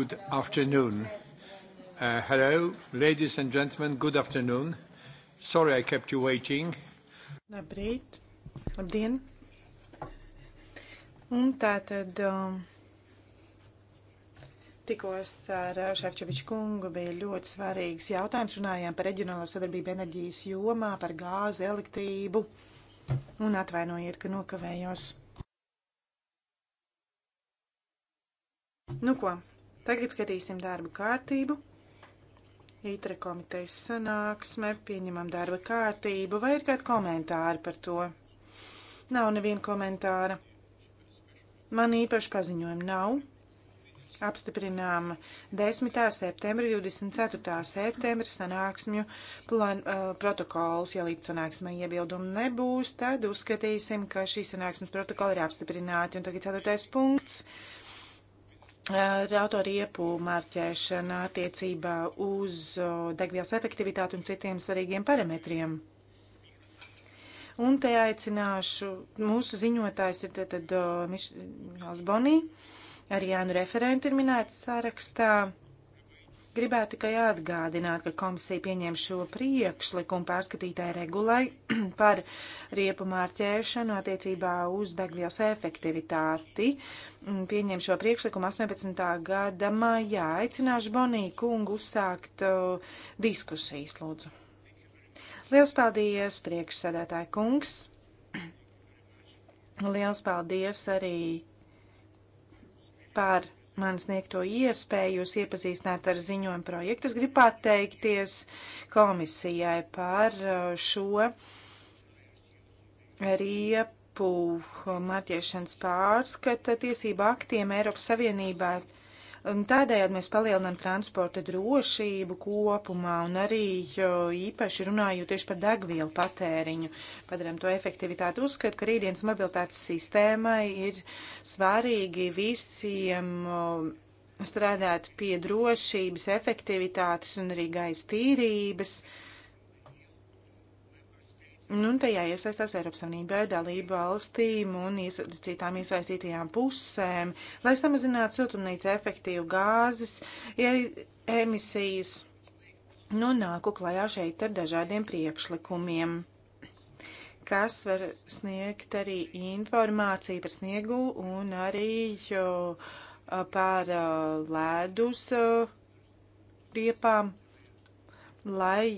Good afternoon. Uh, hello, ladies and gentlemen, good afternoon. Sorry I kept you waiting. Labrīt. Labdien. Un tātad um, tikos ar uh, Šefčoviču kungu bija ļoti svarīgs jautājums. Runājām par reģionālo sadarbību enerģijas jomā, par gāzi, elektrību. Un atvainojiet, ka nokavējos. Nu ko, Tagad skatīsim darba kārtību. Ītra komitejas sanāksme, pieņemam darba kārtību, vai ir kādi komentāri par to? Nav neviena komentāra. Man īpaši paziņojumi nav. Apstiprinām 10. septembra, 24. septembra sanāksmju plan, uh, protokols. Ja līdz sanāksmai iebildumu nebūs, tad uzskatīsim, ka šī sanāksmes protokola ir apstiprināti. Un tagad 4. punkts. Uh, E, Ratoriepu marķēšana attiecībā uz degvielas efektivitāti un citiem svarīgiem parametriem. Un te aicināšu, mūsu ziņotājs ir tad Mišels Bonī, arī Jānu referenti ir minēts sarakstā. Gribētu tikai atgādināt, ka komisija pieņem šo priekšlikumu pārskatītāju regulai par riepu mārķēšanu attiecībā uz degvielas efektivitāti. Mm, pieņem šo priekšlikumu 18. gada maijā. Aicināšu Boniju kungu uzsākt uh, diskusijas, lūdzu. Liels paldies, priekšsēdētāja kungs! Liels paldies arī par man sniegto iespēju jūs iepazīstināt ar ziņojumu projektu. Es gribu pateikties komisijai par uh, šo riepu marķiešanas pārskata tiesību aktiem Eiropas Savienībā. Tādējādi mēs palielinām transporta drošību kopumā un arī īpaši runājot tieši par degvielu patēriņu, padarām to efektivitāti. Uzskatu, ka rītdienas mobilitātes sistēmai ir svarīgi visiem strādāt pie drošības, efektivitātes un arī gaisa tīrības. Uh, Nu, un tajā iesaistās Eiropas Savienībai, dalību valstīm un ies, citām iesaistītajām pusēm, lai samazinātu siltumnīca efektīvu gāzes e- emisijas. Nu, nāku klajā šeit ar dažādiem priekšlikumiem kas var sniegt arī informāciju par sniegu un arī jo, par ledus riepām, lai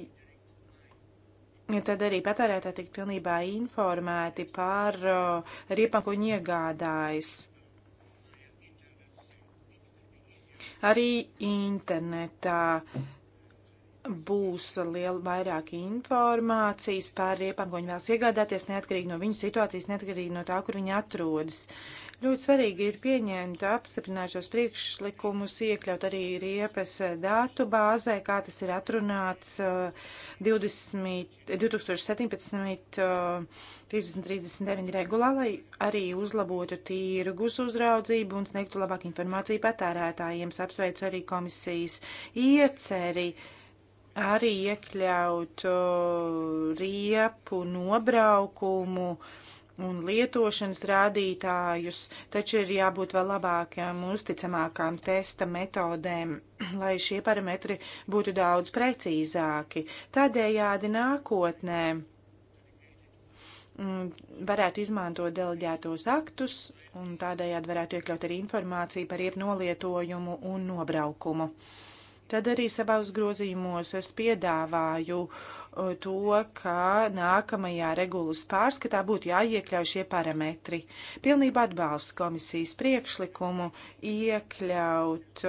Tad arī patērētāji tiek pilnībā informēti par uh, riepām, ko viņi iegādājas. Arī internetā būs liela vairāk informācijas par riepām, ko viņi vēlas iegādāties, neatkarīgi no viņu situācijas, neatkarīgi no tā, kur viņi atrodas. Ļoti svarīgi ir pieņemt apstiprināšos priekšlikumus, iekļaut arī riepas datu bāzē, kā tas ir atrunāts 20, 2017. 3039 regulā, lai arī uzlabotu tīrgus uzraudzību un sniegtu labāku informāciju patērētājiem. Apsveicu arī komisijas ieceri arī iekļaut uh, riepu nobraukumu uh, un lietošanas rādītājus, taču ir jābūt vēl labākām, uzticamākām testa metodēm, lai šie parametri būtu daudz precīzāki. Tādējādi nākotnē mm, varētu izmantot deleģētos aktus un tādējādi varētu iekļaut arī informāciju par iepnolietojumu un nobraukumu. Tad arī savās grozījumos es piedāvāju to, ka nākamajā regulas pārskatā būtu jāiekļauj šie parametri. Pilnībā atbalstu komisijas priekšlikumu iekļaut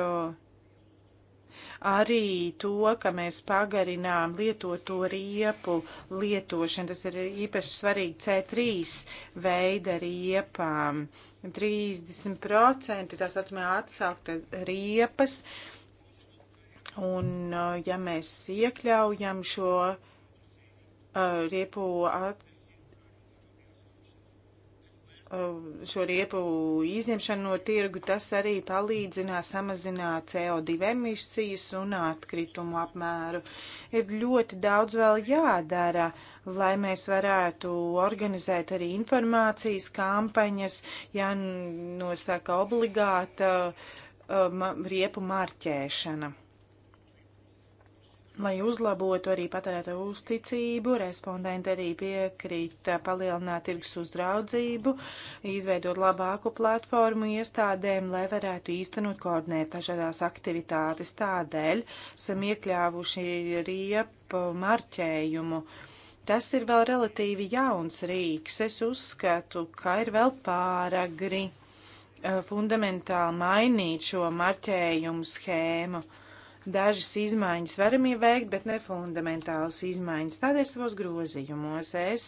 arī to, ka mēs pagarinām lietoto riepu lietošanu. Tas ir īpaši svarīgi C3 veida riepām. 30% tās atmē atsaukta riepas. Un, ja mēs iekļaujam šo uh, riepu at, šo riepu izņemšanu no tirgu, tas arī palīdzinās samazināt CO2 emisijas un atkritumu apmēru. Ir ļoti daudz vēl jādara, lai mēs varētu organizēt arī informācijas kampaņas, jānosaka obligāta um, riepu marķēšana. Lai uzlabotu arī patērētāju uzticību, respondenti arī piekrita palielināt tirgus uzraudzību, izveidot labāku platformu iestādēm, lai varētu īstenot koordinēt dažādās aktivitātes. Tādēļ esam iekļāvuši riepu marķējumu. Tas ir vēl relatīvi jauns rīks. Es uzskatu, ka ir vēl pāragri eh, fundamentāli mainīt šo marķējumu schēmu. Uh, dažas izmaiņas varam ieveikt, bet ne fundamentālas izmaiņas. Tādēļ savos grozījumos es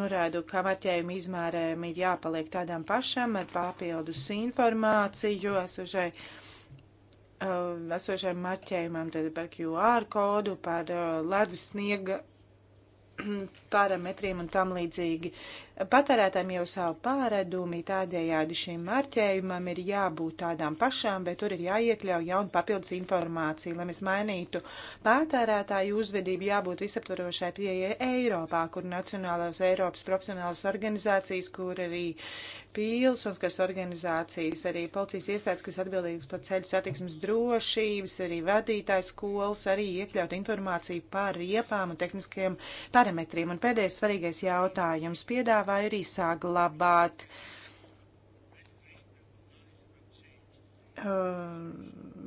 norādu, ka marķējuma izmērēm ir jāpaliek tādām pašām ar papildus informāciju esošai uh, esošajam marķējumam, tad par QR kodu, par uh, ledus sniega parametriem un tam līdzīgi. Uh, patērētājiem jau savu pāredumi, tādējādi šim marķējumam ir jābūt tādām pašām, bet tur ir jāiekļauj jauna papildus informācija, lai mēs mainītu patērētāju uzvedību, jābūt visaptvarošai pieeja Eiropā, kur Nacionālās Eiropas profesionālas organizācijas, kur arī pilsonskas organizācijas, arī policijas iestādes, kas atbildīgas par ceļu satiksmes drošības, arī vadītājs skolas, arī iekļaut informāciju par riepām un tehniskajiem parametriem. Un pēdējais svarīgais jautājums piedāvā vai arī saglabāt. Uh,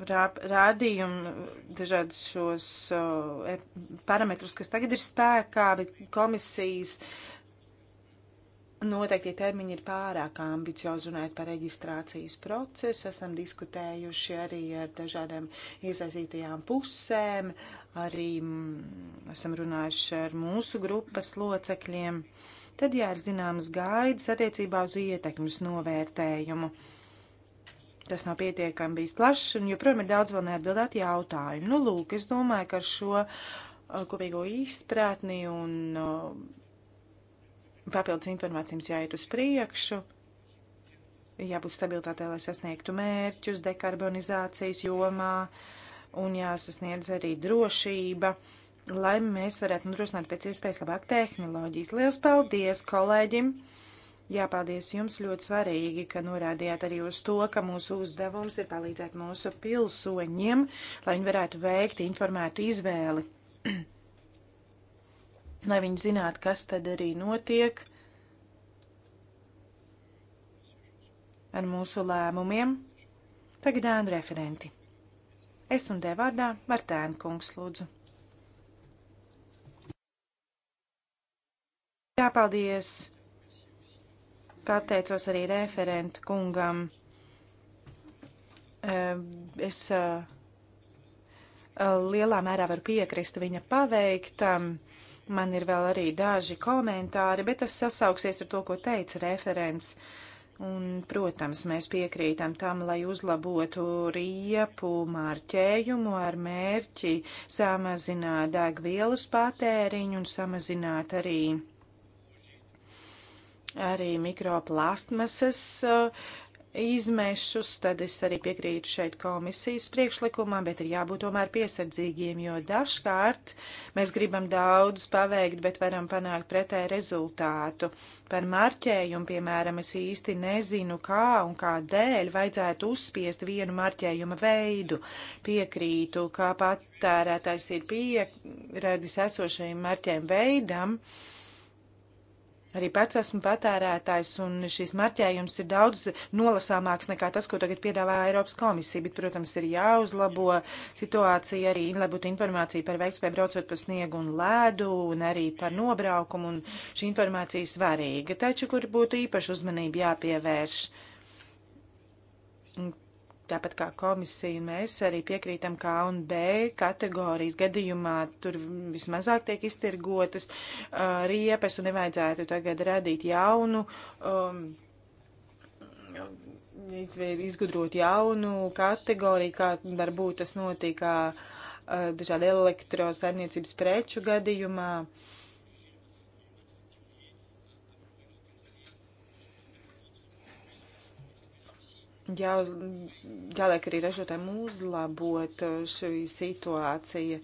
rādījumu, dažādus šos uh, e, parametrus, kas tagad ir spēkā, bet komisijas noteikti termiņi ir pārāk ambiciozi runājot par reģistrācijas procesu. Esam diskutējuši arī ar dažādām iesaistītajām pusēm, arī mm, esam runājuši ar mūsu grupas locekļiem. Uh, tad jāzināms gaidas attiecībā uz ietekmes novērtējumu. Tas nav pietiekami bijis plašs, un joprojām ir daudz vēl neatbildēt jautājumu. Nu, lūk, es domāju, ka ar šo uh, kopīgo izpratni un uh, papildus informāciju mums jāiet uz priekšu. Jābūt stabilitātei, lai sasniegtu mērķus dekarbonizācijas jomā, un jāsasniedz arī drošība. Uh, lai mēs varētu nodrošināt pēc iespējas labāk tehnoloģijas. Lielas paldies kolēģim! Jāpaldies jums ļoti svarīgi, ka norādījāt arī uz to, ka mūsu uzdevums ir palīdzēt mūsu pilsoņiem, lai viņi varētu veikt informētu izvēli. lai viņi zinātu, kas tad arī notiek ar mūsu lēmumiem. Tagad ēnu referenti. Es un D vārdā Martēna kungs lūdzu. Jā, paldies. Pateicos arī referenta kungam. Ehm, es eh, lielā mērā varu piekrist viņa paveiktam. Man ir vēl arī daži komentāri, bet tas sasauksies ar to, ko teica referents. Un, protams, mēs piekrītam tam, lai uzlabotu riepu mārķējumu ar mērķi samazināt degvielas patēriņu un samazināt arī arī mikroplastmasas eh, izmešus, tad es arī piekrītu šeit komisijas priekšlikumam, bet ir jābūt tomēr piesardzīgiem, jo dažkārt mēs gribam daudz paveikt, bet varam panākt pretēju rezultātu. Par marķējumu, piemēram, es īsti nezinu, kā un kādēļ vajadzētu uzspiest vienu marķējuma veidu. Piekrītu, kā patērētājs ir pieredzis esošajam marķējuma veidam. Uh, Arī pats esmu patērētājs, un šīs marķējums ir daudz nolasāmāks nekā tas, ko tagad piedāvā Eiropas komisija, bet, protams, ir jāuzlabo situācija arī, lai būtu informācija par veiktspēju braucot pa sniegu un lēdu, un arī par nobraukumu, un šī informācija svarīga, taču, kur būtu īpaši uzmanība jāpievērš. Tāpat kā komisija, mēs arī piekrītam, ka A un B kategorijas gadījumā tur vismazāk tiek iztirgotas uh, riepas un nevajadzētu tagad radīt jaunu. Um, izgudrot jaunu kategoriju, kā varbūt tas notika uh, dažādi elektrosaimniecības preču gadījumā. Uh, jā, jāliek arī ražotājiem uzlabot šī situācija.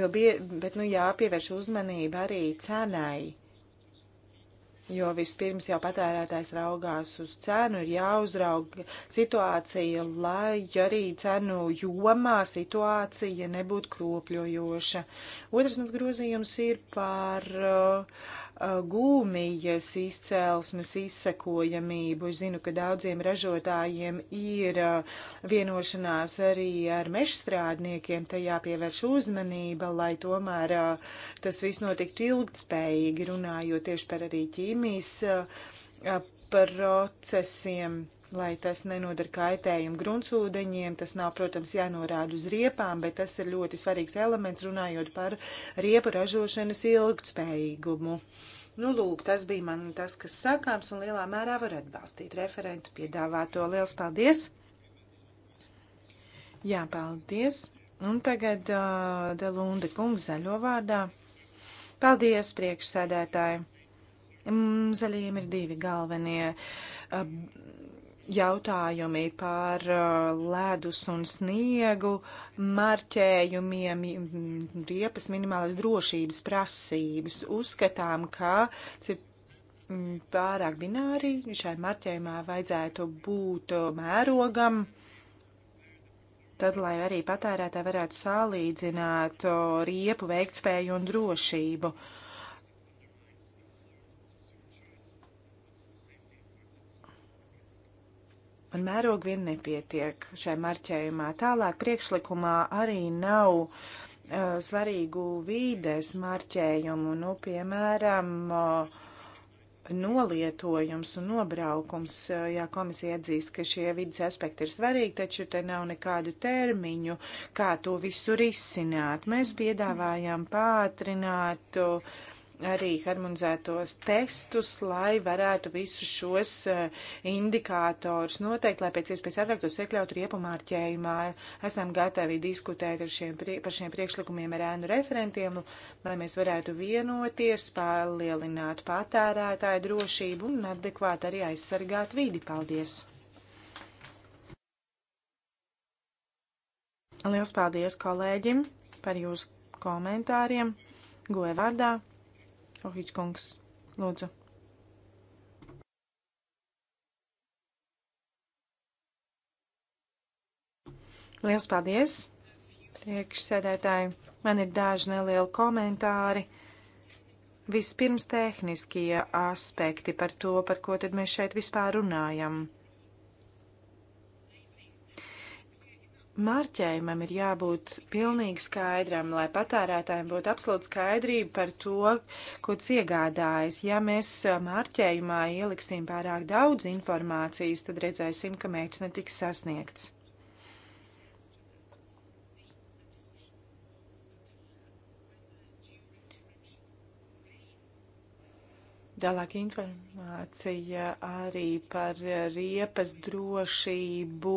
Jo bija, bet, nu, jāpievērš uzmanība arī cenai. Jo vispirms jau patērētājs raugās uz cenu, ir jāuzraug situācija, lai arī cenu jomā situācija nebūtu kropļojoša. Otrs mans grozījums ir par uh, gūmijas izcelsmes izsekojamību. Es zinu, ka daudziem ražotājiem ir vienošanās arī ar mežstrādniekiem tajā pievērš uzmanība, lai tomēr tas viss notiktu ilgtspējīgi, runājot tieši par arī ķīmijas procesiem lai tas nenodara kaitējumu gruntsūdeņiem. Tas nav, protams, jānorāda uz riepām, bet tas ir ļoti svarīgs elements runājot par riepu ražošanas ilgtspējīgumu. Nu, lūk, tas bija man tas, kas sakāms, un lielā mērā var atbalstīt referentu piedāvāto. Liels paldies! Jā, paldies! Un tagad uh, Delunde kungs zaļo vārdā. Paldies, priekšsēdētāji! Mm, Zaļiem ir divi galvenie jautājumi par uh, ledus un sniegu marķējumiem, riepas minimālas drošības prasības. Uzskatām, ka pārāk bināri šai marķējumā vajadzētu būt uh, mērogam. Tad, lai arī patērētāji varētu salīdzināt uh, riepu veiktspēju un drošību. Uh, Ar mērogi vien nepietiek šai marķējumā. Tālāk priekšlikumā arī nav uh, svarīgu vīdes marķējumu, nu, piemēram, uh, nolietojums un nobraukums. Uh, jā, komisija atzīst, ka šie vidas aspekti ir svarīgi, taču te nav nekādu termiņu, kā to visu risināt. Mēs piedāvājām pātrināt uh, arī harmonizētos testus, lai varētu visus šos eh, indikātors noteikt, lai pēc iespējas ātrāk tos iekļautu riepu mārķējumā. Esam gatavi diskutēt ar šiem, par šiem priekšlikumiem ar ēnu referentiem, nu, lai mēs varētu vienoties, palielināt patērētāju drošību un adekvāti arī aizsargāt vidi. Paldies! Liels paldies kolēģim par jūsu komentāriem. Goja vārdā Fohič kungs, lūdzu. Liels paldies, priekšsēdētāji. Man ir daži nelieli komentāri. Vispirms tehniskie aspekti par to, par ko tad mēs šeit vispār runājam. Mārķējumam ir jābūt pilnīgi skaidram, lai patērētājiem būtu absolūta skaidrība par to, ko iegādājas. Ja mēs mārķējumā ieliksim pārāk daudz informācijas, tad redzēsim, ka mērķis netiks sasniegts. Tālāk informācija arī par riepas drošību,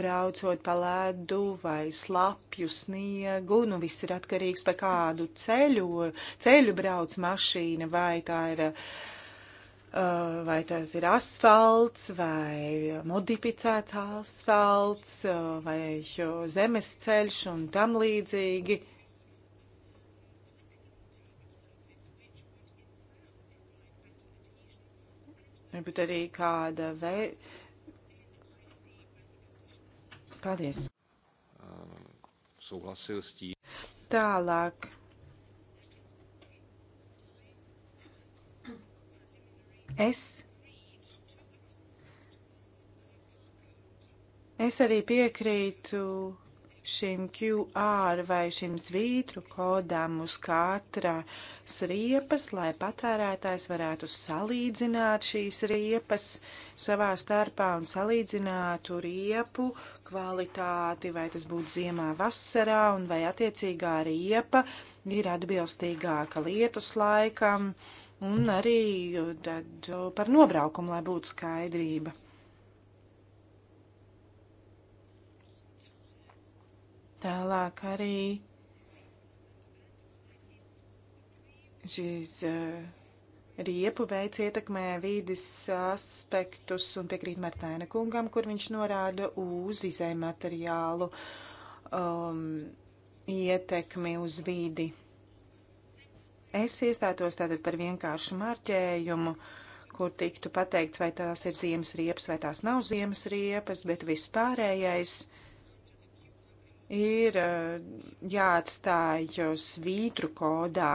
braucot pa ledu vai slapju sniegu. Nu, viss ir atkarīgs par kādu ceļu, ceļu brauc mašīna vai tā ir. Uh, vai tas ir asfalts, vai modificēts asfalts, uh, vai zemes ceļš un tam līdzīgi. Uh, varbūt arī kāda vei. Paldies. Souhlasil s tím. Tālāk. Es Es arī piekrītu šim QR vai šim svītru kodam uz katras riepas, lai patērētājs varētu salīdzināt šīs riepas savā starpā un salīdzinātu riepu kvalitāti, vai tas būtu ziemā, vasarā, un vai attiecīgā riepa ir atbilstīgāka lietus laikam, un arī tad par nobraukumu, lai būtu skaidrība. Tālāk arī šīs eh, riepu veids ietekmē vīdes aspektus un piekrīt Martēna kungam, kur viņš norāda uz izējuma materiālu um, ietekmi uz vīdi. Es iestātos tātad par vienkāršu marķējumu, kur tiktu pateikts, vai tās ir ziemas riepas vai tās nav ziemas riepas, bet vispārējais pārējais ir eh, jāatstāj svītru kodā,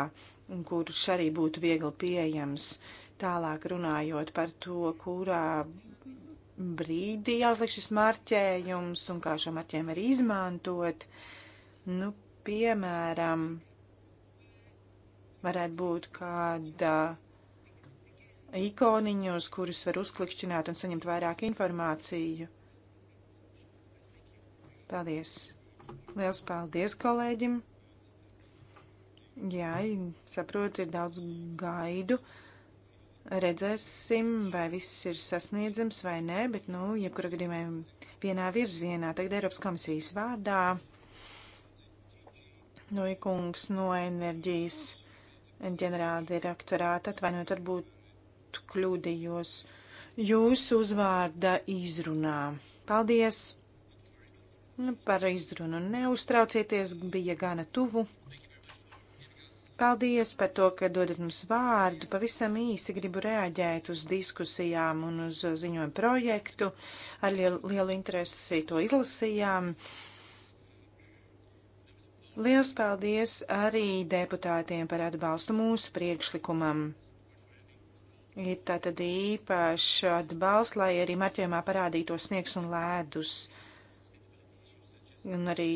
kurš arī būtu viegli pieejams. Tālāk runājot par to, kurā brīdī jāuzliek šis marķējums un kā šo marķējumu var izmantot. Nu, piemēram, varētu būt kāda ikoniņa, uz kurus var uzklikšķināt un saņemt vairāk informāciju. Paldies! Liels paldies kolēģim! Jā, saprotu, ir daudz gaidu. Redzēsim, vai viss ir sasniedzams vai nē, bet, nu, jebkurā gadījumā vienā virzienā. Tagad Eiropas komisijas vārdā no ikungs no enerģijas ģenerāla direktorāta atvainot, varbūt kļūdījos jūsu uzvārda izrunā. Paldies! Nu, par izrunu neuztraucieties, bija gana tuvu. Paldies par to, ka dodat mums vārdu. Pavisam īsi gribu reaģēt uz diskusijām un uz ziņojumu projektu. Ar lielu, lielu interesi to izlasījām. Liels paldies arī deputātiem par atbalstu mūsu priekšlikumam. Ir tātad īpaši atbalsts, lai arī marķējumā parādītos sniegs un ledus. Uh, un arī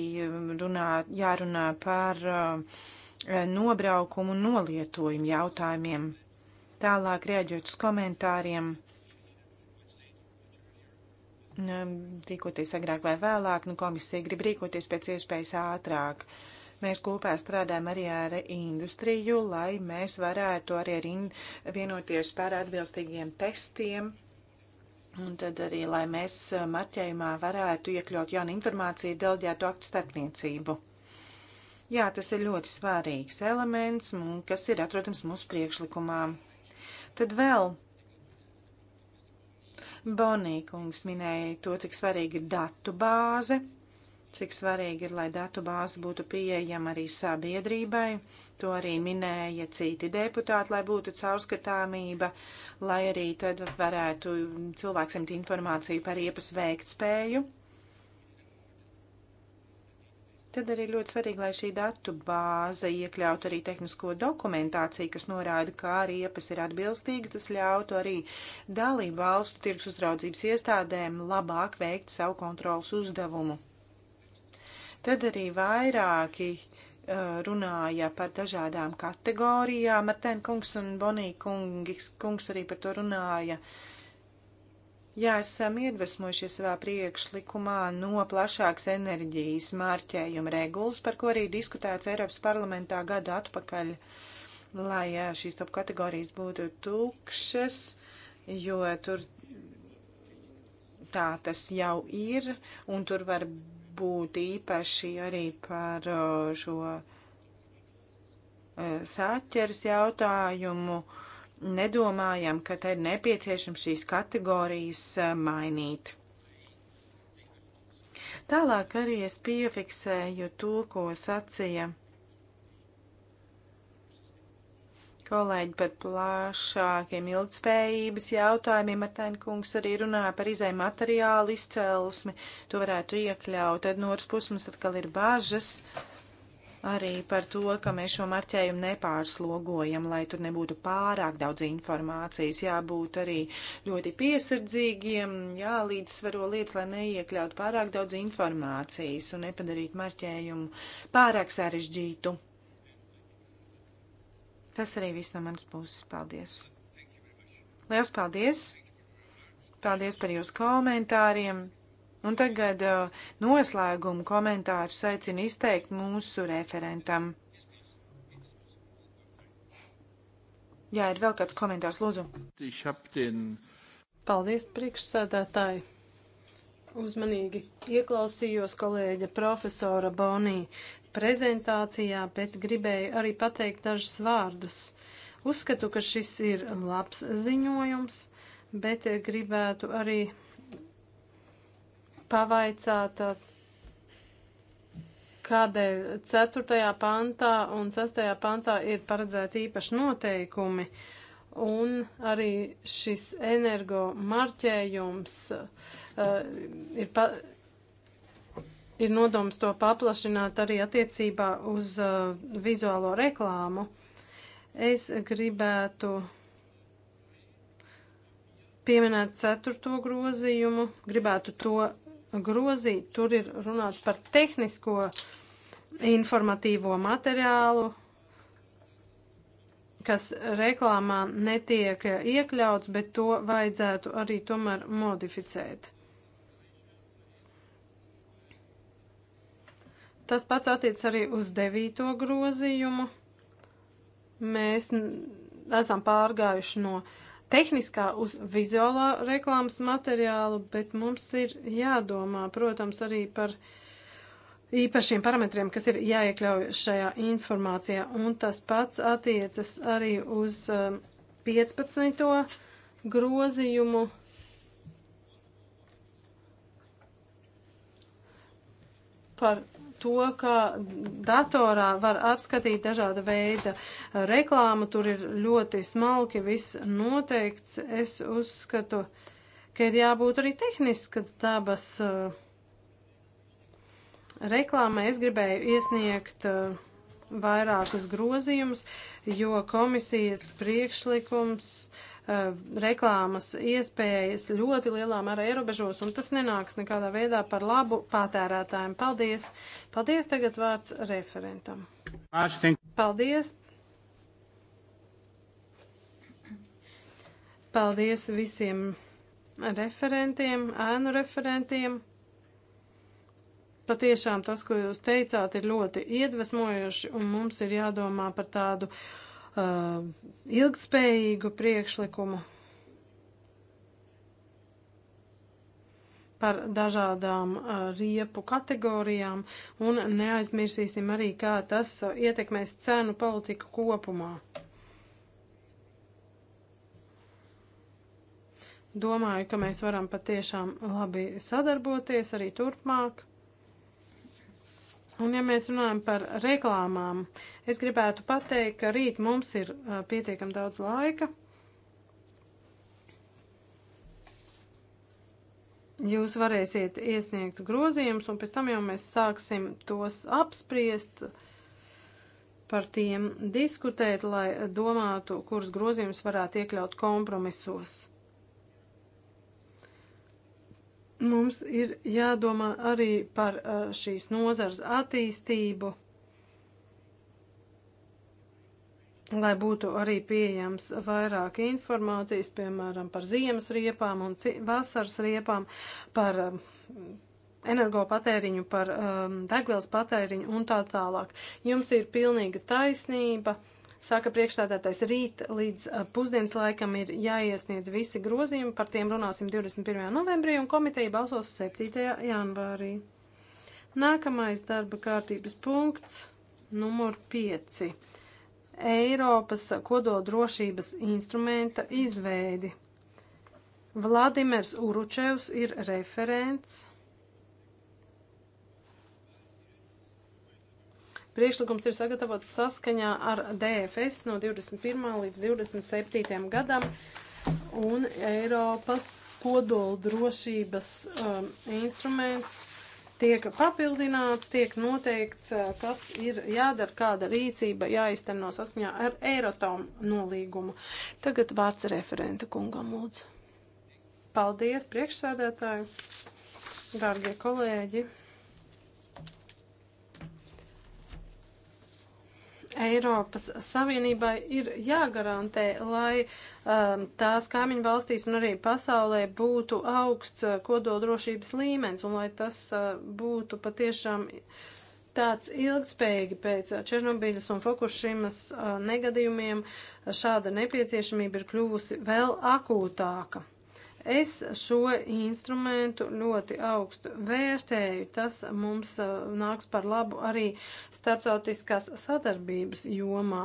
runā, jārunā par eh, nobraukumu un nolietojumu jautājumiem. Tālāk rēģot uz komentāriem, nu, rīkoties agrāk vai vēlāk, nu komisija grib rīkoties pēc iespējas ātrāk. Mēs kopā strādājam arī ar industriju, lai mēs varētu arī ar vienoties par atbilstīgiem testiem Un tad arī, lai mēs eh, marķējumā varētu iekļaut jaunu informāciju delģētu aktu starpniecību. Jā, tas ir ļoti svarīgs elements, kas ir atrodams mūsu priekšlikumā. Tad vēl Bonīkungs minēja to, cik svarīga ir datu bāze cik svarīgi ir, lai datu bāze būtu pieejama arī sabiedrībai. To arī minēja citi deputāti, lai būtu caurskatāmība, lai arī tad varētu cilvēks saņemt informāciju par iepas veiktspēju. Tad arī ļoti svarīgi, lai šī datu bāze iekļautu arī tehnisko dokumentāciju, kas norāda, kā riepas ir atbilstīgas. Tas ļautu arī dalību valstu tirgus uzraudzības iestādēm labāk veikt savu kontrolas uzdevumu. Tad arī vairāki runāja par dažādām kategorijām. Martēna kungs un Bonija kungs, kungs arī par to runāja. Jā, esam iedvesmojušies savā priekšlikumā no plašāks enerģijas mārķējuma regulas, par ko arī diskutēts Eiropas parlamentā gadu atpakaļ, lai šīs top kategorijas būtu tukšas, jo tur tā tas jau ir, un tur var būt īpaši arī par uh, šo uh, saķers jautājumu. Nedomājam, ka te ir nepieciešams šīs kategorijas uh, mainīt. Tālāk arī es piefiksēju to, ko sacīja kolēģi par plašākiem ilgspējības jautājumiem. Martēna kungs arī runāja par izēju materiālu izcelsmi, to varētu iekļaut. Tad no otras puses mums atkal ir bažas arī par to, ka mēs šo marķējumu nepārslogojam, lai tur nebūtu pārāk daudz informācijas. Jābūt arī ļoti piesardzīgiem, jālīdzsvaro lietas, lai neiekļaut pārāk daudz informācijas un nepadarīt marķējumu pārāk sarežģītu. Tas arī viss no manas puses. Paldies! Lielas paldies! Paldies par jūsu komentāriem! Un tagad uh, noslēgumu komentāru aicinu izteikt mūsu referentam. Jā, ir vēl kāds komentārs, lūdzu. Paldies, priekšsēdētāji. Uzmanīgi ieklausījos kolēģa profesora Bonī prezentācijā, bet gribēju arī pateikt dažus vārdus. Uzskatu, ka šis ir labs ziņojums, bet gribētu arī pavaicāt, kādēļ 4. pantā un 6. pantā ir paredzēti īpaši noteikumi, un arī šis energo marķējums uh, eh, ir. Pa, ir nodoms to paplašināt arī attiecībā uz uh, vizuālo reklāmu. Es gribētu pieminēt ceturto grozījumu, gribētu to grozīt. Tur ir runāts par tehnisko informatīvo materiālu, kas reklāmā netiek iekļauts, bet to vajadzētu arī tomēr modificēt. Tas pats attiec arī uz devīto grozījumu. Mēs esam pārgājuši no tehniskā uz vizuālā reklāmas materiālu, bet mums ir jādomā, protams, arī par īpašiem parametriem, kas ir jāiekļauj šajā informācijā. Un tas pats attiecas arī uz 15. Um, grozījumu. Par to, ka datorā var apskatīt dažāda veida reklāmu, tur ir ļoti smalki viss noteikts. Es uzskatu, ka ir jābūt arī tehniskas dabas uh, reklāmai. Es gribēju iesniegt uh, vairākus grozījumus, jo komisijas priekšlikums uh, Eh, reklāmas iespējas ļoti lielā mērā ierobežos, un tas nenāks nekādā veidā par labu patērētājiem. Paldies! Paldies! Tagad vārds referentam. Paldies! Paldies visiem referentiem, ēnu referentiem. Patiešām tas, ko jūs teicāt, ir ļoti iedvesmojoši, un mums ir jādomā par tādu uh, Uh, ilgspējīgu priekšlikumu par dažādām uh, riepu kategorijām un neaizmirsīsim arī, kā tas uh, ietekmēs cenu politiku kopumā. Domāju, ka mēs varam patiešām labi sadarboties arī turpmāk. Un ja mēs runājam par reklāmām, es gribētu pateikt, ka rīt mums ir uh, pietiekam daudz laika. Jūs varēsiet iesniegt grozījumus, un pēc tam jau mēs sāksim tos apspriest, par tiem diskutēt, lai domātu, kurus grozījumus varētu iekļaut kompromisos. Mums ir jādomā arī par šīs nozars attīstību, lai būtu arī pieejams vairāk informācijas, piemēram, par ziemas riepām un vasaras riepām, par energopatēriņu, par um, degvielas patēriņu un tā tālāk. Jums ir pilnīga taisnība. Uh, Saka priekšstādātais, rīt līdz eh, pusdienas laikam ir jāiesniedz visi grozījumi, par tiem runāsim 21. novembrī un komiteja balsos 7. janvārī. Nākamais darba kārtības punkts numur 5. Eiropas kododrošības instrumenta izveidi. Vladimirs Uručevs ir referents. Priekšlikums ir sagatavots saskaņā ar DFS no 21. līdz 27. gadam un Eiropas kodoldrošības um, instruments tiek papildināts, tiek noteikts, uh, kas ir jādara, kāda rīcība jāizteno saskaņā ar Eirotomu nolīgumu. Tagad vārds referenta kungam lūdzu. Paldies, priekšsēdētāji, dārgie kolēģi! Eiropas Savienībai ir jāgarantē, lai um, tās kaimiņu valstīs un arī pasaulē būtu augsts uh, kododrošības līmenis un lai tas uh, būtu patiešām tāds ilgspējīgi pēc uh, Černobiļas un Fukushimas uh, negadījumiem šāda nepieciešamība ir kļuvusi vēl akūtāka. Es šo instrumentu ļoti augstu vērtēju. Tas mums uh, nāks par labu arī starptautiskās sadarbības jomā.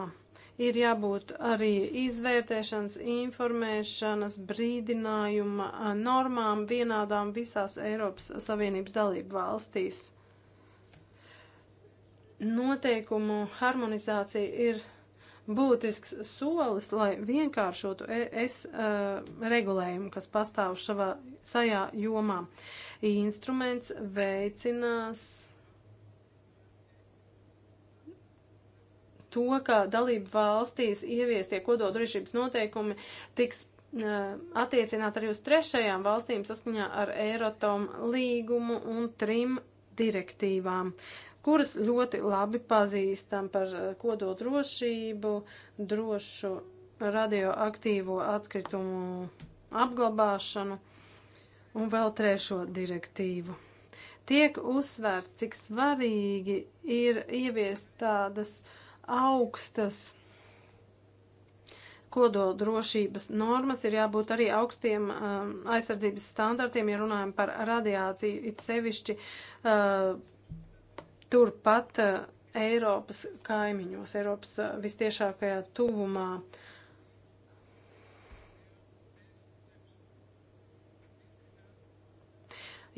Ir jābūt arī izvērtēšanas, informēšanas, brīdinājuma uh, normām vienādām visās Eiropas Savienības dalību valstīs noteikumu harmonizācija ir būtisks solis, lai vienkāršotu e- es e, regulējumu, kas pastāv šavā sajā jomā. Instruments veicinās to, ka dalību valstīs ieviestie kododrošības noteikumi tiks e, attiecināt arī uz trešajām valstīm saskaņā ar Eiratom līgumu un trim direktīvām kuras ļoti labi pazīstam par eh, kododrošību, drošu radioaktīvo atkritumu apglabāšanu un vēl trešo direktīvu. Tiek uzsvērts, cik svarīgi ir ieviest tādas augstas kodoldrošības normas, ir jābūt arī augstiem um, aizsardzības standartiem, ja runājam par radiāciju, it sevišķi uh, turpat eh, Eiropas kaimiņos, Eiropas eh, vistiešākajā tuvumā.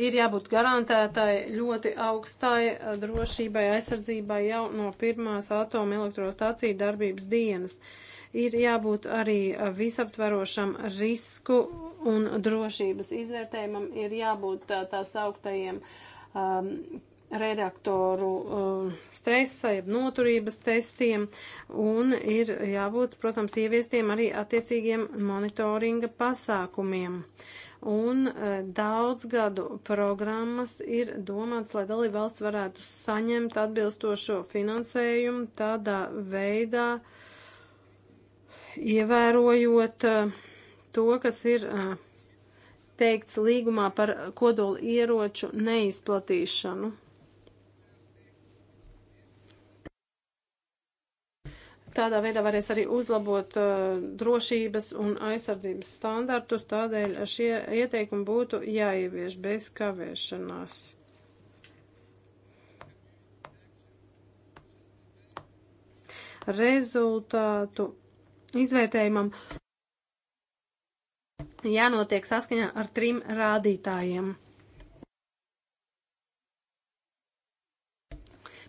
ir jābūt garantētai ļoti augstai eh, drošībai, aizsardzībai jau no pirmās atomelektrostāciju darbības dienas. Ir jābūt arī visaptverošam risku un drošības izvērtējumam, ir jābūt tā, tā sauktajiem um, redaktoru eh, stresa, jeb noturības testiem, un ir jābūt, protams, ieviestiem arī attiecīgiem monitoringa pasākumiem. Un eh, daudz gadu programmas ir domāts, lai dalībvalsts varētu saņemt atbilstošo finansējumu tādā veidā, ievērojot eh, to, kas ir teikts līgumā par kodoli ieroču neizplatīšanu. Tādā veidā varēs arī uzlabot uh, drošības un aizsardzības standartus, tādēļ šie ieteikumi būtu jāievieš bez kavēšanās. Rezultātu izvērtējumam jānotiek saskaņā ar trim rādītājiem.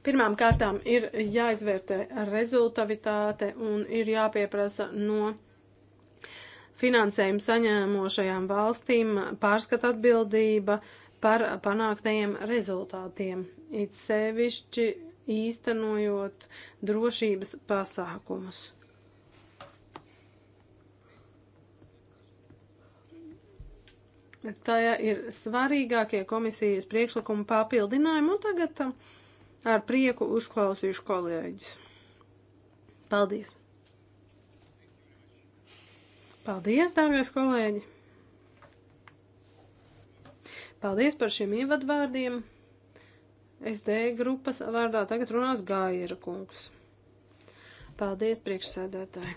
Pirmām kārtām ir jāizvērtē rezultavitāte un ir jāpieprasa no finansējumu saņēmošajām valstīm pārskata atbildība par panāktajiem rezultātiem, it sevišķi īstenojot drošības pasākumus. Tajā ir svarīgākie komisijas priekšlikuma papildinājumi, un tagad Ar prieku uzklausīšu kolēģis. Paldies! Paldies, dārgais kolēģi! Paldies par šiem ievadvārdiem. SD grupas vārdā tagad runās Gājera kungs. Paldies, priekšsēdētāji!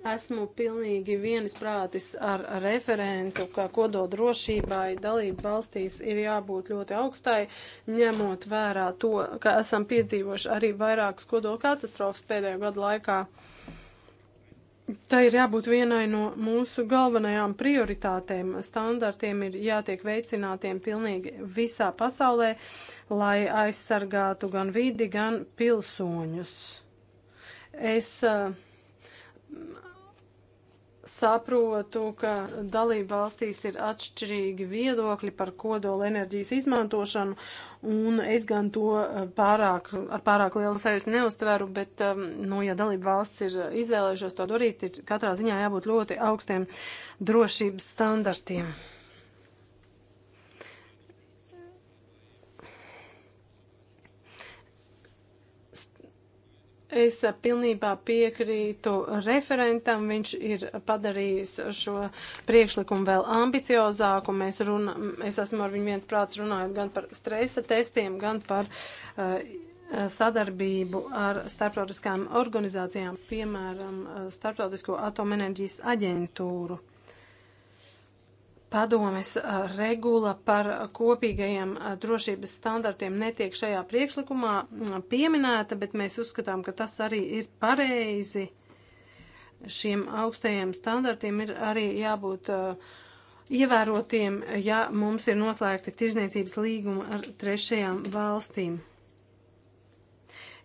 Esmu pilnīgi vienisprātis ar referentu, ka kododrošībai dalību valstīs ir jābūt ļoti augstai, ņemot vērā to, ka esam piedzīvojuši arī vairākas kodola katastrofas pēdējo gadu laikā. Tā tai ir jābūt vienai no mūsu galvenajām prioritātēm. Standartiem ir jātiek veicinātiem pilnīgi visā pasaulē, lai aizsargātu gan vidi, gan pilsoņus. Es uh, Saprotu, ka dalību valstīs ir atšķirīgi viedokļi par kodola enerģijas izmantošanu, un es gan to eh, pārāk, ar pārāk lielu sajūtu neuztveru, bet, ehm, nu, ja dalību valsts ir izvēlējušās to darīt, ir katrā ziņā jābūt ļoti augstiem drošības standartiem. Mm. Es pilnībā piekrītu referentam. Viņš ir padarījis šo priekšlikumu vēl ambiciozāku. Mēs runa, es esmu ar viņu viens prāts runājot gan par stresa testiem, gan par uh, sadarbību ar starptautiskām organizācijām, piemēram, uh, Starptautisko atomenerģijas aģentūru padomes regula par kopīgajiem drošības standartiem netiek šajā priekšlikumā pieminēta, bet mēs uzskatām, ka tas arī ir pareizi. Šiem augstajiem standartiem ir arī jābūt uh, ievērotiem, ja mums ir noslēgti tirzniecības līgumi ar trešajām valstīm.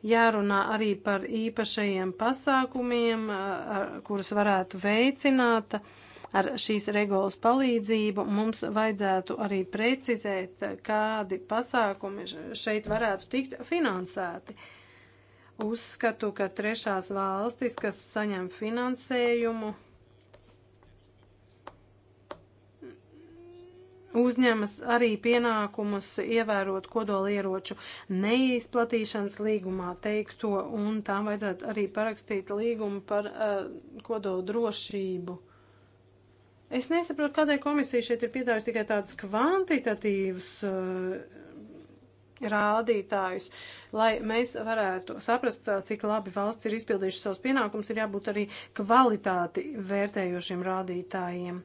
Jārunā arī par īpašajiem pasākumiem, kurus varētu veicināt uh, Ar šīs regulas palīdzību mums vajadzētu arī precizēt, kādi pasākumi šeit varētu tikt finansēti. Uzskatu, ka trešās valstis, kas saņem finansējumu, uzņemas arī pienākumus ievērot kodolieroču neizplatīšanas līgumā teikto, un tām vajadzētu arī parakstīt līgumu par uh, eh, kodolu drošību. Es nesaprotu, kādai komisija šeit ir piedāvājusi tikai tādus kvantitatīvus uh, rādītājus, lai mēs varētu saprast, uh, cik labi valsts ir izpildījuši savus pienākumus, ir jābūt arī kvalitāti vērtējošiem rādītājiem.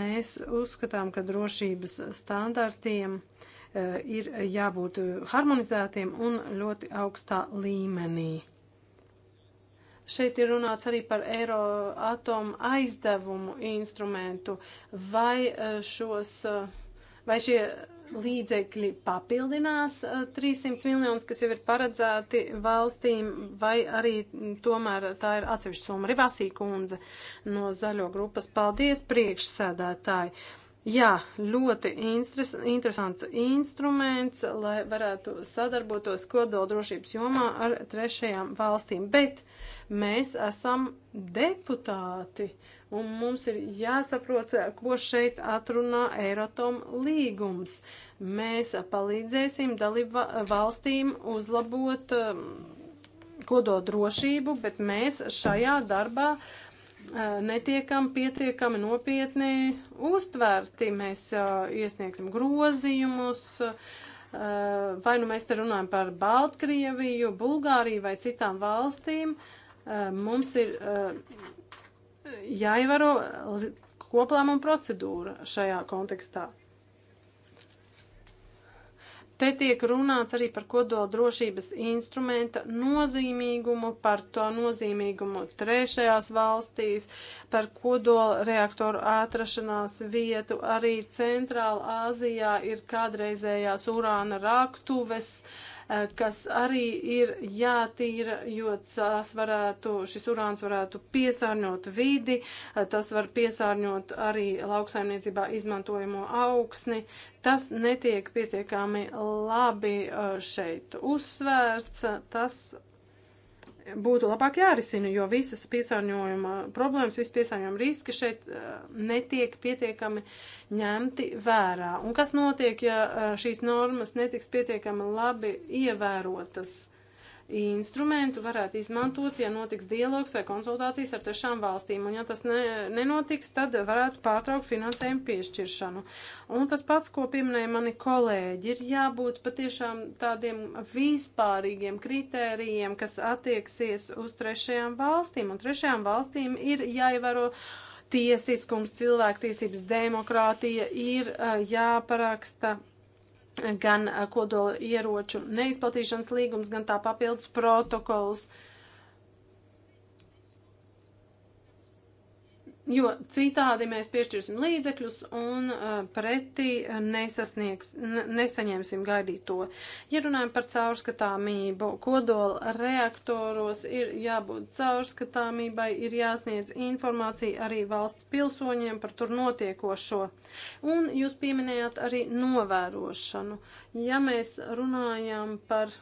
Mēs uzskatām, ka drošības standartiem uh, ir jābūt harmonizētiem un ļoti augstā līmenī. Šeit ir runāts arī par eiro atomu aizdevumu instrumentu. Vai e, šos, e, vai šie līdzekļi papildinās 300 e, miljonus, kas jau ir paredzēti valstīm, vai arī tomēr tā ir atsevišķa summa. Rivasī kundze no zaļo grupas. Paldies, priekšsēdētāji! Jā, ļoti interes, interesants instruments, lai varētu sadarbotos kodoldrošības jomā ar trešajām valstīm, bet Mēs esam deputāti, un mums ir jāsaprot, ko šeit atrunā Eiratom līgums. Mēs palīdzēsim dalību valstīm uzlabot um, kododrošību, bet mēs šajā darbā uh, netiekam pietiekami nopietni uztvērti. Mēs uh, iesniegsim grozījumus, uh, vai nu mēs te runājam par Baltkrieviju, Bulgāriju vai citām valstīm. Uh, mums ir jāievēro koplēmuma procedūra šajā kontekstā. Te tiek runāts arī par kodoldrošības instrumenta nozīmīgumu, par to nozīmīgumu trešajās valstīs, par kodola reaktoru atrašanās vietu. Arī Centrāla Āzijā ir kādreizējās urāna raktuves. Uh, kas arī ir jātīra, jo tas varētu, šis urāns varētu piesārņot vidi, tas var piesārņot arī lauksaimniecībā izmantojamo augsni. Tas netiek pietiekami labi eh, šeit uzsvērts, tas būtu labāk jārisina, jo visas piesārņojuma problēmas, visas piesārņojuma riski šeit e, netiek pietiekami ņemti vērā. Un kas notiek, ja e, šīs normas netiks pietiekami labi ievērotas? instrumentu varētu izmantot, ja notiks dialogs vai konsultācijas ar trešām valstīm. Un ja tas ne, nenotiks, tad varētu pārtraukt finansējumu piešķiršanu. Un tas pats, ko pieminēja mani kolēģi, ir jābūt patiešām tādiem vispārīgiem kritērijiem, kas attieksies uz trešajām valstīm. Un trešajām valstīm ir jāievēro tiesiskums, cilvēktiesības, demokrātija ir jāparaksta gan kodola ieroču neizplatīšanas līgums, gan tā papildus protokols. Uh, Jo citādi mēs piešķirsim līdzekļus un uh, pretī nesasniegs, nesaņemsim gaidīto. Ja runājam par caurskatāmību, kodola reaktoros ir jābūt caurskatāmībai, ir jāsniedz informācija arī valsts pilsoņiem par tur notiekošo. Un jūs pieminējāt arī novērošanu. Ja mēs runājam par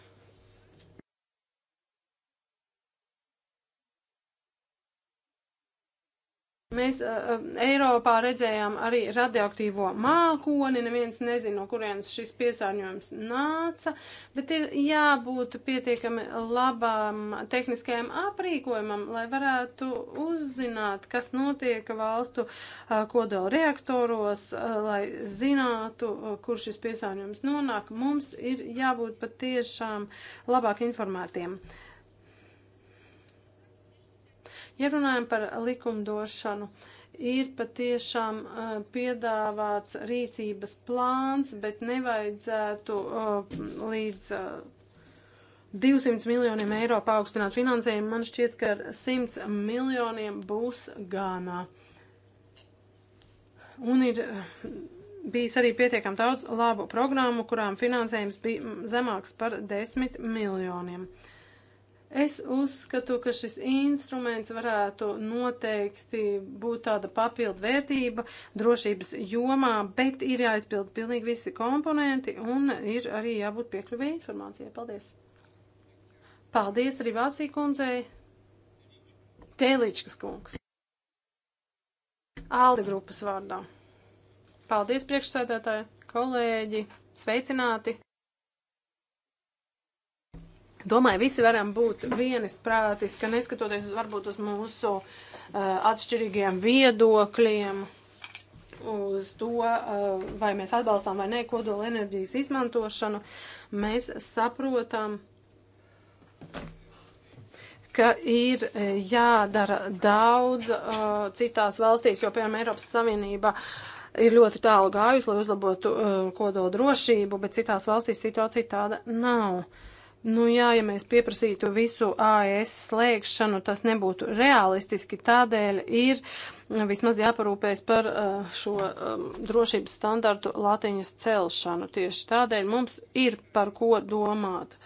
Mēs uh, Eiropā redzējām arī radioaktīvo mākoni, neviens nezina, no kurienes šis piesārņojums nāca, bet ir jābūt pietiekami labam tehniskajam aprīkojumam, lai varētu uzzināt, kas notiek valstu uh, kodola reaktoros, uh, lai zinātu, uh, kur šis piesārņojums nonāk. Mums ir jābūt patiešām labāk informētiem. Uh, Ja runājam par likumdošanu, ir patiešām uh, piedāvāts rīcības plāns, bet nevajadzētu uh, līdz uh, 200 miljoniem eiro paaugstināt finansējumu. Man šķiet, ka ar 100 miljoniem būs gānā. Un ir bijis arī pietiekami daudz labu programmu, kurām finansējums bija zemāks par 10 miljoniem. Uh, Es uzskatu, ka šis instruments varētu noteikti būt tāda papildu vērtība drošības jomā, bet ir jāizpild pilnīgi visi komponenti un ir arī jābūt piekļuvē informācijai. Paldies! Paldies arī Vāsī kundzei! Tēlīčkas kungs! Alde grupas vārdā. Paldies priekšsēdētāji, kolēģi, sveicināti! Domāju, visi varam būt vienisprātis, ka neskatoties varbūt uz mūsu uh, atšķirīgiem viedokļiem, uz to, uh, vai mēs atbalstām vai nē kodola enerģijas izmantošanu, mēs saprotam, ka ir eh, jādara daudz uh, citās valstīs, jo, piemēram, Eiropas Savienība ir ļoti tālu gājusi, lai uzlabotu uh, kodola drošību, bet citās valstīs situācija tāda nav. Uh, Nu jā, ja mēs pieprasītu visu AES slēgšanu, tas nebūtu realistiski, tādēļ ir vismaz jāparūpēs par uh, šo um, drošības standartu latiņas celšanu. Tieši tādēļ mums ir par ko domāt.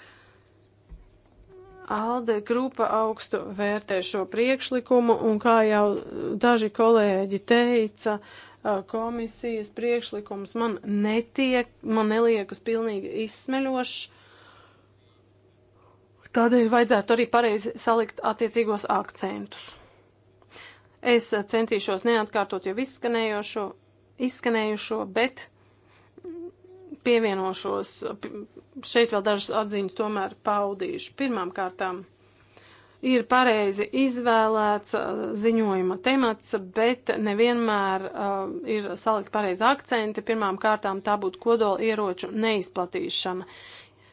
Alde grupa augstu vērtē šo priekšlikumu, un kā jau daži kolēģi teica, uh, komisijas priekšlikums man netiek, man neliekas pilnīgi izsmeļošs Tādēļ vajadzētu arī pareizi salikt attiecīgos akcentus. Es centīšos neatkārtot jau izskanējošo, izskanējušo, bet pievienošos, šeit vēl dažas atziņas tomēr paudīšu. Pirmām kārtām ir pareizi izvēlēts uh, ziņojuma temats, bet nevienmēr uh, ir salikt pareizi akcenti. Pirmām kārtām tā būtu kodola ieroču neizplatīšana.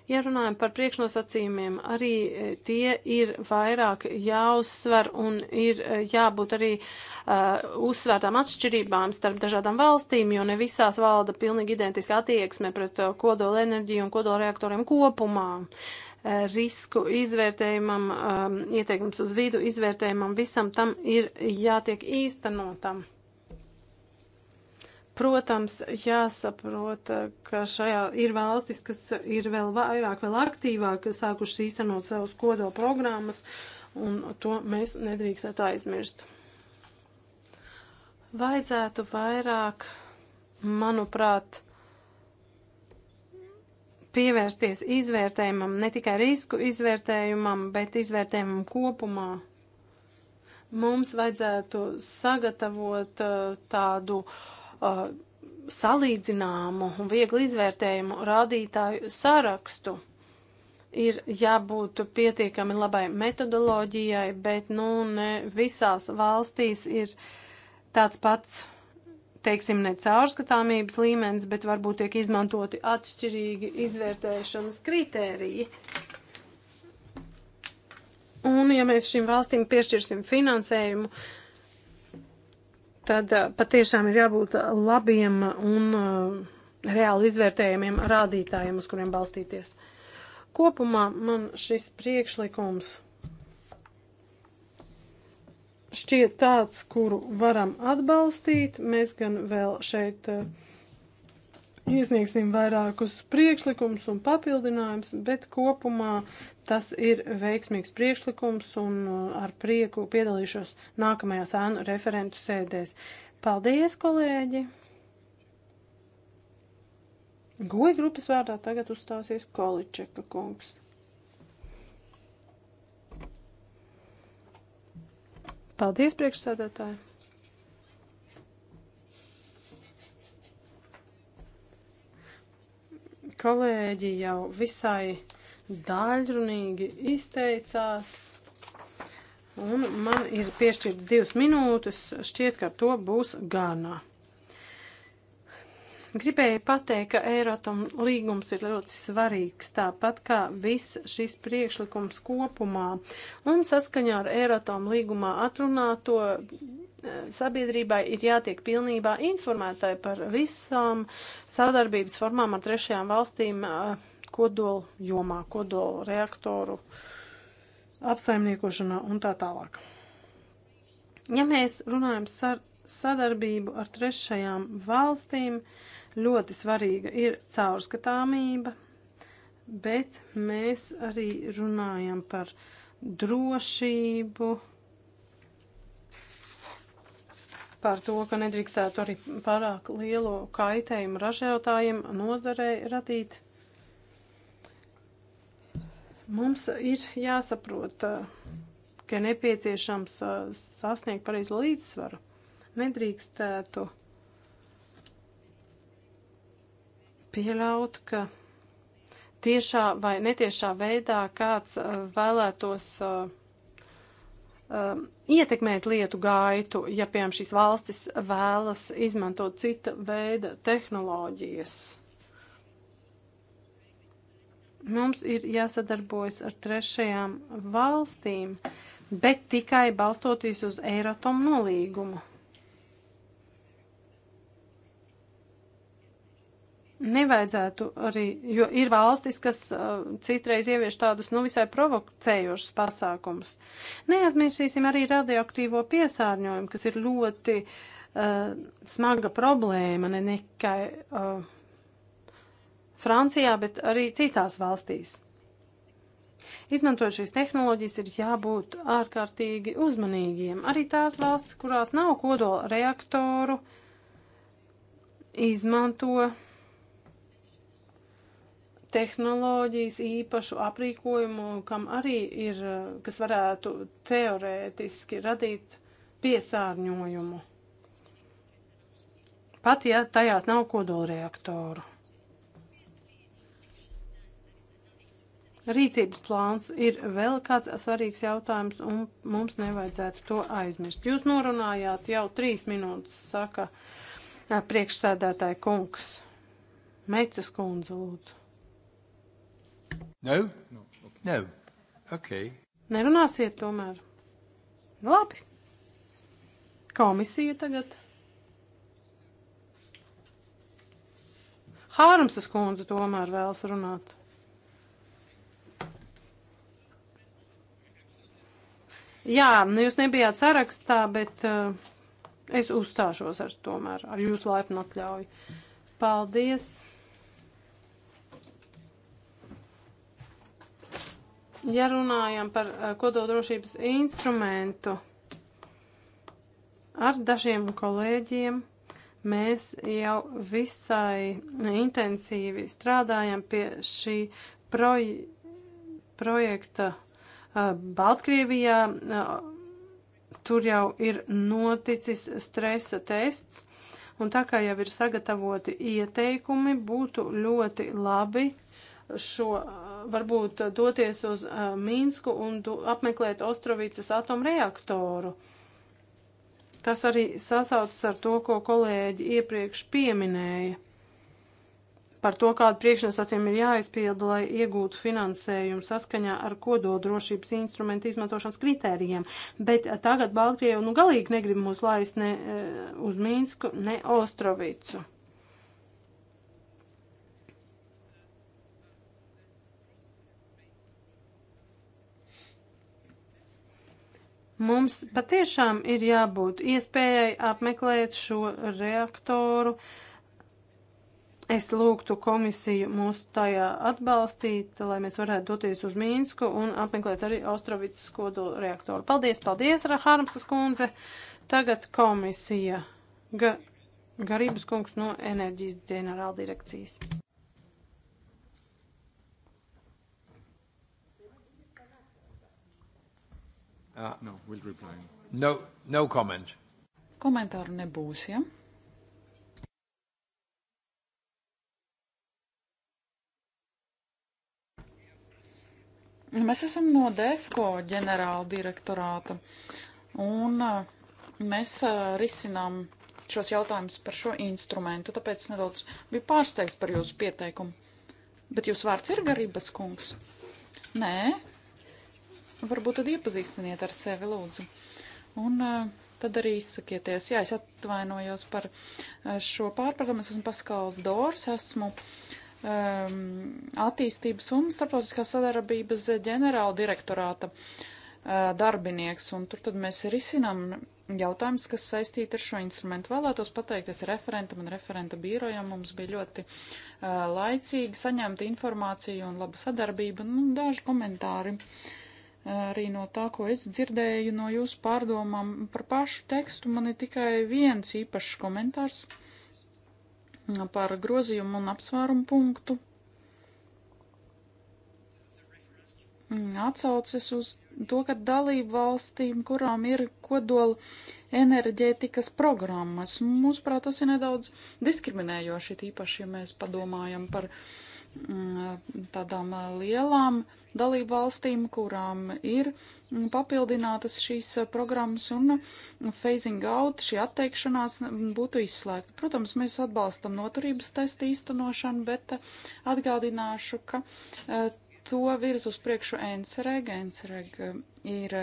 Ja runājam par priekšnosacījumiem, arī e, tie ir vairāk jāuzsver un ir e, jābūt arī uh, uzsvērtām atšķirībām starp dažādām valstīm, jo ne visās valda pilnīgi identiska attieksme pret kodola enerģiju un kodola reaktoriem kopumā. Uh, risku izvērtējumam, um, ieteikums uz vidu izvērtējumam, visam tam ir jātiek īstenotam. Protams, jāsaprot, ka šajā ir valstis, kas ir vēl vairāk, vēl aktīvāk sākušas īstenot savus kodola programmas, un to mēs nedrīkstētu aizmirst. Vajadzētu vairāk, manuprāt, pievērsties izvērtējumam, ne tikai risku izvērtējumam, bet izvērtējumam kopumā. Mums vajadzētu sagatavot eh, tādu uh, uh, salīdzināmu un viegli izvērtējumu rādītāju sarakstu. Ir jābūt pietiekami labai metodoloģijai, bet nu ne visās valstīs ir tāds pats, teiksim, ne caurskatāmības līmenis, bet varbūt tiek izmantoti atšķirīgi izvērtēšanas kritēriji. Un ja mēs šīm valstīm piešķirsim finansējumu, uh, tad eh, patiešām ir jābūt labiem un eh, reāli izvērtējumiem rādītājiem, uz kuriem balstīties. Kopumā man šis priekšlikums šķiet tāds, kuru varam atbalstīt. Mēs gan vēl šeit uh, iesniegsim vairākus priekšlikumus un papildinājumus, bet kopumā tas ir veiksmīgs priekšlikums un uh, ar prieku piedalīšos nākamajās ēnu referentu sēdēs. Paldies, kolēģi! Goja grupas vārdā tagad uzstāsies Količeka kungs. Paldies, priekšsēdētāji! Kolēģi jau visai daļrunīgi izteicās. Un man ir piešķirts divas minūtes, šķiet, ka to būs gana. Gribēju pateikt, ka Eirotam līgums ir ļoti svarīgs, tāpat kā viss šis priekšlikums kopumā. Un saskaņā ar Eirotam līgumā atrunāto eh, sabiedrībai ir jātiek pilnībā informētai par visām sadarbības formām ar trešajām valstīm eh, kodolu jomā, kodolu reaktoru apsaimniekošanā un tā tālāk. Ja mēs runājam par sadarbību ar trešajām valstīm, uh, Ļoti svarīga ir caurskatāmība, bet mēs arī runājam par drošību, par to, ka nedrīkstētu arī pārāk lielo kaitējumu ražotājiem nozarei radīt. Mums ir jāsaprot, ka nepieciešams sasniegt pareizo līdzsvaru. Nedrīkstētu pieļaut, ka tiešā vai netiešā veidā kāds eh, vēlētos uh, uh, ietekmēt lietu gaitu, ja, piemēram, šīs valstis vēlas izmantot cita veida tehnoloģijas. Mums ir jāsadarbojas ar trešajām valstīm, bet tikai balstoties uz Eiratom nolīgumu. nevajadzētu arī, jo ir valstis, kas uh, citreiz ievieš tādus nu visai provocējošus pasākumus. Neaizmirsīsim arī radioaktīvo piesārņojumu, kas ir ļoti uh, smaga problēma ne tikai uh, Francijā, bet arī citās valstīs. Izmantojot šīs tehnoloģijas, ir jābūt ārkārtīgi uzmanīgiem. Arī tās valstis, kurās nav kodola reaktoru, izmanto tehnoloģijas, īpašu aprīkojumu, kam arī ir, kas varētu teorētiski radīt piesārņojumu. Pat ja tajās nav kodolreaktoru. Rīcības plāns ir vēl kāds svarīgs jautājums, un mums nevajadzētu to aizmirst. Jūs norunājāt jau trīs minūtes, saka priekšsēdētāja kungs. Meicas kundze, lūdzu. No? No. Okay. no. okay. Nerunāsiet tomēr. Nu, labi. Komisija tagad. Hārmsas kundze tomēr vēlas runāt. Jā, nu jūs nebijāt sarakstā, bet uh, es uzstāšos ar tomēr, ar jūsu laipnu atļauju. Paldies! Ja runājam par eh, kodoldrošības instrumentu, ar dažiem kolēģiem mēs jau visai intensīvi strādājam pie šī proj projekta eh, Baltkrievijā. Eh, tur jau ir noticis stresa tests, un tā kā jau ir sagatavoti ieteikumi, būtu ļoti labi šo varbūt doties uz Mīnsku un apmeklēt Ostrovicas atomreaktoru. Tas arī sasaucas ar to, ko kolēģi iepriekš pieminēja par to, kādu priekšnosacījumu ir jāizpilda, lai iegūtu finansējumu saskaņā ar kododrošības instrumentu izmantošanas kritērijiem. Bet tagad Baltkrievija nu galīgi negrib mūs laist ne uz Mīnsku, ne Ostrovicu. Mums patiešām ir jābūt iespējai apmeklēt šo reaktoru. Es lūgtu komisiju mūs tajā atbalstīt, lai mēs varētu doties uz Mīnsku un apmeklēt arī Ostrovicas kodola reaktoru. Paldies, paldies, Harmsas kundze. Tagad komisija. Ga Garības kungs no enerģijas ģenerāldirekcijas. Uh, no, we'll reply. No, no comment. Komentāru nebūs, ja? Mēs esam no DEFCO ģenerāla direktorāta, un uh, mēs uh, risinām šos jautājumus par šo instrumentu, tāpēc nedaudz biju pārsteigts par jūsu pieteikumu. Bet jūsu vārds ir garības kungs? Nē, varbūt tad iepazīstiniet ar sevi lūdzu. Un uh, tad arī izsakieties. Jā, es atvainojos par eh, šo pārpratumu. Es esmu Paskals Dors, esmu um, attīstības un starptautiskās sadarbības ģenerāla direktorāta uh, darbinieks. Un tur tad mēs risinām jautājums, kas saistīti ar šo instrumentu. Vēlētos pateikties referentam un referenta birojam. Mums bija ļoti uh, laicīgi saņemta informācija un laba sadarbība. Nu, daži komentāri. Uh, arī no tā, ko es dzirdēju no jūsu pārdomām par pašu tekstu, man ir tikai viens īpašs komentārs par grozījumu un apsvērumu punktu. Atsauces uz to, ka dalību valstīm, kurām ir kodola enerģētikas programmas, mūsuprāt, tas ir nedaudz diskriminējoši, tīpaši, ja mēs padomājam par uh, Mm, tādām lielām dalību valstīm, kurām ir mm, papildinātas šīs programmas un phasing out, šī atteikšanās būtu izslēgta. Protams, mēs atbalstam noturības testa īstenošanu, bet atgādināšu, ka to virz uz priekšu NSREG. NSREG ir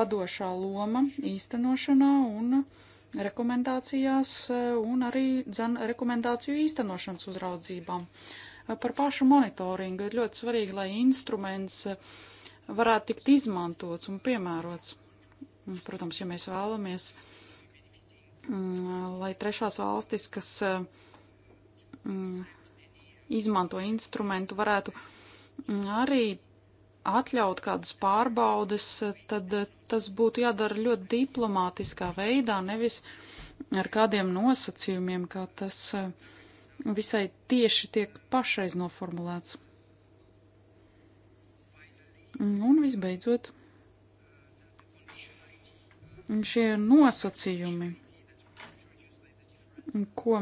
vadošā loma īstenošanā un rekomendācijās un arī dzen rekomendāciju īstenošanas uzraudzībām. Uh, Par pašu monitoringu ir ļoti svarīgi, lai instruments varētu tikt izmantots un piemērots. Protams, ja mēs vēlamies, mm, lai trešās valstis, kas mm, izmanto instrumentu, varētu mm, arī atļaut kādus pārbaudes, tad tas būtu jādara ļoti diplomātiskā veidā, nevis ar kādiem nosacījumiem, kā tas uh, visai tieši tiek pašreiz noformulēts. Un visbeidzot, šie nosacījumi, ko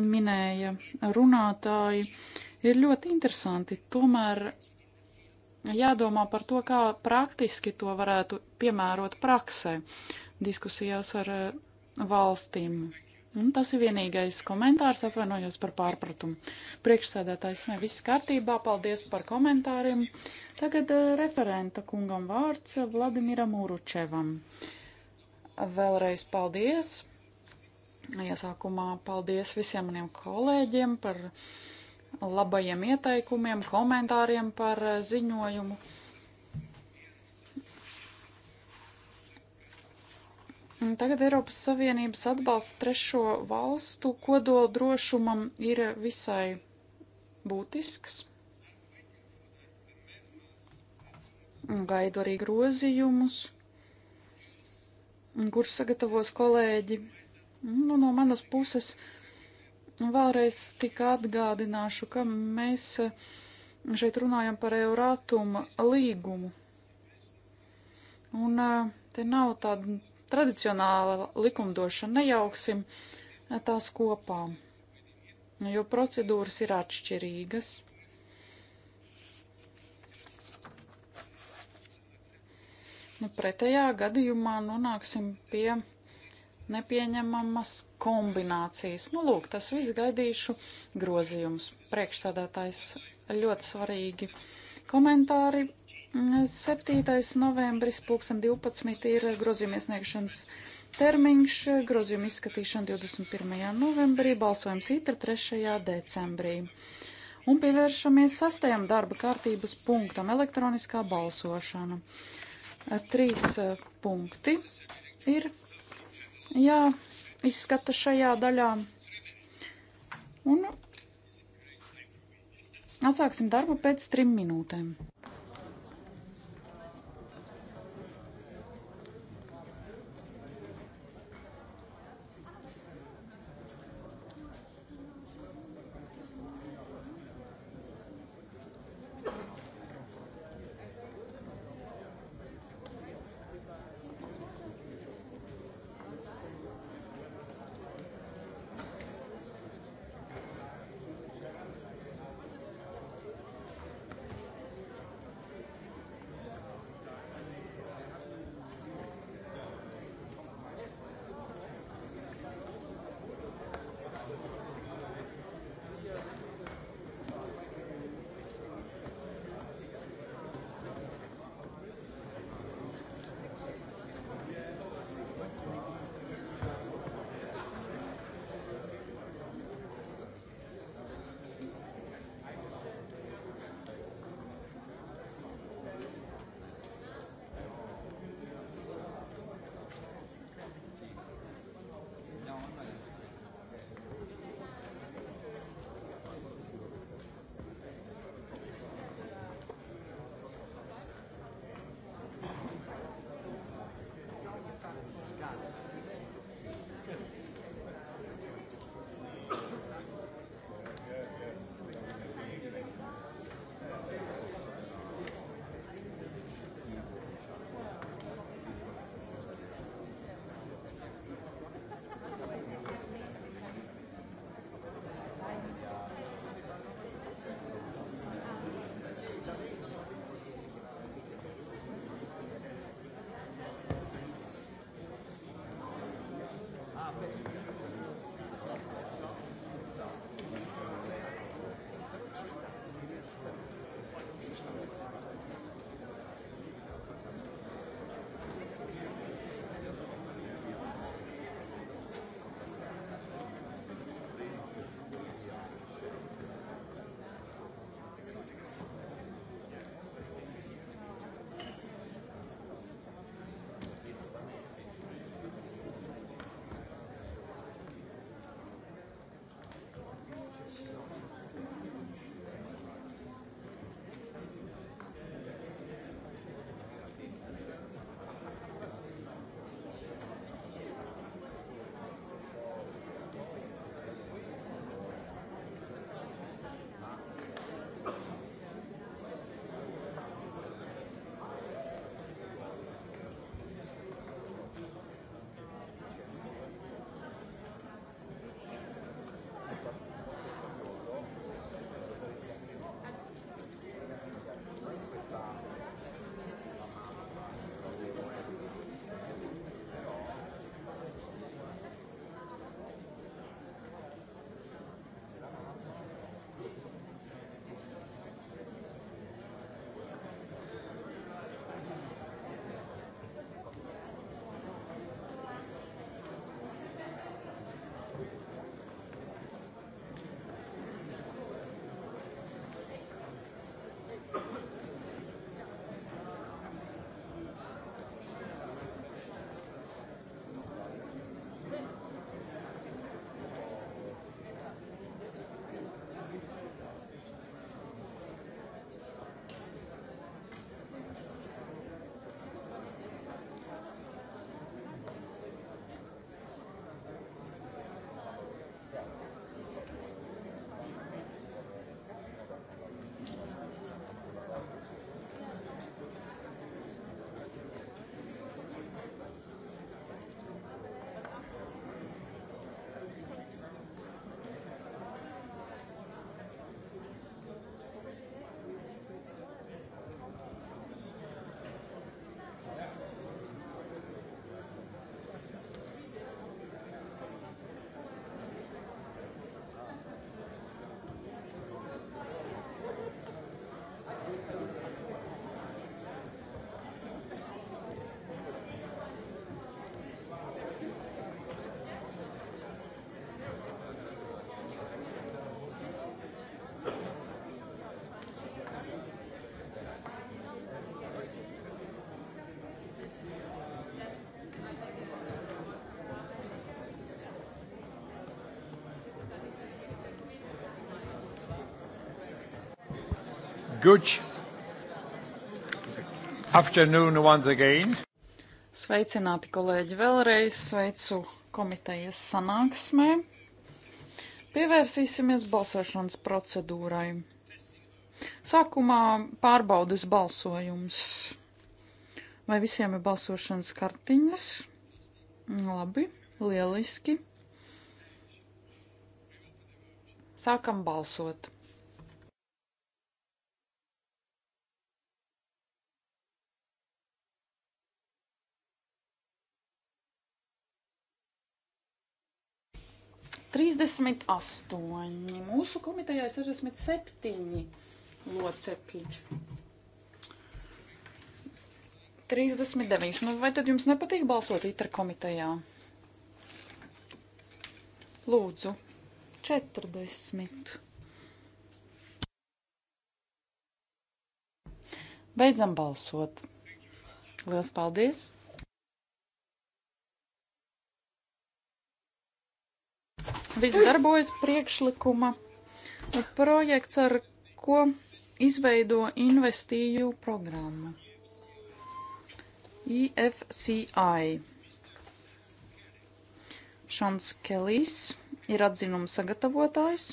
minēja runātāji, ir ļoti interesanti. Tomēr jādomā par to, kā praktiski to varētu piemērot praksē diskusijās ar valstīm. Un tas ir vienīgais komentārs, atvainojos par pārpratumu. Priekšsēdētājs ne viss kārtībā, paldies par komentāriem. Tagad eh, referenta kungam vārds Vladimiram Uručevam. Vēlreiz paldies. Iesākumā paldies visiem maniem kolēģiem par labajiem ieteikumiem, komentāriem par eh, ziņojumu. Tagad Eiropas Savienības atbalsts trešo valstu kodola drošumam ir visai būtisks. Gaidu arī grozījumus, kurus sagatavos kolēģi. Nu, no manas puses vēlreiz tik atgādināšu, ka mēs šeit runājam par Eurātuma līgumu. Un eh, te nav tāda tradicionāla likumdošana nejauksim tās kopā, jo procedūras ir atšķirīgas. Nu, pretējā gadījumā nonāksim pie nepieņemamas kombinācijas. Nu, lūk, tas viss gaidīšu grozījums. Priekšsādātājs ļoti svarīgi komentāri 7. novembris 2012 ir grozījuma iesniegšanas termiņš, grozījuma izskatīšana 21. novembrī, balsojums itra 3. decembrī. Un pievēršamies sastajam darba kārtības punktam - elektroniskā balsošana. Trīs eh, punkti ir jāizskata šajā daļā. Un atsāksim darbu pēc trim minūtēm. Good afternoon once again. Sveicināti kolēģi vēlreiz, sveicu komitejas sanāksmē. Pievērsīsimies balsošanas procedūrai. Sākumā pārbaudas balsojums. Vai visiem ir balsošanas kartiņas? Labi, lieliski. Sākam balsot. 38. Mūsu komitejā 67 locekļi. 39. Nu, vai tad jums nepatīk balsot itra komitejā? Lūdzu, 40. Beidzam balsot. Lielas paldies! viss darbojas priekšlikuma projekts, ar ko izveido investīju programmu. EFCI. Šons Kelijs ir atzinuma sagatavotājs.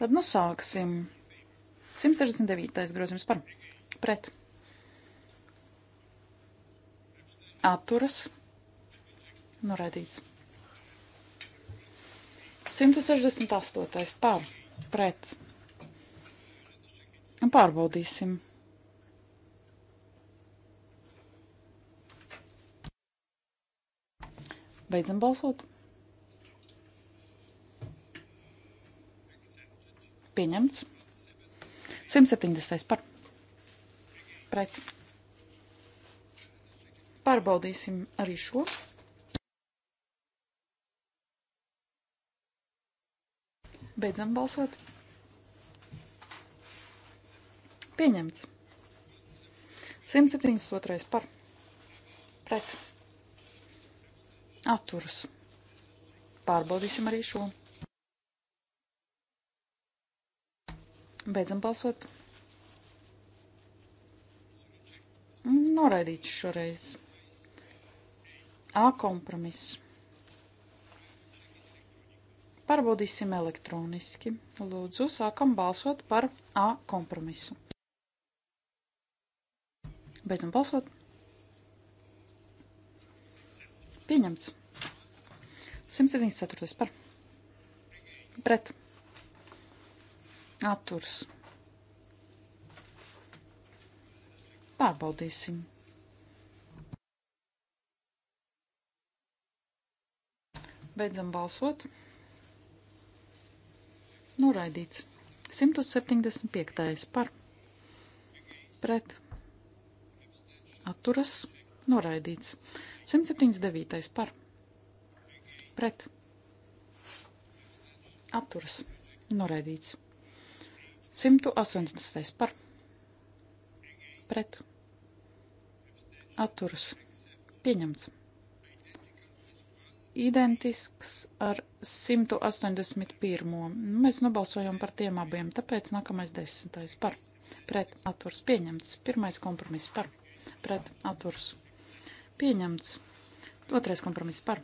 Tad nu sāksim. 169. grozījums par pret. atturas norādīts. 168. par pret. Un pārbaudīsim. Beidzam balsot. Pieņemts. 170. par pret. Pārbaudīsim arī šo. Beidzam balsot. Pieņemts. 172. par. Pret. Atturas. Pārbaudīsim arī šo. Beidzam balsot. Noraidīts šoreiz. A kompromiss. Pārbaudīsim elektroniski. Lūdzu, sākam balsot par A kompromisu. Beidzam balsot. Pieņemts. 174. par. Pret. Atturs. Pārbaudīsim. Beidzam balsot. Noraidīts. 175. par. Pret. Atturas. Noraidīts. 179. par. Pret. Atturas. Noraidīts. 180. par. Pret. Atturas. Pieņemts identisks ar 181. Mēs nobalsojam par tiem abiem, tāpēc nākamais desmitais par. Pret atturs pieņemts. Pirmais kompromiss par. Pret atturs pieņemts. Otrais kompromiss par.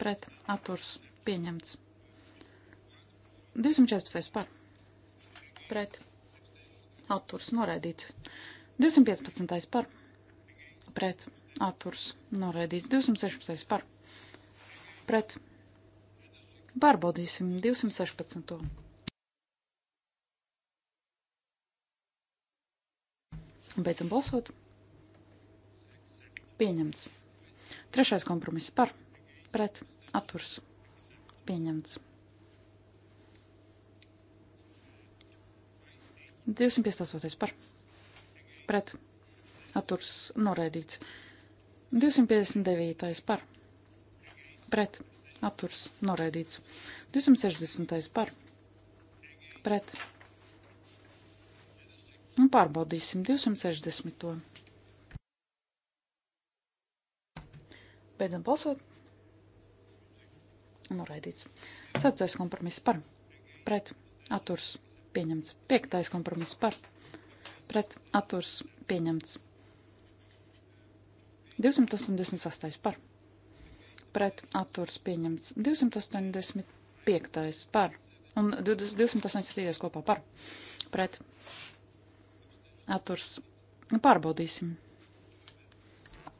Pret atturs pieņemts. 214. par. Pret atturs noraidīts. 215. par. Pret atturs noraidīts. 216. par pret. Pārbaudīsim 216. Beidzam balsot. Pieņemts. Trešais kompromiss par, pret, atturs. Pieņemts. 258 par, pret, atturs, noraidīts. 259 par, pret pret atturs noraidīts. 260. par pret. Un nu, pārbaudīsim 260. To. Beidzam balsot. Noraidīts. Sacais kompromiss par pret atturs pieņemts. Piektais kompromiss par pret atturs pieņemts. 288 par pret atturs pieņemts. 285. par un 287. kopā par pret atturs. Pārbaudīsim.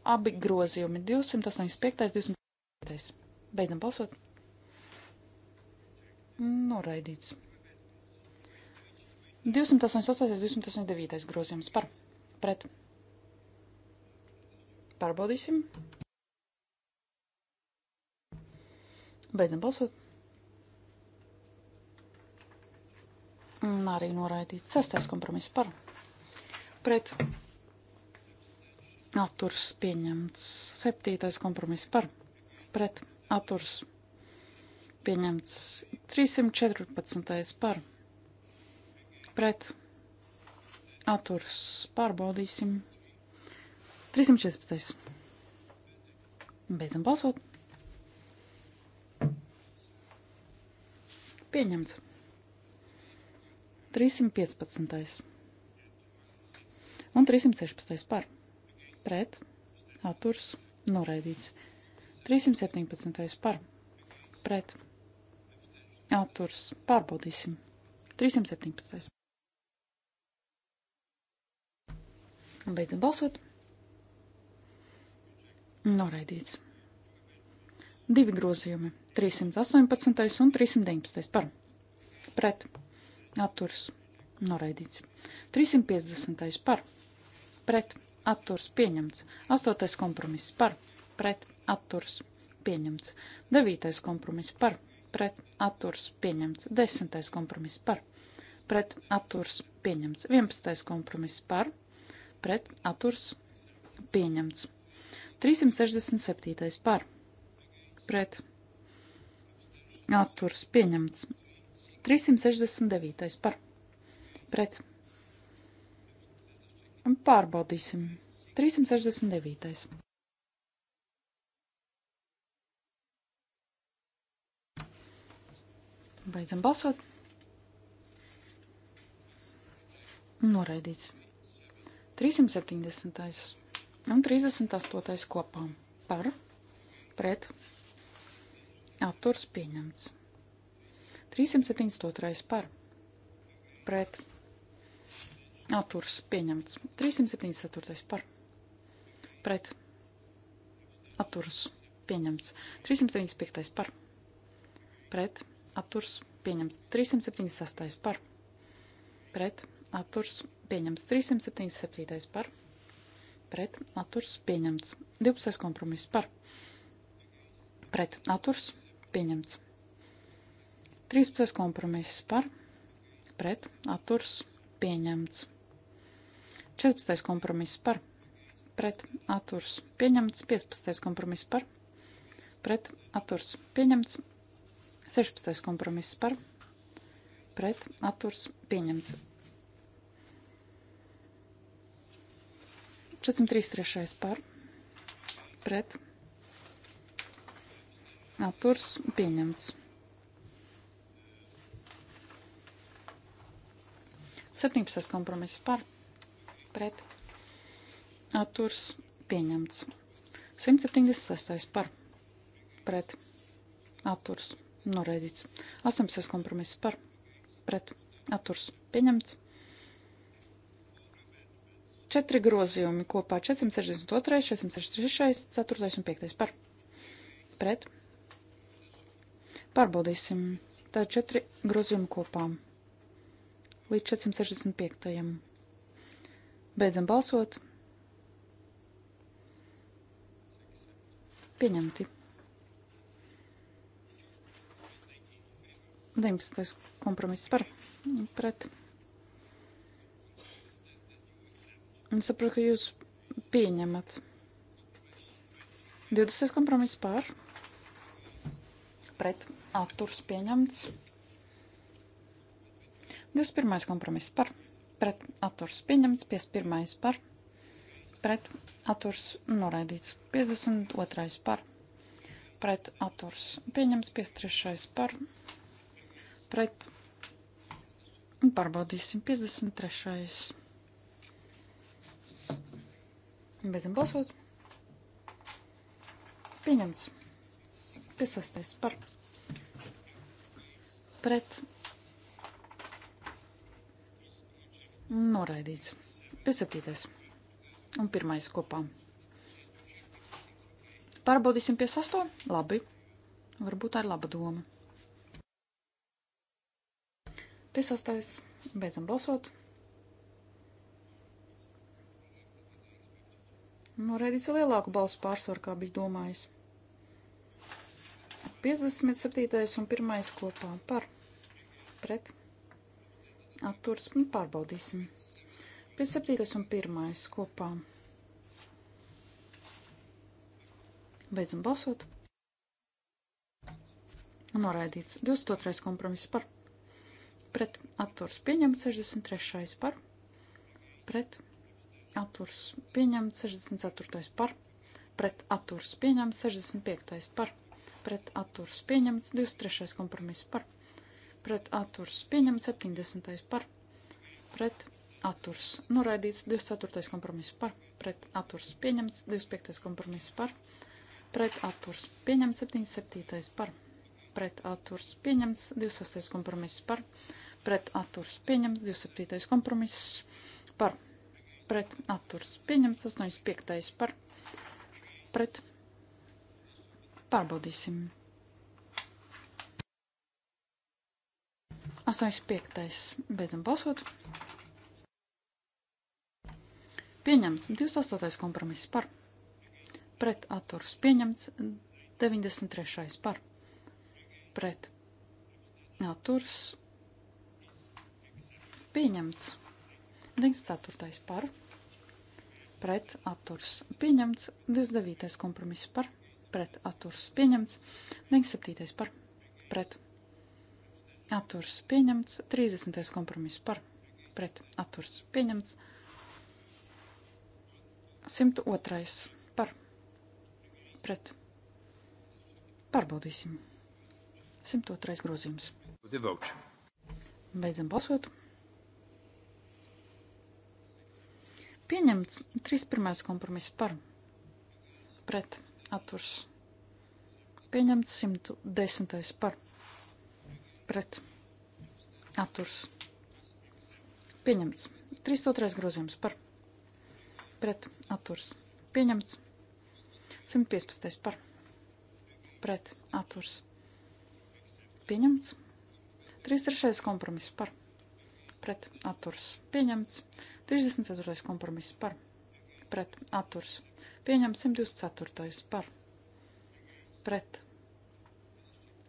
Abi grozījumi 285. 285. Beidzam balsot. Noraidīts. 288. 289. grozījums par pret. Pārbaudīsim. Beidzam balsot. Un arī noraidīts sestais kompromiss par. Pret. Atturs pieņemts. Septītais kompromiss par. Pret. Atturs pieņemts. 314. par. Pret. Atturs pārbaudīsim. 314. Beidzam balsot. Pieņemts. 315. Un 316. par. Pret. Atturs. Noraidīts. 317. par. Pret. Atturs. Pārbaudīsim. 317. Un beidzam balsot. Noraidīts. Divi grozījumi - 318 un 319 par pret atturs noraidīts. 350 par pret atturs pieņemts. 8. kompromiss par pret atturs pieņemts. 9. kompromiss par pret atturs pieņemts. 10. kompromiss par pret atturs pieņemts. 11. kompromiss par pret atturs pieņemts. 367 par pret pret atturs pieņemts. 369. par pret. Un pārbaudīsim. 369. Beidzam balsot. Noraidīts. 370. un 38. kopā par pret Atturs pieņemts. 372. par. Pret. Atturs pieņemts. 374. par. Pret. Atturs pieņemts. 375. par. Pret. Atturs pieņemts. 376. par. Pret. Atturs pieņemts. 377. par. Pret. Atturs pieņemts. 12. kompromiss par. Pret. Atturs pieņemts pieņemts. 13. kompromiss par, pret, atturs, pieņemts. 14. kompromiss par, pret, atturs, pieņemts. 15. kompromiss par, pret, atturs, pieņemts. 16. kompromiss par, pret, atturs, pieņemts. 433. par, pret, Atturs pieņemts. 17. kompromiss par pret. Atturs pieņemts. 176. par pret. Atturs noraidīts. 18. kompromiss par pret. Atturs pieņemts. Četri grozījumi kopā 462, 463, 4 un 5 par pret. Pārbaudīsim. Tā ir četri grozījumi kopā. Līdz 465. Beidzam balsot. Pieņemti. 19. kompromiss par pret. Un saprotu, ka jūs pieņemat. 20. kompromiss par pret. Atturs pieņemts. 21. kompromiss par. Pret atturs pieņemts. 51. par. Pret atturs noraidīts. 52. par. Pret atturs pieņemts. 53. par. Pret. Pārbaudīsim 53. Beidzam balsot. Pieņemts. 56. par pret noraidīts. Piesaktīties. Un pirmais kopā. Pārbaudīsim pie sasto? Labi. Varbūt tā ir laba doma. Piesastais. Beidzam balsot. Noraidīts lielāku balsu pārsvaru, kā bija domājis. 57. un 1. kopā par pret atturs nu, un pārbaudīsim. 57. un 1. kopā. Beidzam balsot. Noraidīts 22. kompromiss par pret atturs pieņemts 63. par pret atturs pieņemts 64. par pret atturs pieņemts 65. par pret atturs pieņemts 23. kompromiss par pret pret atturs. Pieņemts 70. par pret atturs. Noraidīts 24. kompromiss par pret atturs. Pieņemts 25. kompromiss par pret atturs. Pieņemts 77. par pret atturs. Pieņemts 26. kompromiss par pret atturs. Pieņemts 27. kompromiss par pret atturs. Pieņemts 85. par pret Pārbaudīsim. 85. Beidzam balsot. Pieņemts 28. kompromiss par. Pret atturs pieņemts 93. par. Pret atturs pieņemts 94. par. Pret atturs pieņemts 29. kompromiss par. Pret atturs pieņemts 97. par. Pret atturs pieņemts, 30. kompromiss par pret atturs pieņemts, 102. par pret pārbaudīsim. 102. grozījums. Beidzam balsot. Pieņemts 31. kompromiss par pret atturs. Pieņemts 110. par pret pret atturs pieņemts. 32. grozījums par pret atturs pieņemts. 115. par pret atturs pieņemts. 33. kompromiss par pret atturs pieņemts. 34. kompromiss par pret atturs pieņemts. 124. par pret atturs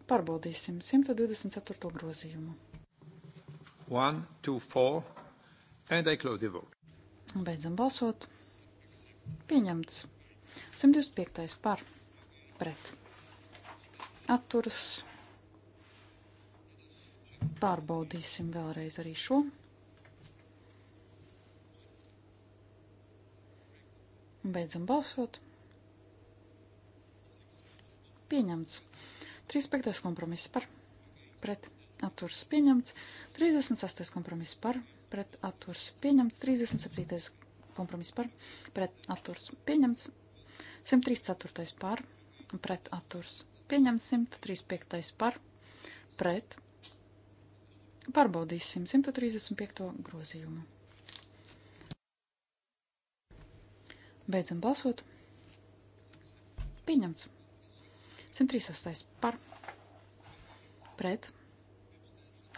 Pārbaudīsim 124. grozījumu. 1, 2, 4, and I close the vote. Beidzam balsot. Pieņemts. 125. par. Pret. Atturas. Pārbaudīsim vēlreiz arī šo. Beidzam balsot. Pieņemts. 35. kompromiss par pret atturs pieņemts, 36. kompromiss par pret atturs pieņemts, 37. kompromiss par pret atturs pieņemts, 134. par pret atturs pieņemts, 135. par pret pārbaudīsim 135. grozījumu. Beidzam balsot. Pieņemts. 136. par pret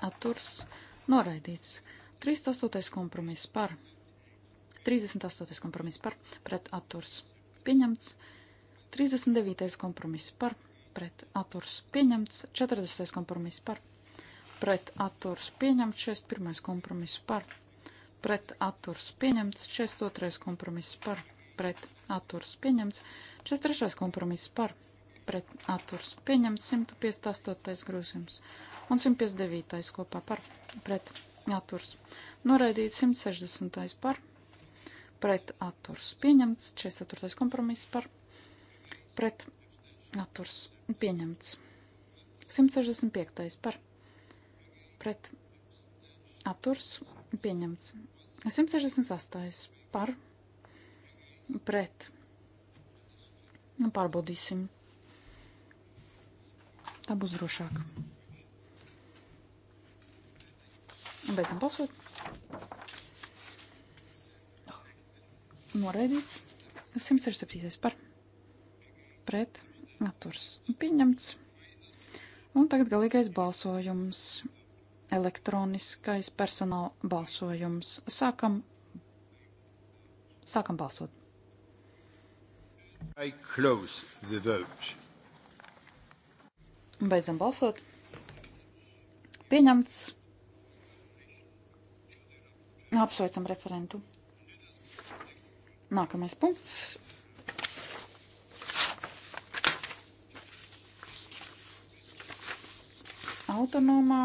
atturs noraidīts. 38. kompromiss par 38. kompromiss par pret atturs pieņemts. 39. kompromiss par pret atturs pieņemts. 40. kompromiss par pret atturs pieņemts. 41. kompromiss par pret atturs pieņemts. 42. kompromiss par pret atturs pieņemts. 43. kompromiss par pret pret atturs. Pieņemts 158. grozījums un 159. kopā par pret atturs. Noraidīts 160. par pret atturs. Pieņemts 44. kompromiss par pret atturs. Pieņemts 165. par pret atturs. Pieņemts 168. par pret atturs. Nu, pārbaudīsim. Arbuz Rušak. Beidzam balsot. Noraidīts. 167. par pret naturs pieņemts. Un tagad galīgais balsojums. Elektroniskais personāla balsojums. Sākam, sākam balsot. I close the vote. Beidzam balsot. Pieņemts. Apsveicam referentu. Nākamais punkts. Autonomā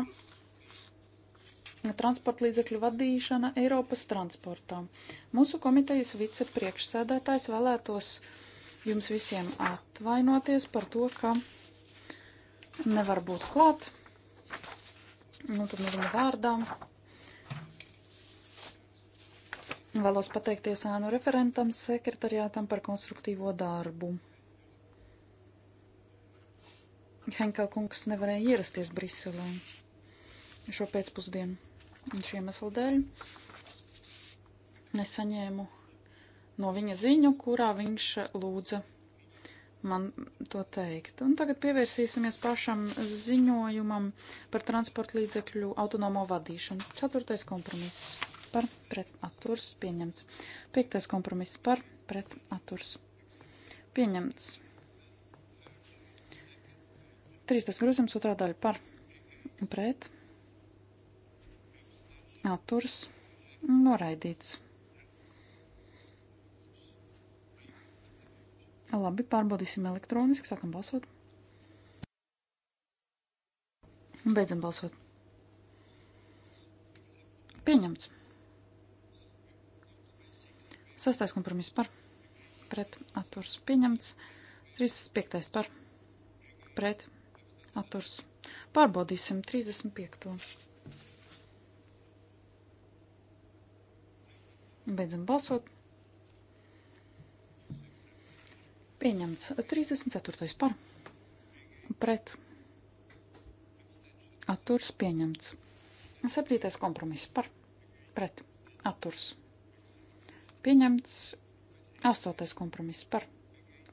transporta līdzekļu vadīšana Eiropas transportā. Mūsu komitejas vicepriekšsēdētājs vēlētos jums visiem atvainoties par to, ka nevar būt klāt. Nu, tad nezinu vārdām. Vēlos pateikties ēnu referentam, sekretariātam par konstruktīvo darbu. Henkel kungs nevarēja ierasties Briselē šo pēcpusdienu. Un šī iemesla dēļ nesaņēmu no viņa ziņu, kurā viņš lūdza man to teikt. Un tagad pievērsīsimies pašam ziņojumam par transporta līdzekļu autonomo vadīšanu. Ceturtais kompromiss par pretaturs pieņemts. Piektais kompromiss par pretaturs pieņemts. 13. grozījums otrā daļa par pret aturs noraidīts. Labi, pārbaudīsim elektroniski, sākam balsot. Un beidzam balsot. Pieņemts. Sastais kompromiss par. Pret atturs pieņemts. 35. par. Pret atturs. Pārbaudīsim 35. Beidzam balsot. Pieņemts. 34. par. Pret. Atturs pieņemts. 7. kompromiss par. Pret. Atturs. Pieņemts. 8. kompromiss par.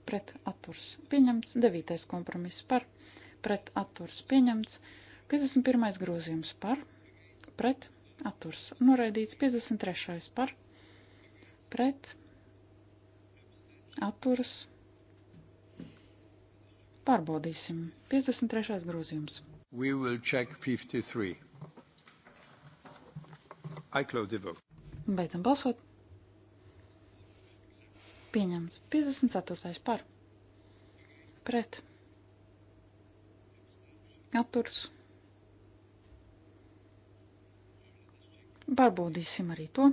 Pret. Atturs. Pieņemts. 9. kompromiss par. Pret. Atturs. Pieņemts. 51. grozījums par. Pret. Atturs. Noraidīts. 53. par. Pret. Atturs. Pārbaudīsim. 53. grozījums. 53. Beidzam balsot. Pieņemts. 54. par. Pret. Atturs. Pārbaudīsim arī to.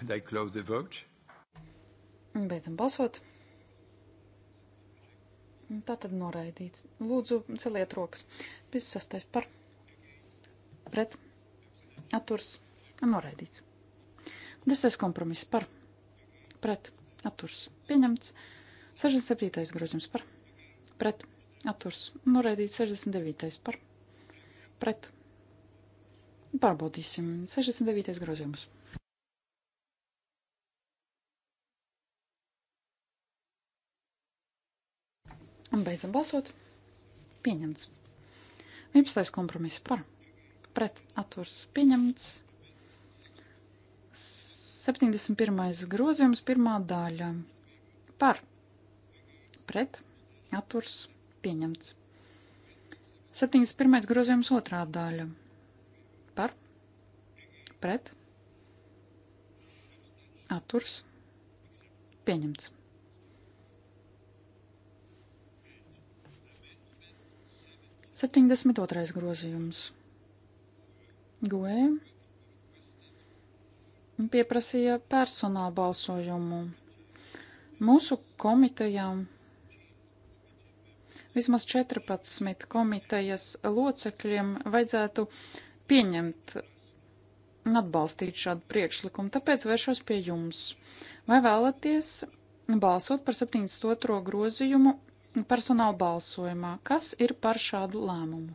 And I close the vote. Beidzam balsot. Tā tad noraidīts. Lūdzu, celiet rokas. 56. par. Pret. Atturs. Noraidīts. 10. kompromiss par. Pret. Atturs. Pieņemts. 67. grozījums par. Pret. Atturs. Noraidīts. 69. par. Pret. Pārbaudīsim. 69. grozījums. Beidzam balsot. Pieņemts. 11. kompromiss par. Pret atturs pieņemts. 71. grozījums pirmā daļa. Par. Pret atturs pieņemts. 71. grozījums otrā daļa. Par. Pret atturs pieņemts. 72. grozījums. Goja pieprasīja personāla balsojumu. Mūsu komitejām vismaz 14 komitejas locekļiem vajadzētu pieņemt un atbalstīt šādu priekšlikumu, tāpēc vēršos pie jums. Vai vēlaties balsot par 72. grozījumu personāla balsojumā. Kas ir par šādu lēmumu?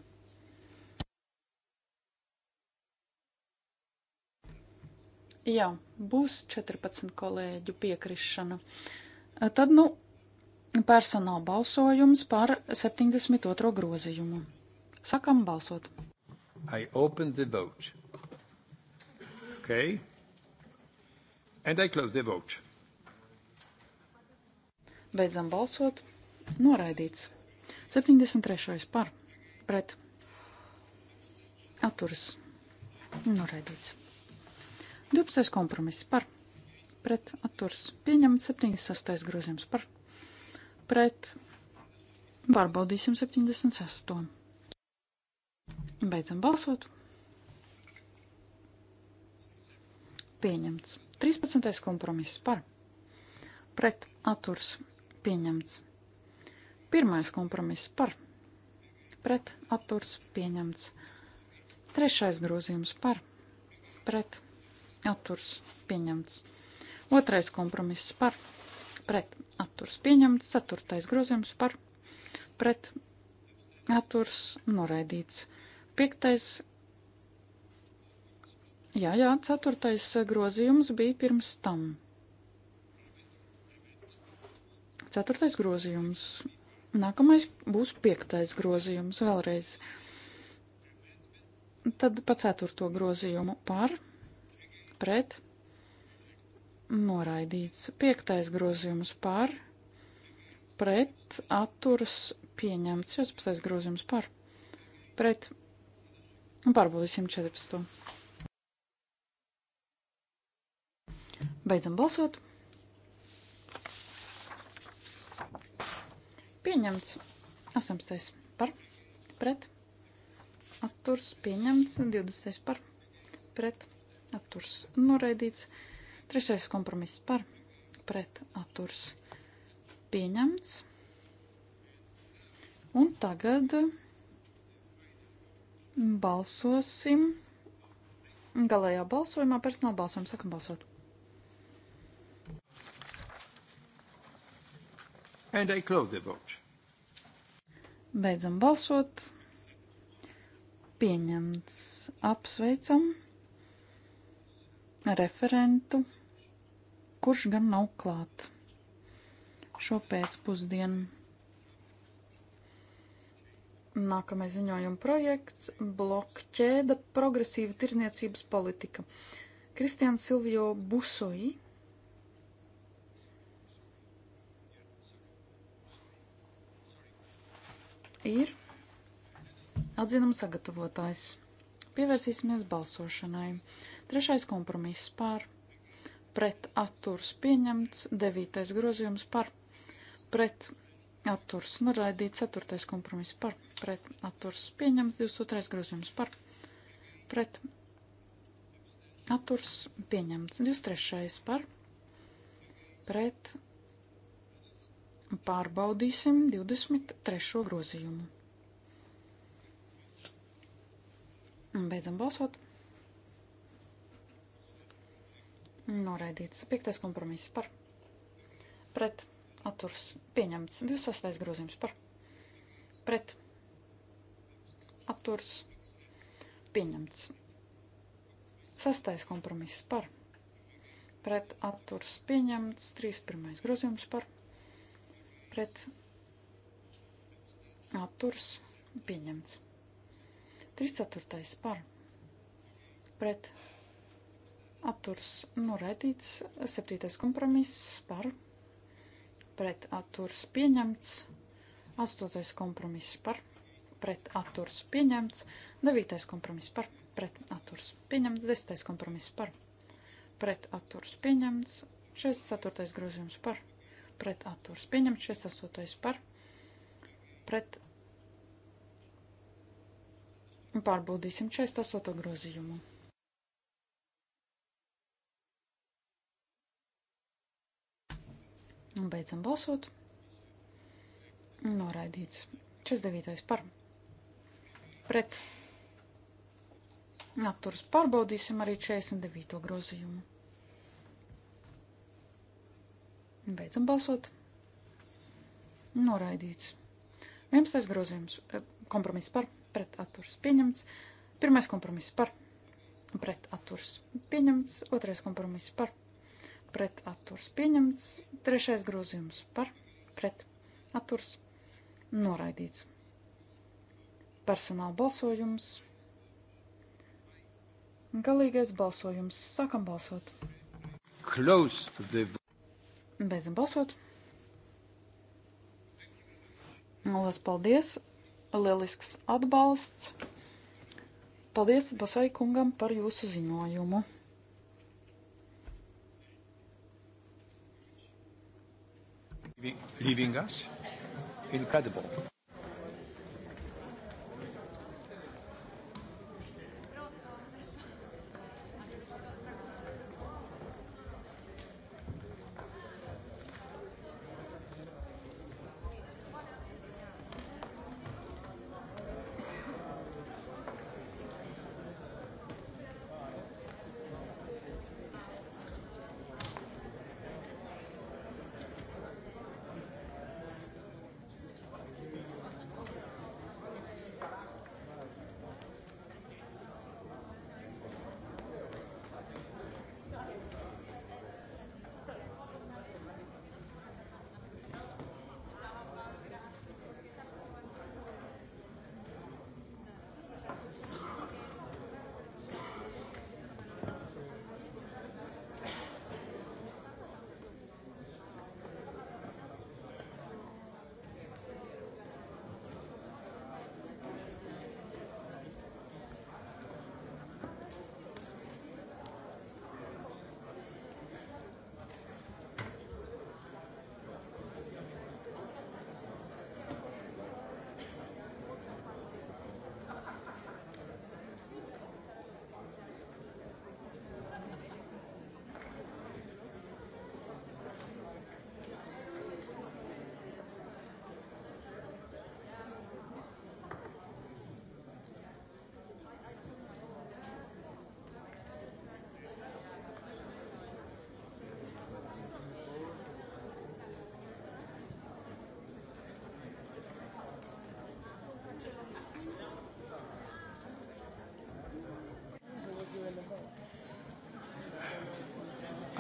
Jā, būs 14 kolēģu piekrišana. Tad, nu, personāla balsojums par 72. grozījumu. Sakam balsot. I open the vote. Okay. And I close the vote. Beidzam balsot. Noraidīts. 73. par. Pret. Atturs. Noraidīts. 12. kompromiss par. Pret. Atturs. Pieņemts 76. grozījums par. Pret. Pārbaudīsim 76. Beidzam balsot. Pieņemts. 13. kompromiss par. Pret. Atturs. Pieņemts. Pirmais kompromiss par pret atturs pieņemts. Trešais grozījums par pret atturs pieņemts. Otrais kompromiss par pret atturs pieņemts. Ceturtais grozījums par pret atturs noraidīts. Piektais, jā, jā, ceturtais grozījums bija pirms tam. Ceturtais grozījums Nākamais būs piektais grozījums vēlreiz. Tad pa ceturto grozījumu par, pret, noraidīts. Piektais grozījums par, pret, atturas, pieņemts. 16. grozījums par, pret, pārbaudīsim 14. Beidzam balsot. Pieņemts. 18. par pret atturs. Pieņemts. 20. par pret atturs. Noraidīts. 3. kompromiss par pret atturs. Pieņemts. Un tagad balsosim. Galējā balsojumā personāla balsojuma sakam balsot. And I close the vote. Beidzam balsot. Pieņemts. Apsveicam referentu, kurš gan nav klāt šo pēcpusdienu. Nākamais ziņojuma projekts - blokķēda progresīva tirzniecības politika. Kristians Silvio Busoji ir atzinuma sagatavotājs. Pievērsīsimies balsošanai. Trešais kompromiss par pret atturs pieņemts, devītais grozījums par pret atturs noraidīts, ceturtais kompromiss par pret atturs pieņemts, 22. grozījums par pret atturs pieņemts, 23. par pret atturs Pārbaudīsim 23. grozījumu. Beidzam balsot. Noraidīts. Piektais kompromiss par. Pret. Atturs. Pieņemts. 26. grozījums par. Pret. Atturs. Pieņemts. Sastais kompromiss par. Pret. Atturs. Pieņemts. 31. grozījums par. Pret pret atturs pieņemts. 34. par pret atturs noraidīts. 7. kompromiss par pret atturs pieņemts. 8. kompromiss par pret atturs pieņemts. 9. kompromiss par pret atturs pieņemts. 10. kompromiss par pret atturs pieņemts. 64. grozījums par pret pret atturs pieņemts, 68. par pret pārbaudīsim 48. grozījumu. Un beidzam balsot. Noraidīts. 49. par pret atturs pārbaudīsim arī 49. grozījumu. Beidzam balsot. Noraidīts. 11. grozījums. E, kompromiss par pret atturs pieņemts. Pirmais kompromiss par pret atturs pieņemts. Otrais kompromiss par pret atturs pieņemts. Trešais grozījums par pret atturs noraidīts. Personāla balsojums. Galīgais balsojums. Sākam balsot. Close the Beidzam balsot. Lielas paldies! Lielisks atbalsts! Paldies Basai kungam par jūsu ziņojumu! Leaving us? Incredible.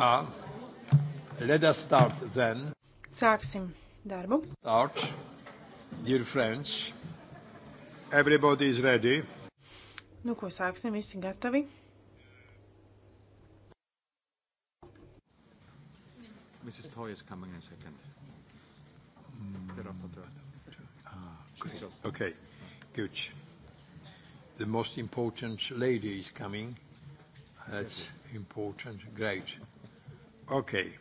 Uh, let us start then. Sāksim darbu. Start. Dear friends, everybody is ready. Nu, ko sāksim, visi gatavi. Mrs. Toy is coming in a second. Mm. The rapporteur. Ah, great. Okay, good. The most important lady is coming. That's important. Great. Okay.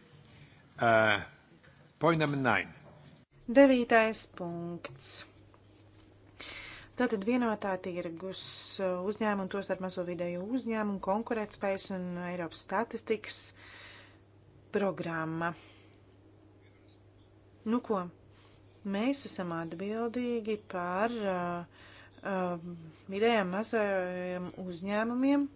Uh, point number nine. Devītais punkts. Tātad vienotā tirgus uh, uzņēmumu, tostarp mazo vidēju uzņēmumu, konkurētspējas un Eiropas statistikas programma. Nu ko, mēs esam atbildīgi par uh, uh, vidējiem mazajiem uzņēmumiem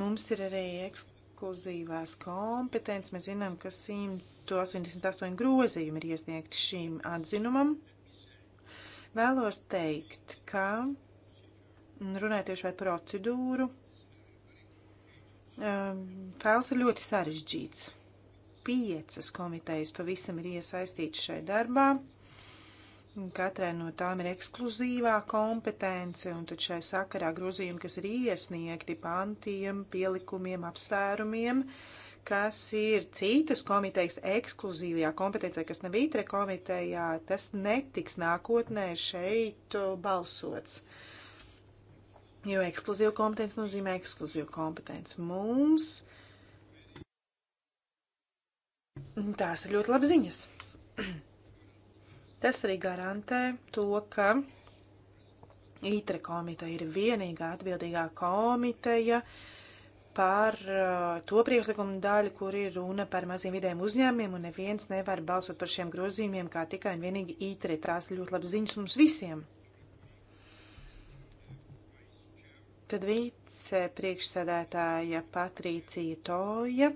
Mums ir arī ekskluzīvās kompetences. Mēs zinām, ka 188 grozījumi ir iesniegti šīm atzinumam. Vēlos teikt, ka runājot tieši par procedūru, um, fails ir ļoti sarežģīts. Piecas komitejas pavisam ir iesaistītas šai darbā. Katrai no tām ir ekskluzīvā kompetence, un tad šai sakarā grozījumi, kas ir iesniegti pantiem, pielikumiem, apsvērumiem, kas ir citas komitejas ekskluzīvajā kompetencijā, kas nav itre komitejā, tas netiks nākotnē šeit uh, balsots. Jo ekskluzīva kompetence nozīmē ekskluzīvu kompetenci. Mums tās ir ļoti labi ziņas. Tas arī garantē to, ka ITRE komiteja ir vienīgā atbildīgā komiteja par uh, to priekšlikumu daļu, kur ir runa par maziem vidējiem uzņēmumiem, un neviens nevar balsot par šiem grozījumiem, kā tikai un vienīgi ITRE. Tās ļoti labs ziņas mums visiem. Tad vice priekšsēdētāja Patrīcija Toja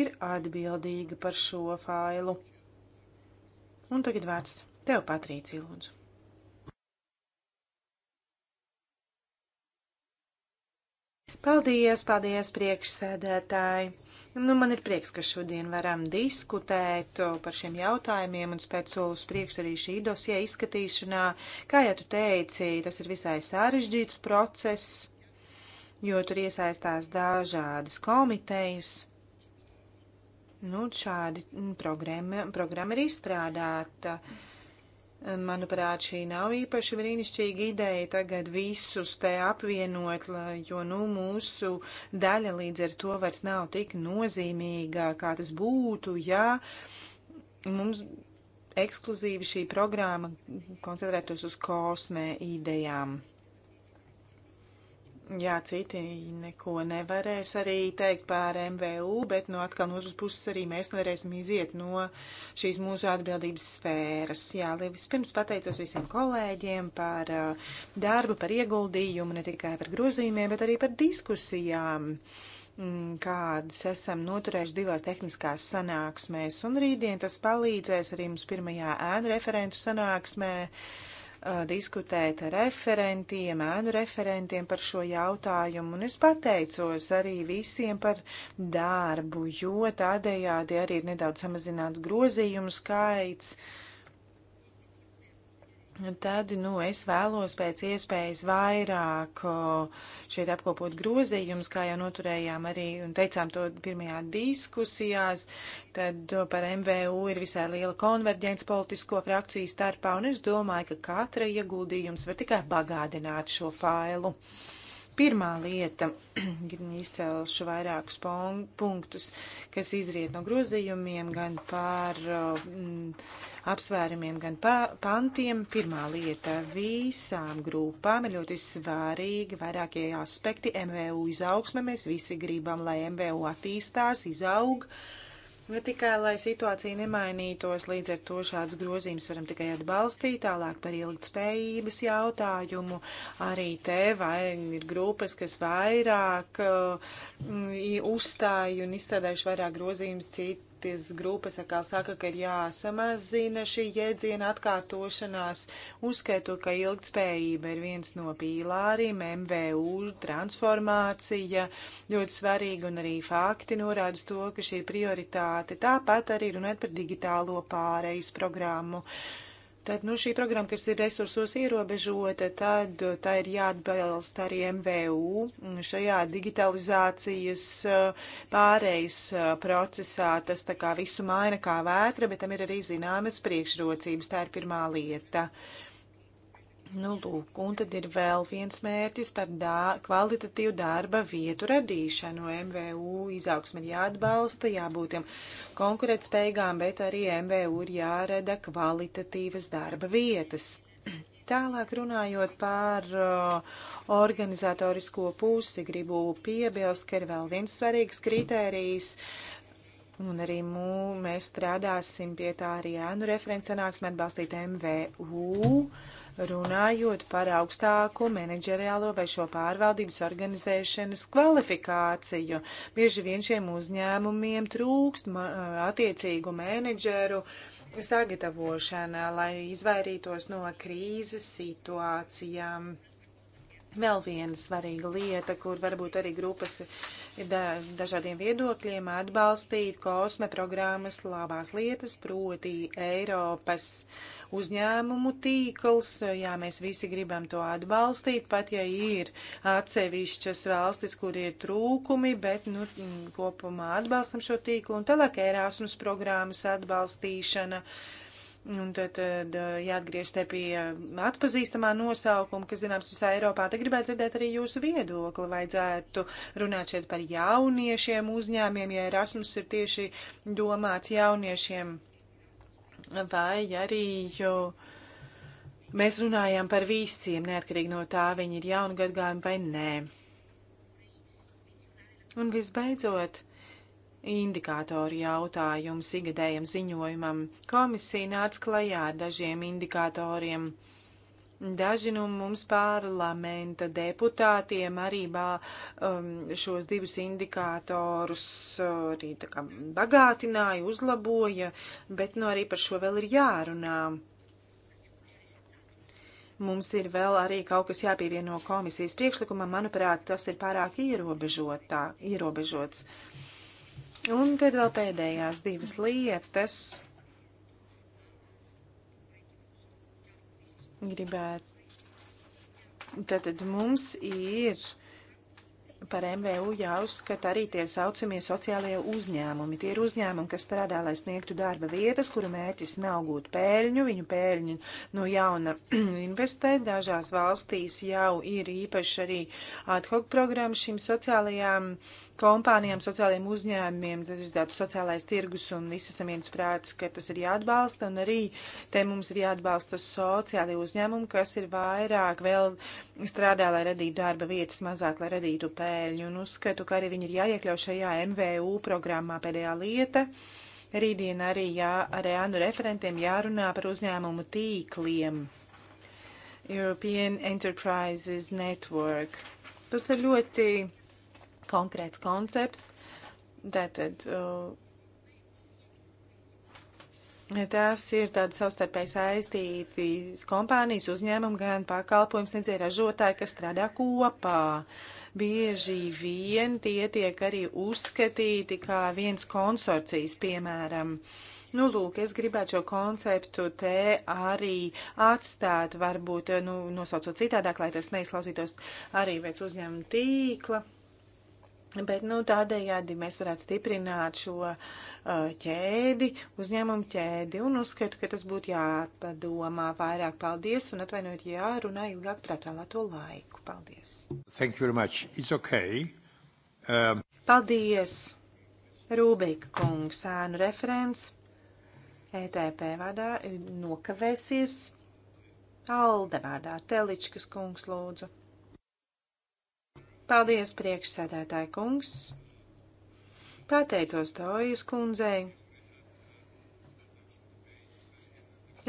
ir atbildīga par šo failu. Un tagad vērts Tev, Patrīcija, lūdzu. Paldies, paldies, priekšsēdētāji! Nu, man ir prieks, ka šodien varam diskutēt par šiem jautājumiem un spēt solus priekš arī šī dosie izskatīšanā. Kā jau tu teici, tas ir visai sarežģīts process, jo tur iesaistās dažādas komitejas. Nu, šādi mm, programma, programma ir izstrādāta. Uh, Manuprāt, šī nav īpaši brīnišķīga ideja tagad visus te apvienot, jo nu, mūsu daļa līdz ar to vairs nav tik nozīmīga, kā tas būtu, ja mums ekskluzīvi šī programma koncentrētos uz kosmē idejām. Jā, citi neko nevarēs arī teikt par MVU, bet no nu, atkal no otras puses arī mēs nevarēsim iziet no šīs mūsu atbildības sfēras. Jā, vispirms pateicos visiem kolēģiem par uh, darbu, par ieguldījumu, ne tikai par grozījumiem, bet arī par diskusijām mm, kādas esam noturējuši divās tehniskās sanāksmēs, un rītdien tas palīdzēs arī mums pirmajā ēnu referentu sanāksmē. Uh, Uh, diskutēt ar referentiem, ēnu referentiem par šo jautājumu, un es pateicos arī visiem par darbu, jo tādējādi arī ir nedaudz samazināts grozījumu skaits. Uh, Tad, nu, es vēlos pēc iespējas vairāk šeit apkopot grozījums, kā jau noturējām arī un teicām to pirmajā diskusijās, tad par MVU ir visai liela konverģence politisko frakciju starpā, un es domāju, ka katra ieguldījums var tikai bagādināt šo failu. Uh, Pirmā lieta - gan izcēlšu vairākus punktus, kas izriet no grozījumiem, gan par mm, apsvērumiem, gan pa, pantiem. Pirmā lieta - visām grupām ir ļoti svarīgi vairākie aspekti. MVU izaugsme mēs visi gribam, lai MVU attīstās, izaug. Uh, Bet tikai, lai situācija nemainītos, līdz ar to šāds grozījums varam tikai atbalstīt, tālāk par ilgtspējības jautājumu. Arī te vai ir grupas, kas vairāk uh, mm, uzstāja un izstrādājuši vairāk grozījums citu Tautas grupas atkal saka, ka ir jāsamazina šī jēdziena atkārtošanās. Uzskaitu, ka ilgtspējība ir viens no pīlāriem, MVU transformācija ļoti svarīga un arī fakti norāda to, ka šī prioritāte tāpat arī runāt par digitālo pārejas programmu. Uh, Tad nu, šī programma, kas ir resursos ierobežota, tad uh, tā ir jāatbalsta arī MVU mm, šajā digitalizācijas uh, pārejas uh, procesā. Tas tā kā visu maina kā vētra, bet tam ir arī zināmas priekšrocības. Tā ir pirmā lieta. Uh, Nu, lūk, un tad ir vēl viens mērķis par dā, kvalitatīvu darba vietu radīšanu. MVU izaugsme ir jāatbalsta, jābūt jām konkurētspējīgām, bet arī MVU ir jārada kvalitatīvas darba vietas. Tālāk runājot par uh, organizatorisko pusi, gribu piebilst, ka ir vēl viens svarīgs kritērijs. Un arī mū, mēs strādāsim pie tā arī ēnu referents sanāksmē atbalstīt MVU. Uh, runājot par augstāku menedžeriālo vai šo pārvaldības organizēšanas kvalifikāciju. Bieži vien šiem uzņēmumiem trūkst attiecīgu menedžeru sagatavošana, lai izvairītos no krīzes situācijām. Vēl viena svarīga lieta, kur varbūt arī grupas dažādiem viedokļiem atbalstīt kosme programmas labās lietas, proti Eiropas uzņēmumu tīkls. Jā, mēs visi gribam to atbalstīt, pat ja ir atsevišķas valstis, kur ir trūkumi, bet nu, kopumā atbalstam šo tīklu. Un tālāk Erasmus programmas atbalstīšana. Uh, Un tad, tad eh, jāatgriežas pie eh, atpazīstamā nosaukuma, kas zināms visā Eiropā. Te gribētu dzirdēt arī jūsu viedokli. Vajadzētu runāt šeit par jauniešiem uzņēmiem, ja Erasmus ir tieši domāts jauniešiem. Vai arī jo mēs runājam par visiem, neatkarīgi no tā, viņi ir jaunu gadgājumi vai nē. Un visbeidzot indikātoru jautājums igadējam ziņojumam. Komisija nāca klajā ar dažiem indikatoriem. Daži no mums parlamenta deputātiem arī bā, um, šos divus indikātorus uh, arī tā kā bagātināja, uzlaboja, bet nu arī par šo vēl ir jārunā. Mums ir vēl arī kaut kas jāpievieno komisijas priekšlikumam, manuprāt, tas ir pārāk ierobežotā, ierobežots. Uh, Un tad vēl pēdējās divas lietas. Gribētu. Tātad mums ir par MVU jāuzskata arī tie saucamie sociālie uzņēmumi. Tie ir uzņēmumi, kas strādā, lai sniegtu darba vietas, kuru mērķis nav gūt pēļņu, viņu pēļņu no jauna investē. Dažās valstīs jau ir īpaši arī ad hoc programma šīm sociālajām uh, kompānijām, sociālajiem uzņēmumiem, tas ir tāds sociālais tirgus un visi esam viens prāts, ka tas ir jāatbalsta un arī te mums ir jāatbalsta sociālie uzņēmumi, kas ir vairāk vēl strādā, lai radītu darba vietas, mazāk, lai radītu pēļņu un uzskatu, ka arī viņi ir jāiekļau šajā MVU programmā pēdējā lieta. Rītdien arī jā, ar ēnu referentiem jārunā par uzņēmumu tīkliem. European Enterprises Network. Tas ir ļoti konkrēts koncepts. Tātad uh, tās ir tādas savstarpēji saistītas kompānijas uzņēmumi, gan pakalpojums, nedzēja ražotāji, kas strādā kopā. Bieži vien tie tiek arī uzskatīti kā viens konsorcijs, piemēram. Nu, lūk, es gribētu šo konceptu te arī atstāt, varbūt, nu, nosaucot citādāk, lai tas neizklausītos arī pēc uzņēmuma tīkla. Bet nu, tādējādi mēs varētu stiprināt šo uh, ķēdi, uzņēmumu ķēdi, un uzskatu, ka tas būtu jāpadomā vairāk. Paldies, un atvainojiet, ja runāju ilgāk par atvēlēto laiku. Paldies! Thank you very much. It's okay. Um... Paldies! Rūbeika kungs, ēnu referents. ETP vārdā nokavēsies. Alde vārdā, Teličkas kungs lūdzu. Paldies, priekšsēdētāji kungs! Pateicos Tojas kundzei.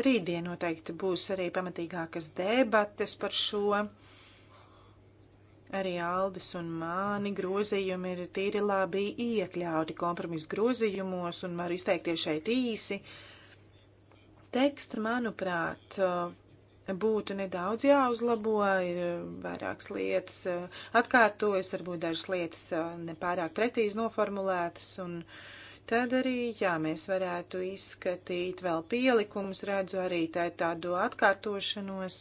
Rītdien noteikti būs arī pamatīgākas debates par šo. Arī Aldis un Māni grozījumi ir tīri labi iekļauti kompromisu grozījumos un var izteikties šeit īsi. Teksts, manuprāt, būtu nedaudz jāuzlabo, ir vairākas lietas atkārtojas, varbūt dažas lietas eh, nepārāk pretīzi noformulētas, un tad arī, jā, mēs varētu izskatīt vēl pielikumus, redzu arī tā, tādu atkārtošanos.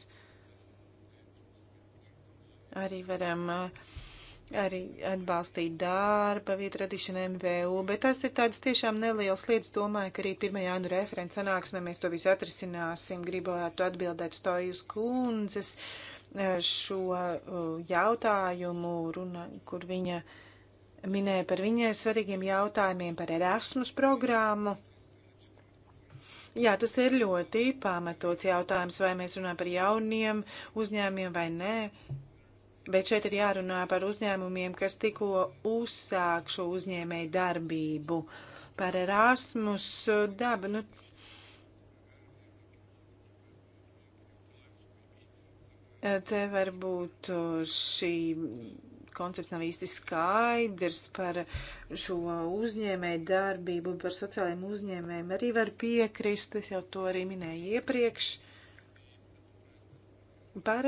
Arī varam uh, arī atbalstīt darba vietu radīšanu MVU, bet tas ir tāds tiešām neliels lietas. Domāju, ka arī 1. jānu referents sanāksmē mēs to visu atrisināsim. Gribētu atbildēt Stojas kundzes e, šo e, jautājumu, runa, kur viņa minēja par viņai svarīgiem jautājumiem par Erasmus programmu. Jā, tas ir ļoti pamatots jautājums, vai mēs runājam par jauniem uzņēmiem vai nē. Bet šeit ir jārunā par uzņēmumiem, kas tikko uzsāk šo uzņēmēju darbību, par Erasmus dabu. Nu, te varbūt šī koncepts nav īsti skaidrs par šo uzņēmēju darbību, par sociālajiem uzņēmējiem. Arī var piekrist, es jau to arī minēju iepriekš. Uh, par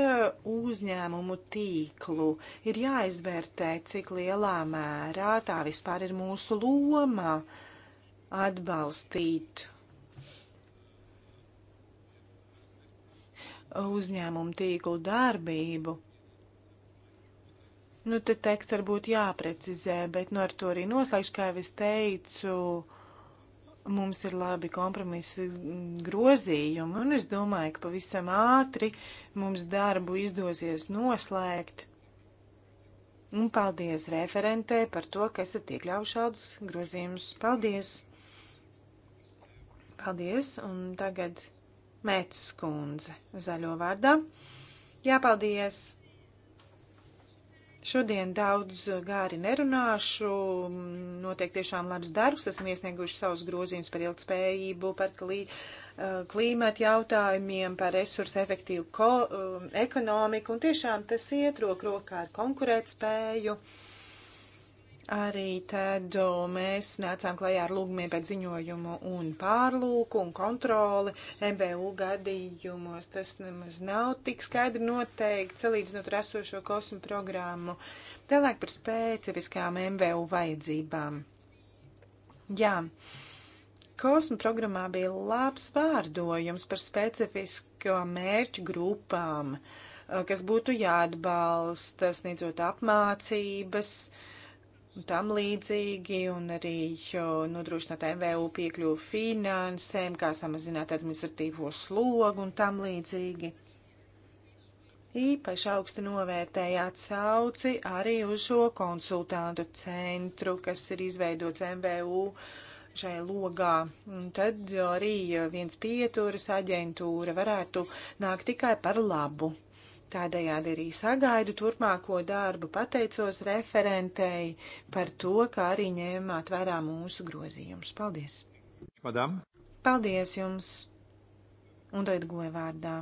uzņēmumu tīklu ir jāizvērtē, cik lielā mērā tā vispār ir mūsu loma atbalstīt uzņēmumu tīklu darbību. Nu, te teksts varbūt jāprecizē, bet nu, ar to arī noslēgšu, kā jau es teicu, Mums ir labi kompromisa mm, grozījumi, un es domāju, ka pavisam ātri mums darbu izdosies noslēgt. Un paldies referentē par to, ka esat iekļaujuši šādus grozījumus. Paldies! Paldies! Un tagad Mētas kundze zaļo vārdā. Jā, paldies! Šodien daudz gāri nerunāšu, noteikti tiešām labs darbs, esam iesnieguši savus grozījumus par ilgspējību, par klī, klīmatu jautājumiem, par resursu efektīvu ko, ekonomiku, un tiešām tas iet roku rokā ar konkurētspēju. spēju Arī tad mēs nācām klajā ar lūgumiem pēc ziņojumu un pārlūku un kontroli. MBU gadījumos tas nemaz nav tik skaidri noteikts, salīdzinot ar esošo kosmu programmu. Tālāk par specifiskām MBU vajadzībām. Jā, kosmu programmā bija labs vārdojums par specifisko mērķu grupām, kas būtu jāatbalsta, sniedzot apmācības. Uh, tam līdzīgi, un arī nodrošināt MVU piekļuvu finansēm, kā samazināt administratīvo slogu un tam līdzīgi. Īpaši augstu novērtēja atsauci arī uz šo konsultantu centru, kas ir izveidots MVU šai logā. Un tad arī viens pieturas aģentūra varētu nākt tikai par labu. Tādējādi arī sagaidu turpmāko darbu, pateicos referentei par to, kā arī ņēmāt vērā mūsu grozījumus. Paldies! Madam! Paldies jums! Un tagad goja vārdā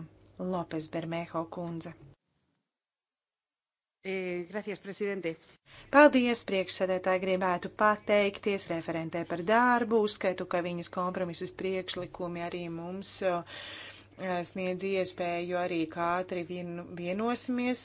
Lopes Bermeho kundze. E, gracias, prezidente. Paldies, priekšsēdētāji, gribētu pateikties referentē par darbu. Uzskaitu, ka viņas kompromisas priekšlikumi arī mums. Uh, Eh, sniedz iespēju arī, kā ātri vien, vienosimies.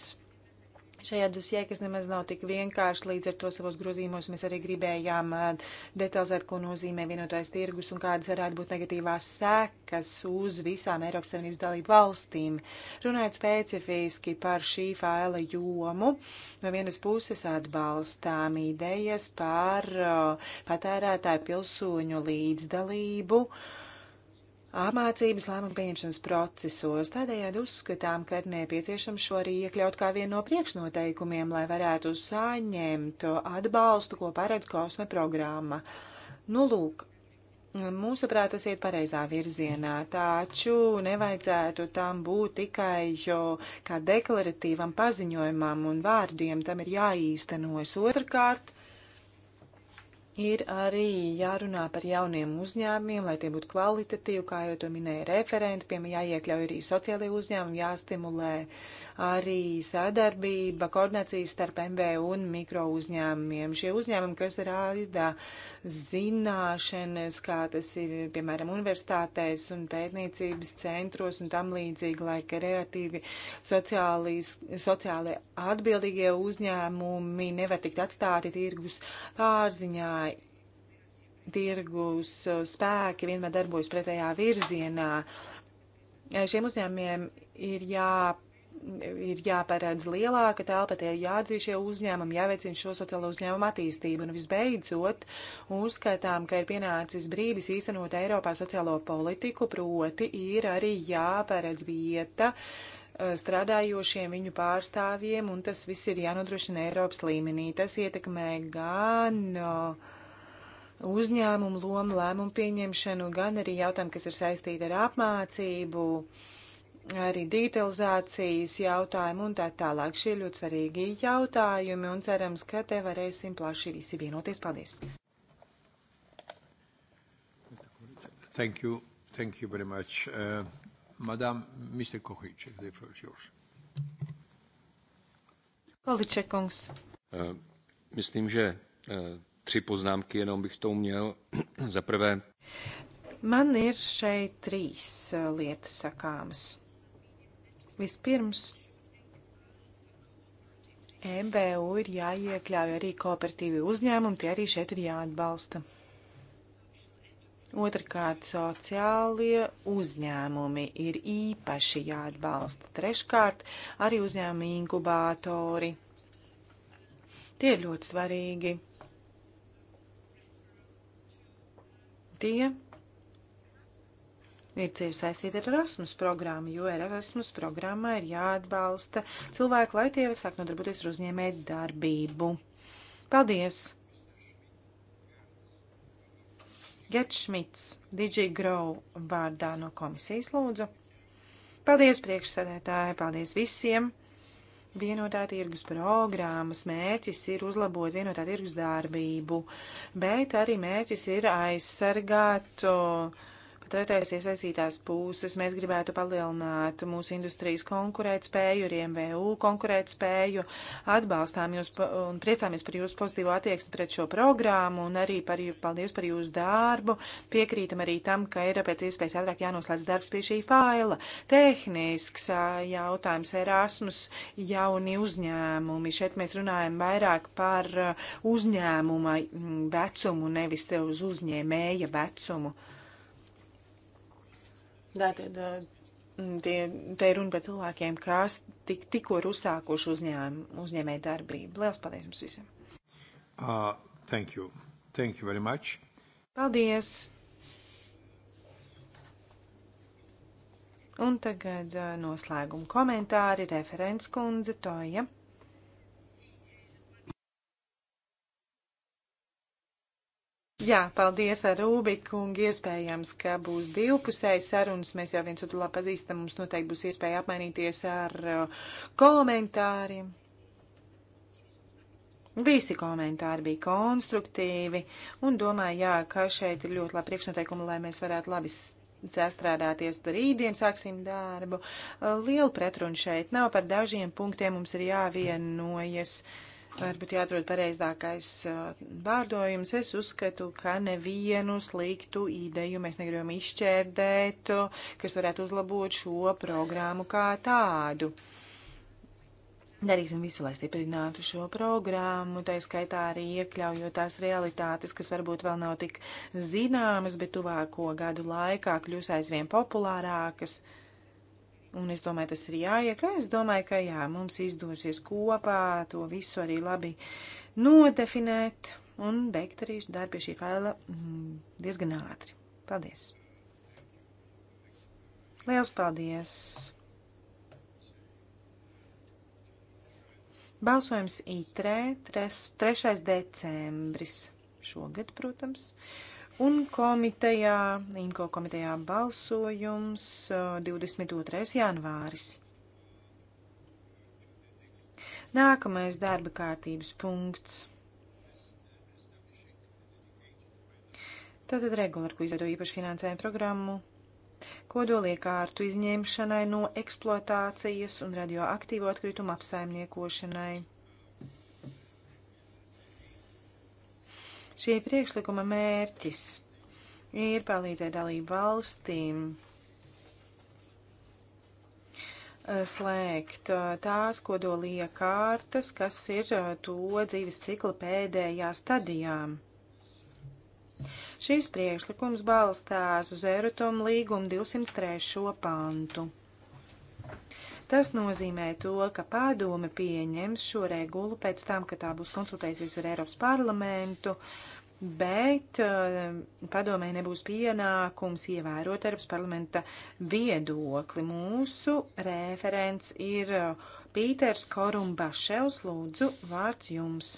Šajā dusjē, kas nemaz nav tik vienkārši, līdz ar to savos grozījumos mēs arī gribējām eh, detalizēt, ko nozīmē vienotais tirgus un kādas varētu būt negatīvās sekas uz visām Eiropas Savienības dalību valstīm. Runājot specifiski par šī faila jomu, no vienas puses atbalstām idejas par eh, patērētāju pilsoņu līdzdalību. Uh, apmācības lēmumu pieņemšanas procesos. Tādējādi uzskatām, ka ir nepieciešams šo arī iekļaut kā vienu no priekšnoteikumiem, lai varētu saņemt atbalstu, ko paredz kosme programma. Nu, lūk, mūsuprāt, tas iet pareizā virzienā, taču nevajadzētu tam būt tikai kā deklaratīvam paziņojumam un vārdiem, tam ir jāīstenojas. Otrkārt, Ir arī jārunā par jauniem uzņēmumiem, lai tie būtu kvalitatīvi, kā jau to minēja referenti, piemēram, jāiekļauj arī sociālajie uzņēmumi, jāstimulē uh, arī sadarbība, koordinācija starp MVU un mikro uzņēmumiem. Šie uzņēmumi, kas rāda zināšanas, kā tas ir, piemēram, universitātēs un pētniecības centros un tam līdzīgi, lai kreatīvi sociāli, sociāli atbildīgie uzņēmumi nevar tikt atstāti tirgus pārziņā tirgus spēki vienmēr darbojas pretējā virzienā. Šiem uzņēmiem ir jā ir jāparedz lielāka telpa, tie jāatdzīst šie uzņēmumi, jāveicina šo sociālo uzņēmumu attīstību. Un visbeidzot, uzskatām, ka ir pienācis brīdis īstenot Eiropā sociālo politiku, proti ir arī jāparedz vieta eh, strādājošiem viņu pārstāvjiem, un tas viss ir jānodrošina Eiropas līmenī. Tas ietekmē gan. Uh, uzņēmumu lomu, lēmumu pieņemšanu, gan arī jautājumu, kas ir saistīti ar apmācību, uh, arī digitalizācijas jautājumu un tā tālāk. Šie ir ļoti svarīgi jautājumi un cerams, ka te varēsim plaši visi vienoties. Paldies! Thank you. Thank you very much. Uh, Madam, Mr. Kohliček, the floor is yours. Kohliček, kungs. Uh, myslím, že uh, tři poznámky jenom bych to měl. Za prvé. Man ir šeit trīs eh, lietas sakāmas. Vispirms MBU ir jāiekļauj arī kooperatīvi uzņēmumi, tie arī šeit ir jāatbalsta. Otrakārt, sociālie uzņēmumi ir īpaši jāatbalsta. Treškārt, arī uzņēmumi inkubātori. Tie ir ļoti svarīgi. Tie ir cieši saistīti ar Erasmus programmu, jo Erasmus programma ir jāatbalsta cilvēku, lai tie sāk nodarboties ar uzņēmēju darbību. Paldies! Gert Šmits, DJ Grow vārdā no komisijas lūdzu. Paldies priekšsēdētāji, paldies visiem! Vienotā tirgus programmas mērķis ir uzlabot vienotā tirgus darbību, bet arī mērķis ir aizsargāt uh, Trešais iesaistītās puses mēs gribētu palielināt mūsu industrijas konkurētspēju, arī MVU konkurētspēju, atbalstām jūs un priecāmies par jūsu pozitīvo attieksmi pret šo programmu un arī par, paldies par jūsu darbu. Piekrītam arī tam, ka ir pēc iespējas ātrāk jānoslēdz darbs pie šī faila. Tehnisks jautājums Erasmus jauni uzņēmumi. Šeit mēs runājam vairāk par uzņēmuma vecumu, nevis uz uzņēmēja vecumu. Tā tad mm, tie, te ir runa par cilvēkiem, kas tik, tikko ir uzsākuši uzņēm, uzņēmēju darbību. Lielas paldies jums visiem! Uh, thank you. Thank you very much. Paldies! Un tagad uh, noslēguma komentāri referents kundze Toja. Jā, paldies Rūbikungi. Iespējams, ka būs divpusēji sarunas. Mēs jau viens otru labi pazīstam. Mums noteikti būs iespēja apmainīties ar uh, komentāriem. Visi komentāri bija konstruktīvi un domāju, jā, ka šeit ir ļoti labi priekšnoteikumi, lai mēs varētu labi sastrādāties. Rītdien sāksim darbu. Liela pretruna šeit nav par dažiem punktiem. Mums ir jāvienojas. No varbūt jāatrod pareizākais uh, vārdojums. Es uzskatu, ka nevienu sliktu ideju mēs negribam izšķērdēt, kas varētu uzlabot šo programmu kā tādu. Darīsim visu, lai stiprinātu šo programmu, tā skaitā arī iekļaujot tās realitātes, kas varbūt vēl nav tik zināmas, bet tuvāko gadu laikā kļūs aizvien populārākas. Uh, Un es domāju, tas ir jāiekļauj. Es domāju, ka jā, mums izdosies kopā to visu arī labi nodefinēt un beigt arī darbu pie šī faila mm, diezgan ātri. Paldies! Liels paldies! Balsojums ITRE e, 3. decembris šogad, protams. Uh, Un komitejā, IMCO komitejā balsojums 22. Uh, janvāris. Nākamais darba kārtības punkts. Tātad regula, ar ko izveido īpašu finansējumu programmu, kodoliekārtu izņemšanai no eksploatācijas un radioaktīvo atkritumu apsaimniekošanai. Šie priekšlikuma mērķis ir palīdzēt dalību valstīm eh, slēgt eh, tās kodolīja kārtas, kas ir eh, to dzīves cikla pēdējā stadijā. Šīs priekšlikums balstās uz Eurotom līguma 203. pantu. Tas nozīmē to, ka padome pieņems šo regulu pēc tam, ka tā būs konsultējusies ar Eiropas parlamentu, bet eh, padomē nebūs pienākums ievērot Eiropas parlamenta viedokli. Mūsu referents ir eh, Pīters Korumbaševs. Lūdzu, vārds jums.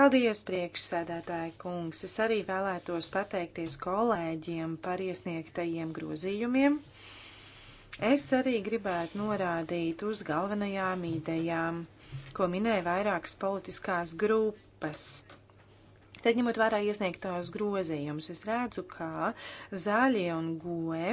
Paldies, priekšsēdētāji kungs! Es arī vēlētos pateikties kolēģiem par iesniegtajiem grozījumiem. Es arī gribētu norādīt uz galvenajām idejām, ko minēja vairākas politiskās grupas. Tad, ņemot vērā iesniegtās grozījumus, es redzu, kā zaļie un goe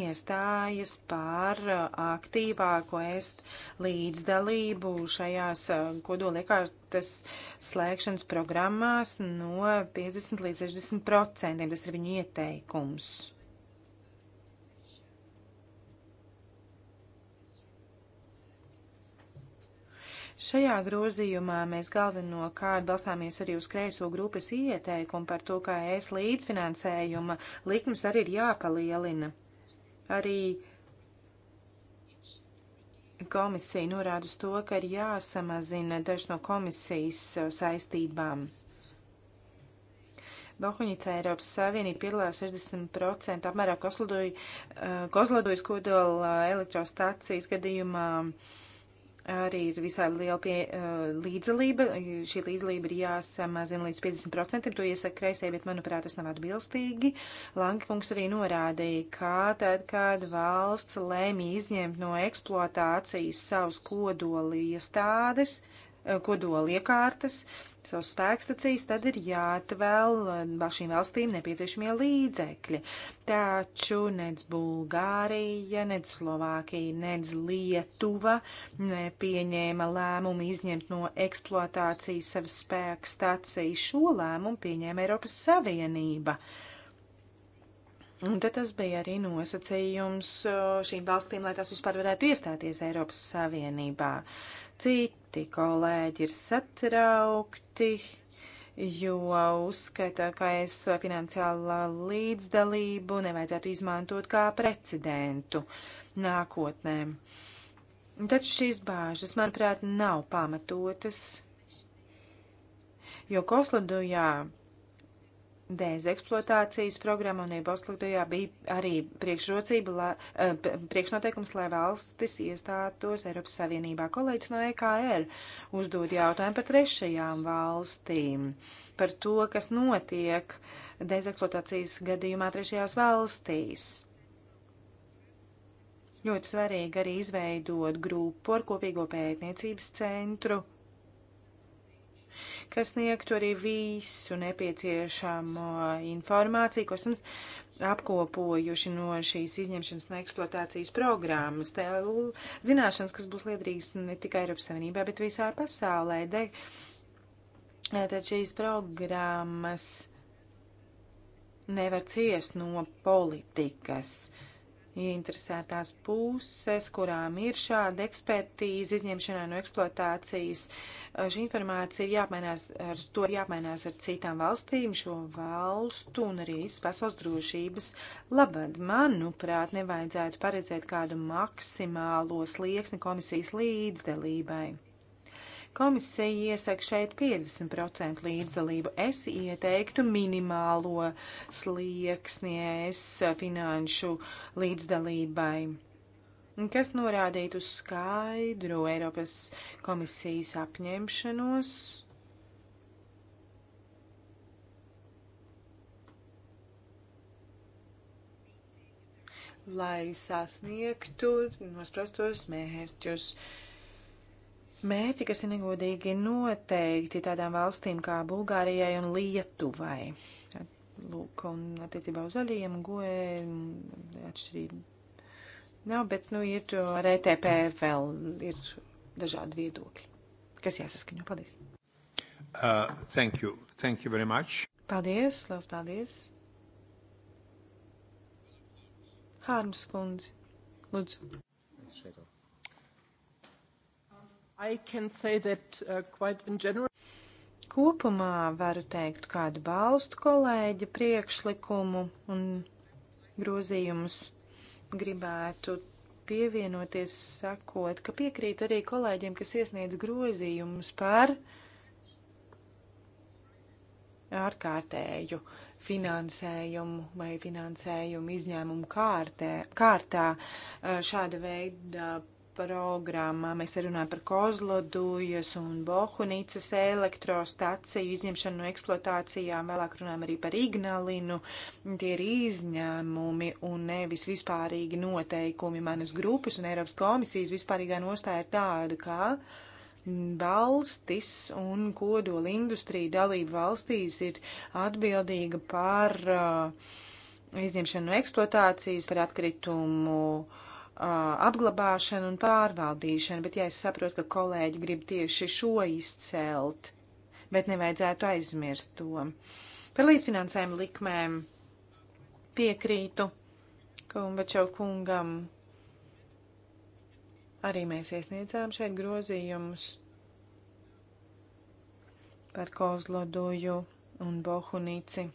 iestājas par uh, aktīvāko est līdzdalību šajās uh, kodoliekārt cigaretes slēgšanas programmās no 50 līdz 60 procentiem. Tas ir viņu ieteikums. Šajā grozījumā mēs galvenokārt balstāmies arī uz kreiso grupas ieteikumu par to, kā es līdzfinansējuma likmes arī ir jāpalielina. Arī uh, Komisija norāda uz to, ka ir jāsamazina daži no komisijas uh, saistībām. Bohuņicā Eiropas Savienība piedalās 60% apmērā Kozlodujas uh, kodola uh, elektrostacijas gadījumā. Uh, arī ir visai liela pie, uh, līdzdalība. Šī līdzdalība ir jāsamazina līdz 50%. To iesaka kreisē, bet, manuprāt, tas nav atbilstīgi. Lankungs arī norādīja, ka tad, kad valsts lēma izņemt no eksploatācijas savus kodoli iestādes, eh, kodoli iekārtas, uh, savas spēkstacijas, tad ir jāatvēl šīm valstīm nepieciešamie līdzekļi. Taču nec Bulgārija, nec Slovākija, nec Lietuva nepieņēma lēmumu izņemt no eksploatācijas savas spēkstacijas. Šo lēmumu pieņēma Eiropas Savienība. Un tad tas bija arī nosacījums uh, šīm valstīm, lai tās vispār varētu iestāties Eiropas Savienībā. Cit, Citi kolēģi ir satraukti, jo uzskata, ka es finansiālā līdzdalību nevajadzētu izmantot kā precedentu nākotnē. Taču šīs bāžas, manuprāt, nav pamatotas, jo Koslodujā dezeksploatācijas programma un Eiboslūdojā bija arī priekšrocība, la, eh, priekšnoteikums, lai valstis iestātos Eiropas Savienībā. Kolēģis no EKR uzdod jautājumu par trešajām valstīm, par to, kas notiek dezeksploatācijas gadījumā trešajās valstīs. Ļoti svarīgi arī izveidot grupu ar kopīgo pētniecības centru kas sniegtu arī visu nepieciešamo informāciju, ko esam apkopojuši no šīs izņemšanas no eksploatācijas programmas. Tā zināšanas, kas būs liederīgas ne tikai Eiropas Savienībā, bet visā pasaulē. De, tad šīs programmas nevar ciest no politikas. Uh, ieinteresētās puses, kurām ir šāda ekspertīze izņemšanai no eksploatācijas. Šī informācija ir jāapmainās ar to, ir jāapmainās ar citām valstīm, šo valstu un arī visas pasaules drošības labad. Manuprāt, nevajadzētu paredzēt kādu maksimālo slieksni komisijas līdzdalībai. Komisija iesaka šeit 50% līdzdalību. Es ieteiktu minimālo slieksnies finanšu līdzdalībai kas norādītu uz skaidru Eiropas komisijas apņemšanos lai sasniegtu nosprostos mērķus. Uh, mērķi, kas ir negodīgi noteikti tādām valstīm kā Bulgārijai un Lietuvai. Lūk, un attiecībā uz zaļajiem goē atšķirība nav, bet, nu, ir ar ETP vēl ir dažādi viedokļi, kas jāsaskaņo. Paldies! Uh, thank you. Thank you very much. Paldies, liels paldies. Hārms kundze, lūdzu. Uh, general... Kopumā varu teikt, ka atbalstu kolēģi priekšlikumu un grozījumus gribētu pievienoties, sakot, ka piekrīt arī kolēģiem, kas iesniedz grozījumus par ārkārtēju finansējumu vai finansējumu izņēmumu kārtē, kārtā uh, šāda veida programmā. Mēs runājam par Kozlodujas un Bohunicas elektrostaciju izņemšanu no eksploatācijām, vēlāk runājam arī par Ignalinu. Tie ir izņēmumi un nevis vispārīgi noteikumi. Manas grupas un Eiropas komisijas vispārīgā nostāja ir tāda, ka valstis un kodola industrija dalība valstīs ir atbildīga par uh, izņemšanu no eksploatācijas, par atkritumu uh, apglabāšanu un pārvaldīšanu, bet ja es saprotu, ka kolēģi grib tieši šo izcelt, bet nevajadzētu aizmirst to. Par līdzfinansējumu likmēm piekrītu Kumbačau kungam. Arī mēs iesniedzām šeit grozījumus par Kozlodoju un Bohunici.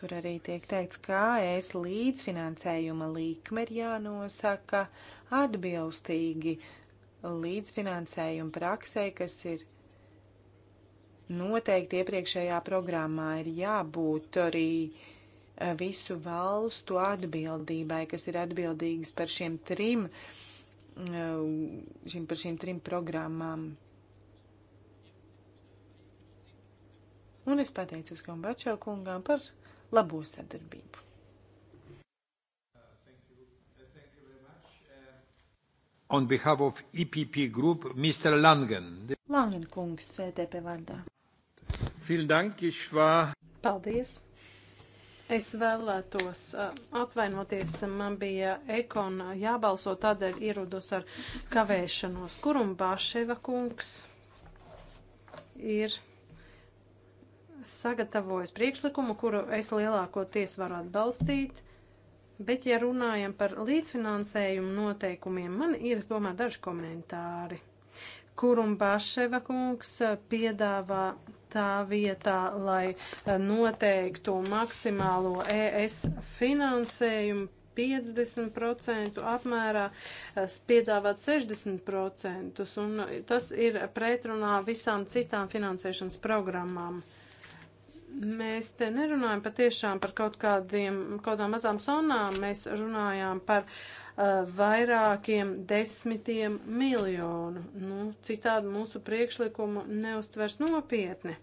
Tur arī tiek teikts, ka es līdzfinansējuma līkme ir jānosaka atbilstīgi līdzfinansējuma praksē, kas ir noteikti iepriekšējā programmā, ir jābūt arī eh, visu valstu atbildībai, kas ir atbildīgas par šiem trim, eh, šim, par šīm trim programmām. Un es pateicos Gombačo kungām par labu sadarbību. On behalf of EPP Group, Mr. Langen. Langen kungs, CDP vārdā. Vielen Dank, ich war. Paldies. Es vēlētos uh, atvainoties, man bija ekona jābalso, tādēļ ierados ar kavēšanos. Kurum Bāševa kungs ir sagatavojis priekšlikumu, kuru es lielākoties varu atbalstīt, bet, ja runājam par līdzfinansējumu noteikumiem, man ir tomēr daži komentāri, kurum Baševa kungs piedāvā tā vietā, lai eh, noteiktu maksimālo ES finansējumu 50% apmērā, eh, piedāvāt 60%, un tas ir pretrunā visām citām finansēšanas programmām. Uh, Mēs te nerunājam patiešām par kaut kādiem, kādām mazām sonām, mēs runājām par uh, vairākiem desmitiem miljonu. Nu, citādi mūsu priekšlikumu neustvers nopietni.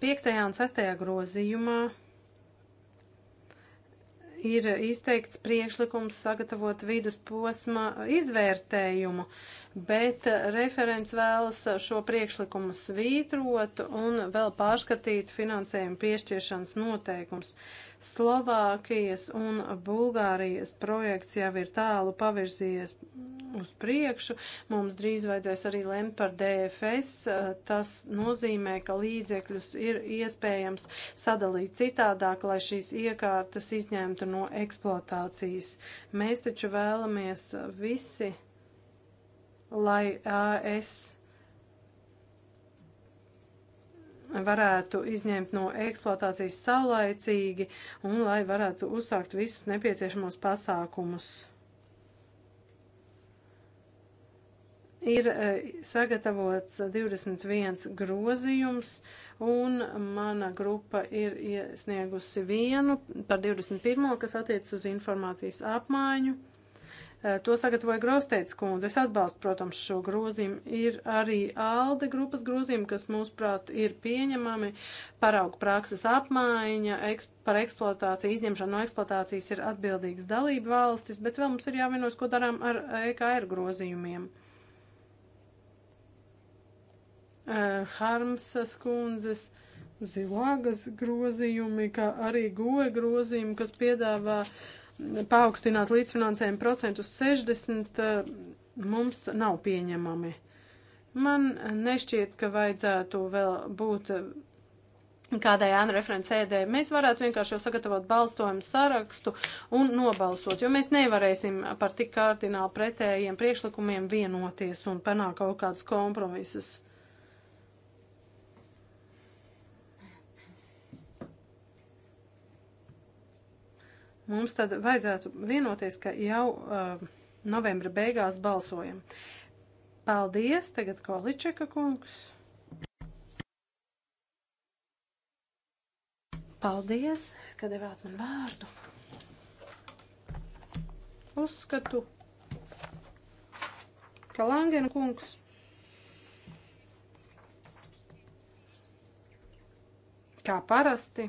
Piektajā un sestajā grozījumā ir izteikts priekšlikums sagatavot vidusposma izvērtējumu, bet referents vēlas šo priekšlikumu svītrot un vēl pārskatīt finansējumu piešķiršanas noteikums. Slovākijas un Bulgārijas projekts jau ir tālu pavirzījies uz priekšu. Mums drīz vajadzēs arī lemt par DFS. Tas nozīmē, ka līdzekļus ir iespējams sadalīt citādāk, lai šīs iekārtas izņemtu no eksploatācijas. Mēs taču vēlamies visi, lai AS varētu izņemt no eksploatācijas saulaicīgi un lai varētu uzsākt visus nepieciešamos pasākumus. Ir e, sagatavots 21 grozījums, un mana grupa ir iesniegusi vienu par 21, kas attiecas uz informācijas apmaiņu. Eh, to sagatavoja Grosteits kundze. Es atbalstu, protams, šo grozījumu. Ir arī ALDE grupas grozījumi, kas, mūsuprāt, ir pieņemami. Parauga prakses apmaiņa eks par eksploatāciju, izņemšanu no eksploatācijas ir atbildīgas dalība valstis, bet vēl mums ir jāvienos, ko darām ar EKR grozījumiem. Eh, Harmsas kundzes zilāgas grozījumi, kā arī goja grozījumi, kas piedāvā uh, paaugstināt līdzfinansējumu procentu 60 eh, mums nav pieņemami. Man nešķiet, ka vajadzētu vēl būt kādai Anna referencēdē, mēs varētu vienkārši jau sagatavot balstojumu sarakstu un nobalsot, jo mēs nevarēsim par tik kārdināli pretējiem priekšlikumiem vienoties un panākt kaut kādus kompromisus. Mums tad vajadzētu vienoties, ka jau uh, novembra beigās balsojam. Paldies, tagad Količeka kungs. Paldies, ka devāt man vārdu. Uzskatu, ka Langena kungs kā parasti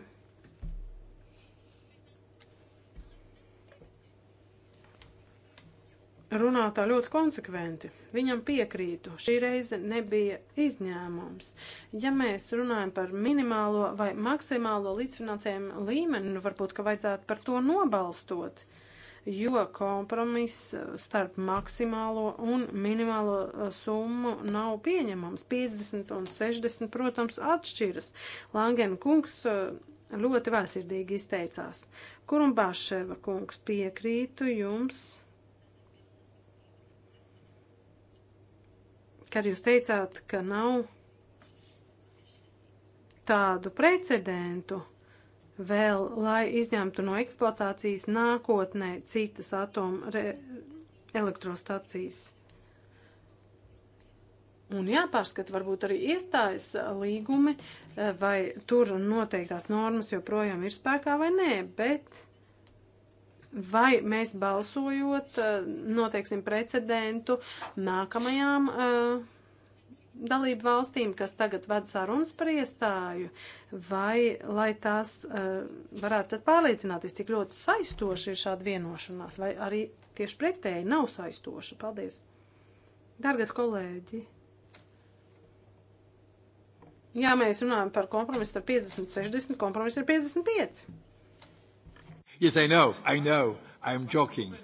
runātā ļoti konsekventi. Viņam piekrītu, šī reize nebija izņēmums. Ja mēs runājam par minimālo vai maksimālo līdzfinansējumu līmeni, nu varbūt, ka vajadzētu par to nobalstot, jo kompromiss starp maksimālo un minimālo uh, summu nav pieņemams. 50 un 60, protams, atšķiras. Langen kungs uh, ļoti vēsirdīgi izteicās. Kurumbaševa kungs piekrītu jums kad jūs teicāt, ka nav tādu precedentu vēl, lai izņemtu no eksploatācijas nākotnē citas atomu elektrostacijas. Un jāpārskata varbūt arī iestājas līgumi, vai tur noteiktās normas joprojām ir spēkā vai nē, bet vai mēs balsojot eh, noteiksim precedentu nākamajām uh, dalību valstīm, kas tagad ved sarunas par iestāju, vai lai tās uh, varētu tad pārliecināties, cik ļoti saistoši ir šāda vienošanās, vai arī tieši pretēji nav saistoša. Paldies! Dargas kolēģi! Jā, mēs runājam par kompromisu ar 50, 60, kompromisu ar 55. Yes, I know, I know, I'm joking.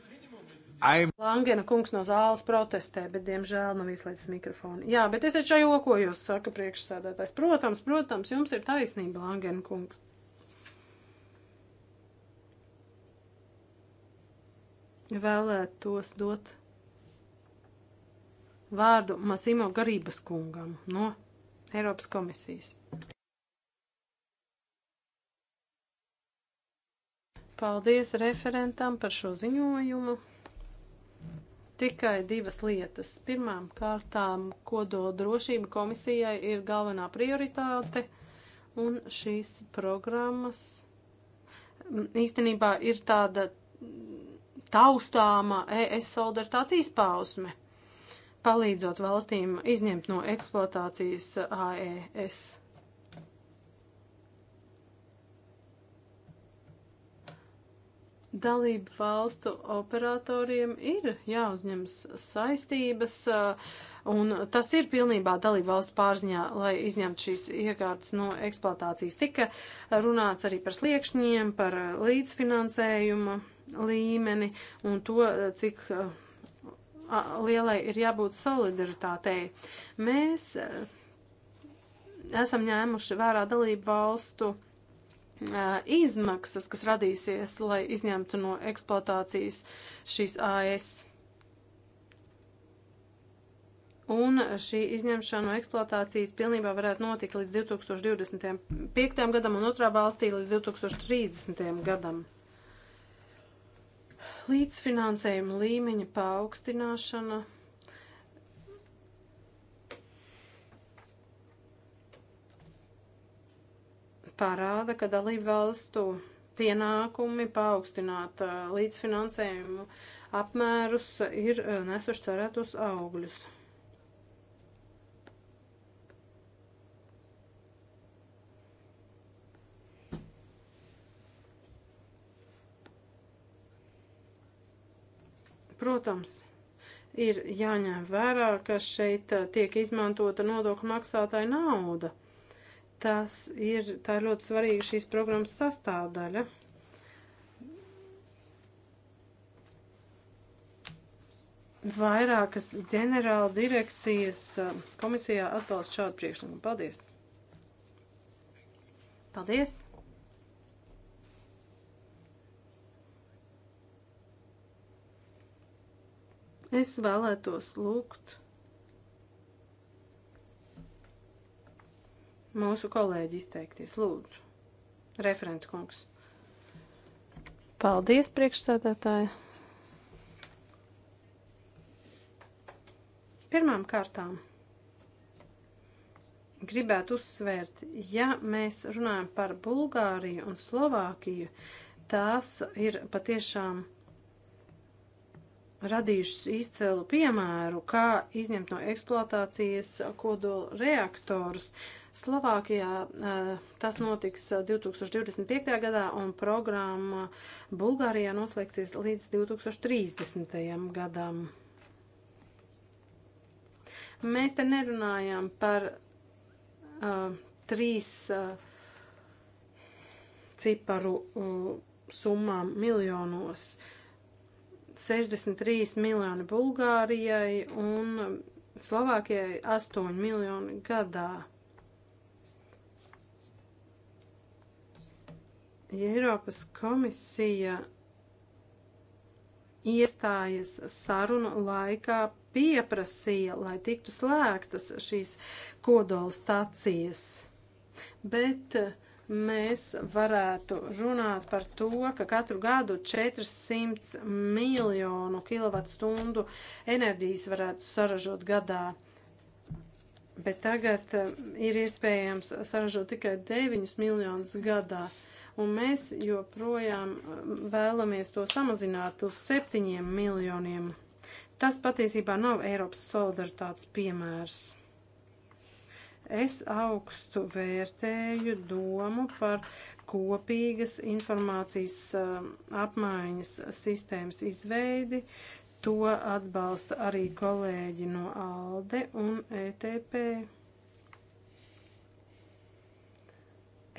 I'm... Langena kungs no zāles protestē, bet diemžēl nav izslēdzis mikrofonu. Jā, bet es taču jokoju, saka priekšsēdētājs. Protams, protams, jums ir taisnība, Langena kungs. Vēlētos dot vārdu Masimo Garības kungam no Eiropas komisijas. Paldies referentam par šo ziņojumu. Tikai divas lietas. Pirmām kārtām kodola drošība komisijai ir galvenā prioritāte, un šīs programmas īstenībā ir tāda taustāma ES solidaritātes izpausme, palīdzot valstīm izņemt no eksploatācijas AES dalību valstu operatoriem ir jāuzņems saistības, un tas ir pilnībā dalību valstu pārziņā, lai izņemtu šīs iekārtas no eksploatācijas. Tika runāts arī par sliekšņiem, par līdzfinansējuma līmeni un to, cik lielai ir jābūt solidaritātei. Mēs esam ņēmuši vērā dalību valstu izmaksas, kas radīsies, lai izņemtu no eksploatācijas šīs AS. Un šī izņemšana no eksploatācijas pilnībā varētu notikt līdz 2025. gadam un otrā valstī līdz 2030. gadam. Līdzfinansējuma līmeņa paaugstināšana parāda, ka dalību valstu pienākumi paaugstināt uh, līdzfinansējumu apmērus ir uh, nesuši cerētos augļus. Protams, ir jāņem vērā, ka šeit uh, tiek izmantota nodokļu maksātāja nauda. Tas ir, tā ir ļoti svarīga šīs programmas sastāvdaļa. Vairākas ģenerāla direkcijas komisijā atbalsta šādu priekšlikumu. Paldies! Paldies! Es vēlētos lūgt mūsu kolēģi izteikties. Lūdzu, referenta kungs. Paldies, priekšsēdētāji. Pirmām kārtām gribētu uzsvērt, ja mēs runājam par Bulgāriju un Slovākiju, tās ir patiešām radījušas izcēlu piemēru, kā izņemt no eksploatācijas kodola reaktorus. Uh, Slovākijā e, tas notiks 2025. gadā un programma Bulgārijā noslēgsies līdz 2030. gadam. Mēs te nerunājam par uh, trīs uh, ciparu uh, summām miljonos. 63 miljoni Bulgārijai un Slovākijai 8 miljoni gadā. ja Eiropas komisija iestājas sarunu laikā pieprasīja, lai tiktu slēgtas šīs kodola stacijas. Bet eh, mēs varētu runāt par to, ka katru gadu 400 miljonu kilovatstundu enerģijas varētu saražot gadā. Bet tagad eh, ir iespējams saražot tikai 9 miljonus gadā. Uh, un mēs joprojām um, vēlamies to samazināt uz septiņiem miljoniem. Tas patiesībā nav Eiropas solidaritātes piemērs. Es augstu vērtēju domu par kopīgas informācijas um, apmaiņas sistēmas izveidi. To atbalsta arī kolēģi no ALDE un ETP.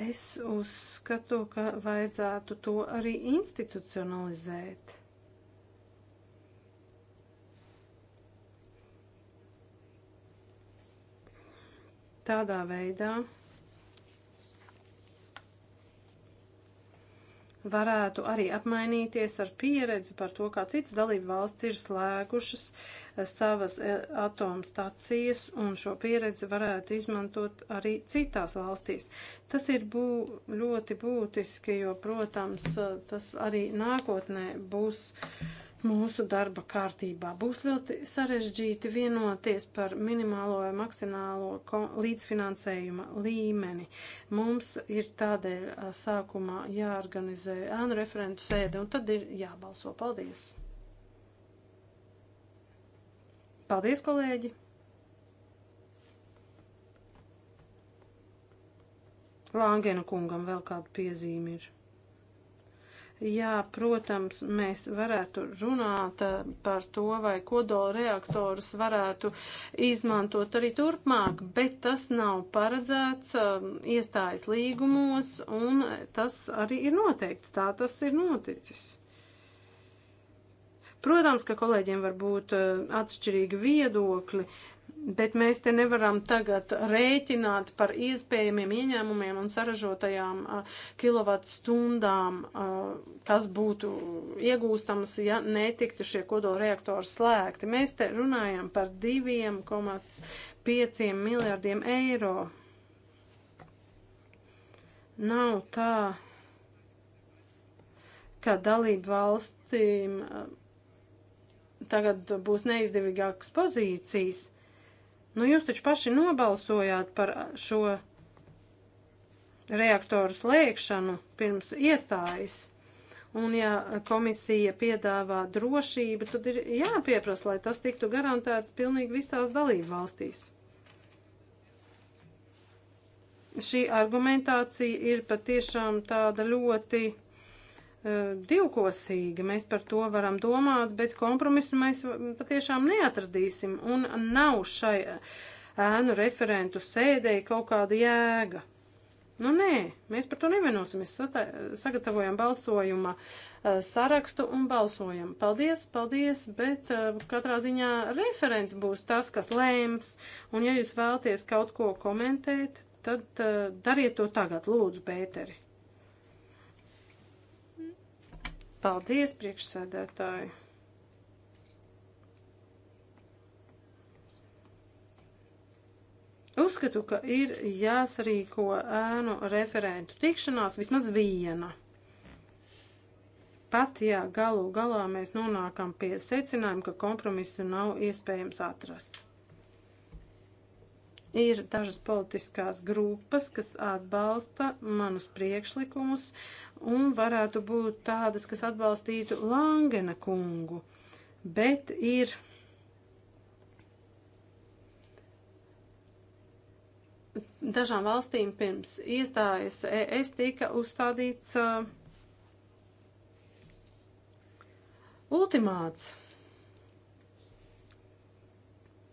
Es uzskatu, ka vajadzētu to arī institucionalizēt. Tādā veidā. varētu arī apmainīties ar pieredzi par to, kā citas dalība valsts ir slēgušas eh, savas eh, atomstacijas, un šo pieredzi varētu izmantot arī citās valstīs. Tas ir bū, ļoti būtiski, jo, protams, eh, tas arī nākotnē būs. Uh, mūsu darba kārtībā. Būs ļoti sarežģīti vienoties par minimālo vai maksimālo līdzfinansējuma līmeni. Mums ir tādēļ sākumā jāorganizē ēnu referentu sēde un tad ir jābalso. Paldies! Paldies, kolēģi! Lāngena kungam vēl kāda piezīme ir. Jā, protams, mēs varētu runāt eh, par to, vai kodola reaktorus varētu izmantot arī turpmāk, bet tas nav paredzēts eh, iestājas līgumos, un tas arī ir noteikts. Tā tas ir noticis. Protams, ka kolēģiem var būt eh, atšķirīgi viedokļi, Bet mēs te nevaram tagad rēķināt par iespējamiem ieņēmumiem un saražotajām kilovatstundām, kas būtu iegūstams, ja netiktu šie kodolreaktori slēgti. Mēs te runājam par 2,5 miljardiem eiro. Nav tā, ka dalību valstīm tagad būs neizdevīgākas pozīcijas Nu, jūs taču paši nobalsojāt par šo reaktoru slēgšanu pirms iestājas. Un ja komisija piedāvā drošību, tad ir jāpieprasa, lai tas tiktu garantēts pilnīgi visās dalību valstīs. Šī argumentācija ir patiešām tāda ļoti E, divkosīgi. Mēs par to varam domāt, bet kompromisu mēs patiešām neatradīsim un nav šai ēnu referentu sēdēji kaut kāda jēga. Nu nē, mēs par to nevienosimies. Sagatavojam balsojuma e, sarakstu un balsojam. Paldies, paldies, bet e, katrā ziņā referents būs tas, kas lēms. Un ja jūs vēlties kaut ko komentēt, tad dariet to tagad, lūdzu, Pēteri. Paldies, priekšsēdētāji! Uzskatu, ka ir jāsarīko ēnu referentu tikšanās vismaz viena. Pat ja galu galā mēs nonākam pie secinājuma, ka kompromisu nav iespējams atrast. Ir dažas politiskās grupas, kas atbalsta manus priekšlikumus un varētu būt tādas, kas atbalstītu Langena kungu. Bet ir dažām valstīm pirms iestājas ES tika uzstādīts uh, ultimāts.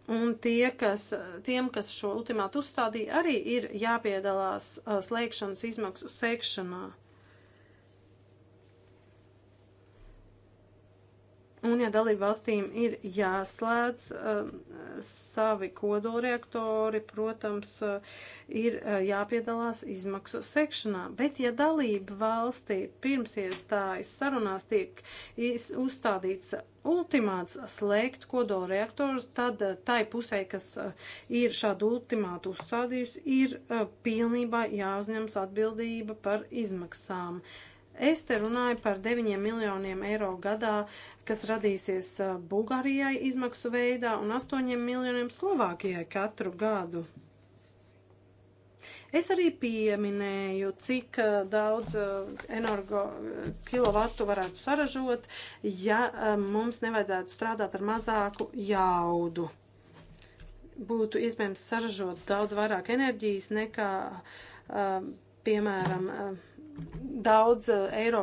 Un tie, kas, tiem, kas šo ultimātu uzstādīja, arī ir jāpiedalās slēgšanas izmaksu sekšanā. Un, ja dalībvalstīm ir jāslēdz uh, savi kodolreaktori, protams, uh, ir uh, jāpiedalās izmaksu sekšanā. Bet, ja dalība valstī pirms iestājas sarunās tiek uzstādīts ultimāts slēgt kodolreaktorus, tad uh, tai pusē, kas uh, ir šādu ultimātu uzstādījusi, ir uh, pilnībā jāuzņems atbildība par izmaksām. Uh, Es te runāju par 9 miljoniem eiro gadā, kas radīsies uh, Bulgārijai izmaksu veidā un 8 miljoniem Slovākijai katru gadu. Es arī pieminēju, cik uh, daudz uh, energo kilovatu varētu saražot, ja mums nevajadzētu strādāt ar mazāku jaudu. Būtu iespējams saražot daudz vairāk enerģijas nekā, piemēram, daudz eh, eiro,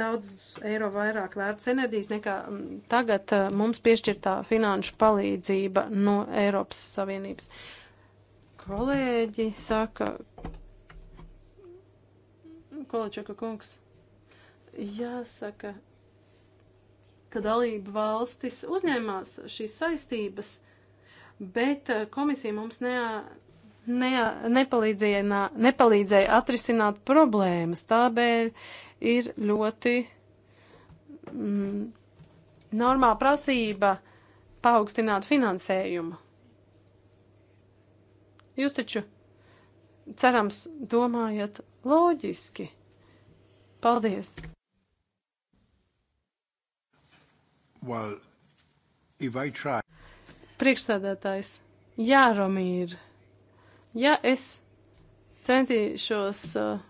daudz eiro vairāk vērts enerģijas nekā mm, tagad eh, mums piešķirtā finanšu palīdzība no Eiropas Savienības. Kolēģi saka, Količaka kungs, jāsaka, ka dalība valstis uzņēmās šīs saistības, bet eh, komisija mums neā ne, nepalīdzēja, nepalīdzēja atrisināt problēmas. Tādēļ ir ļoti mm, normāla prasība paaugstināt finansējumu. Jūs taču, cerams, domājat loģiski. Paldies! Well, try... Priekšsēdētājs Jāromīra. Ja es centīšos eh,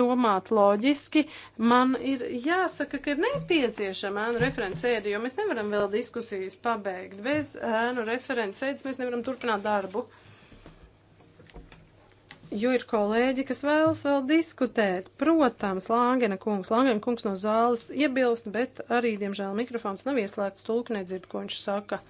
domāt loģiski, man ir jāsaka, ka ir nepieciešama ēnu referents sēde, jo mēs nevaram vēl diskusijas pabeigt. Bez ēnu referents sēdes mēs nevaram turpināt darbu. Jo ir kolēģi, kas vēlas vēl diskutēt. Protams, Langena kungs, Langena kungs no zāles iebilst, bet arī, diemžēl, mikrofons nav ieslēgts, tulk nedzird, ko viņš saka.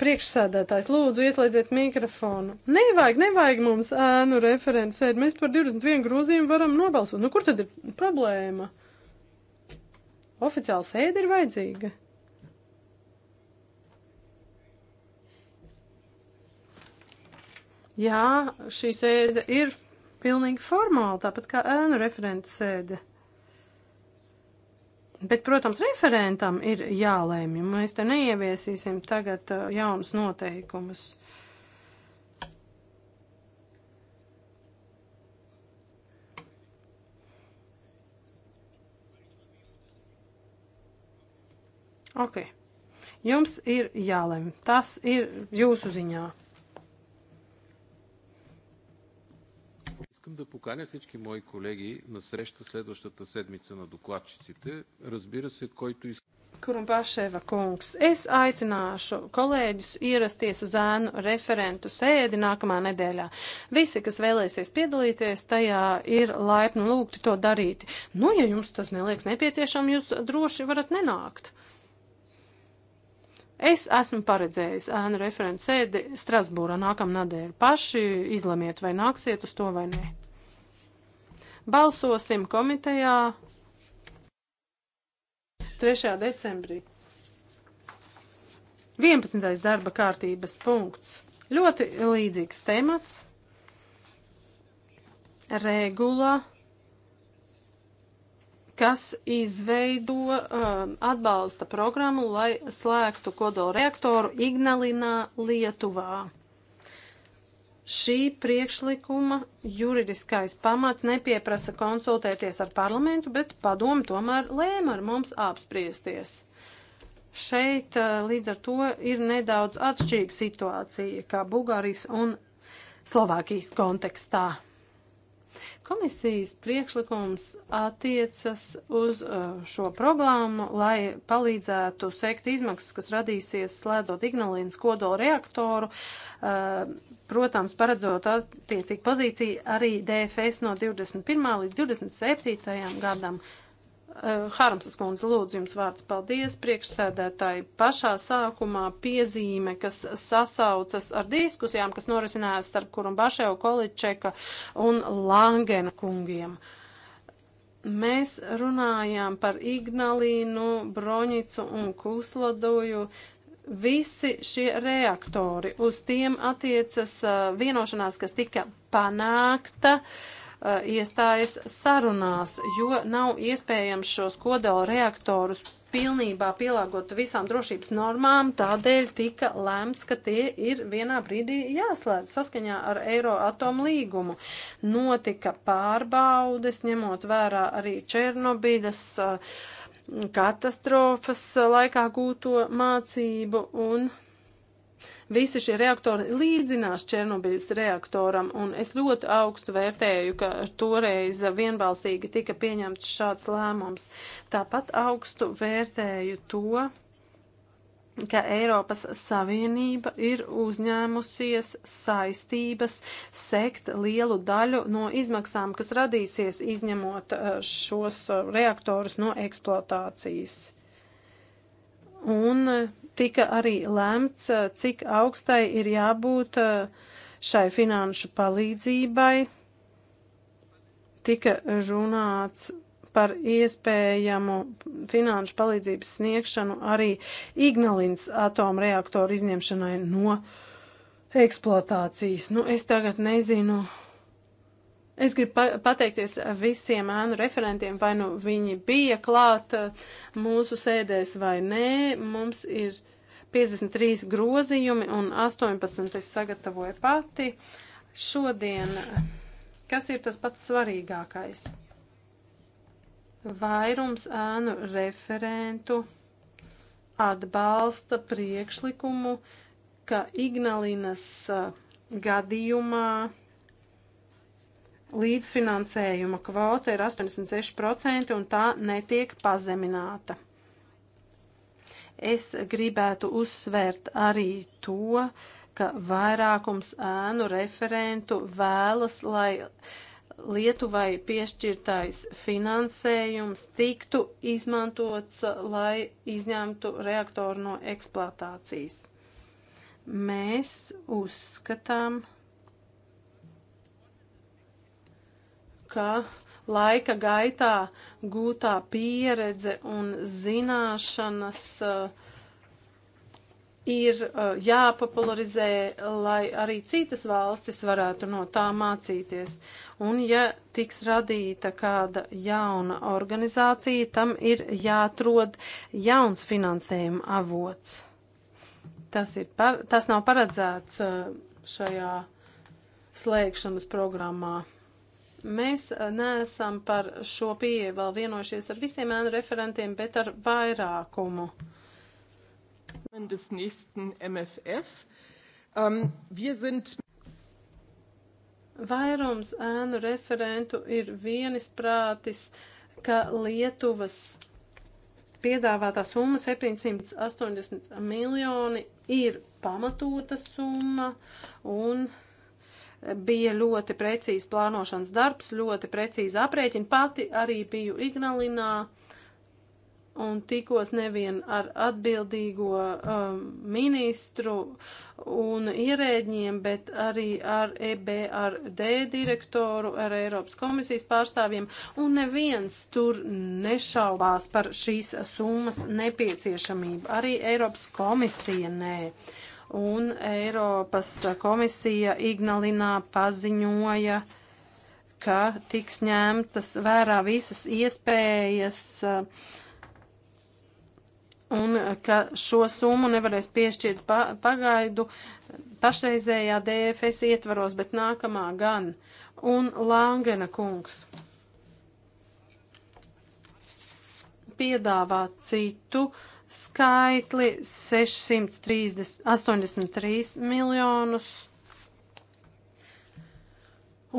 Priekšsēdētājs, lūdzu, ieslēdziet mikrofonu. Nevajag, nevajag mums ēnu referents sēdi. Mēs par 21 grozījumu varam nobalsot. Nu, kur tad ir problēma? Oficiāli sēde ir vajadzīga. Jā, šī sēde ir pilnīgi formāla, tāpat kā ēnu referents sēde. Bet, protams, referentam ir jālēmj. Mēs te neieviesīsim tagad uh, jaunus noteikumus. Ok. Jums ir jālem. Tas ir jūsu ziņā. искам да поканя всички мои колеги на среща следващата седмица на докладчиците. Разбира се, който иска. Kurumpaševa kungs, es aicināšu kolēģus ierasties uz ēnu referentu sēdi nākamā nedēļā. Visi, kas vēlēsies piedalīties, tajā ir laipni lūgti to darīt. Nu, ja jums tas nelieks nepieciešams, jūs droši varat nenākt. Es esmu paredzējis ēnu referents sēdi Strasbūrā nākamnedēļ. Paši izlemiet, vai nāksiet uz to vai nē. Balsosim komitejā 3. decembrī. 11. darba kārtības punkts. Ļoti līdzīgs temats. Regula kas izveido um, atbalsta programmu, lai slēgtu kodolreaktoru Ignalinā, Lietuvā. Šī priekšlikuma juridiskais pamats nepieprasa konsultēties ar parlamentu, bet padomu tomēr lēma ar mums apspriesties. Šeit uh, līdz ar to ir nedaudz atšķirīga situācija, kā Bulgārijas un Slovākijas kontekstā. Komisijas priekšlikums attiecas uz uh, šo programmu, lai palīdzētu sekt izmaksas, kas radīsies slēdzot Ignalīnas kodola reaktoru, uh, protams, paredzot attiecīgu pozīciju arī DFS no 21. līdz 27. gadam. Eh, Harmsas kundze, lūdzu jums vārds paldies priekšsēdētāji pašā sākumā piezīme, kas sasaucas ar diskusijām, kas norisinājās starp Kurumbaševu, Količeka un Langena kungiem. Mēs runājām par Ignalīnu, Broņicu un Kuslodoju, visi šie reaktori, uz tiem attiecas uh, vienošanās, kas tika panākta. Uh, uh, iestājas sarunās, jo nav iespējams šos kodola reaktorus pilnībā pielāgot visām drošības normām, tādēļ tika lēmts, ka tie ir vienā brīdī jāslēdz saskaņā ar Eiroatomu līgumu. Notika pārbaudes, ņemot vērā arī Černobiļas eh, katastrofas laikā gūto mācību un Visi šie reaktori līdzinās Černobiļas reaktoram, un es ļoti augstu vērtēju, ka toreiz vienbalsīgi tika pieņemts šāds lēmums. Tāpat augstu vērtēju to, ka Eiropas Savienība ir uzņēmusies saistības sekt lielu daļu no izmaksām, kas radīsies izņemot eh, šos eh, reaktorus no eksploatācijas. Un eh, tika arī lemts, cik augstai ir jābūt šai finanšu palīdzībai. Tika runāts par iespējamu finanšu palīdzības sniegšanu arī Ignalins atomreaktoru izņemšanai no eksploatācijas. Nu, es tagad nezinu, Es gribu pa pateikties visiem ēnu referentiem, vai nu viņi bija klāt eh, mūsu sēdēs vai nē. Mums ir 53 grozījumi un 18 es sagatavoju pati. Šodien, kas ir tas pats svarīgākais? Vairums ēnu referentu atbalsta priekšlikumu, ka Ignalinas eh, gadījumā līdzfinansējuma kvota ir 86% un tā netiek pazemināta. Es gribētu uzsvērt arī to, ka vairākums ēnu referentu vēlas, lai Lietuvai piešķirtais finansējums tiktu izmantots, lai izņemtu reaktoru no eksploatācijas. Mēs uzskatām, ka ka laika gaitā gūtā pieredze un zināšanas uh, ir uh, jāpopularizē, lai arī citas valstis varētu no tā mācīties. Un ja tiks radīta kāda jauna organizācija, tam ir jāatrod jauns finansējuma avots. Tas, ir par, tas nav paredzēts uh, šajā slēgšanas programmā. Mēs e, neesam par šo pieeju vēl vienojušies ar visiem ēnu referentiem, bet ar vairākumu. MFF. Um, ähm, wir sind Vairums ēnu referentu ir vienisprātis, ka Lietuvas piedāvātā summa 780 miljoni ir pamatota summa un bija ļoti precīzi plānošanas darbs, ļoti precīzi aprēķini. Pati arī biju Ignalinā un tikos nevien ar atbildīgo um, ministru un ierēģiem, bet arī ar EBRD direktoru, ar Eiropas komisijas pārstāvjiem, un neviens tur nešaubās par šīs summas nepieciešamību. Arī Eiropas komisija nē. Ne un Eiropas komisija Ignalinā paziņoja, ka tiks ņemtas vērā visas iespējas uh, un ka šo summu nevarēs piešķirt pa, pagaidu pašreizējā DFS ietvaros, bet nākamā gan. Un Langena kungs piedāvā citu skaitli 683 miljonus.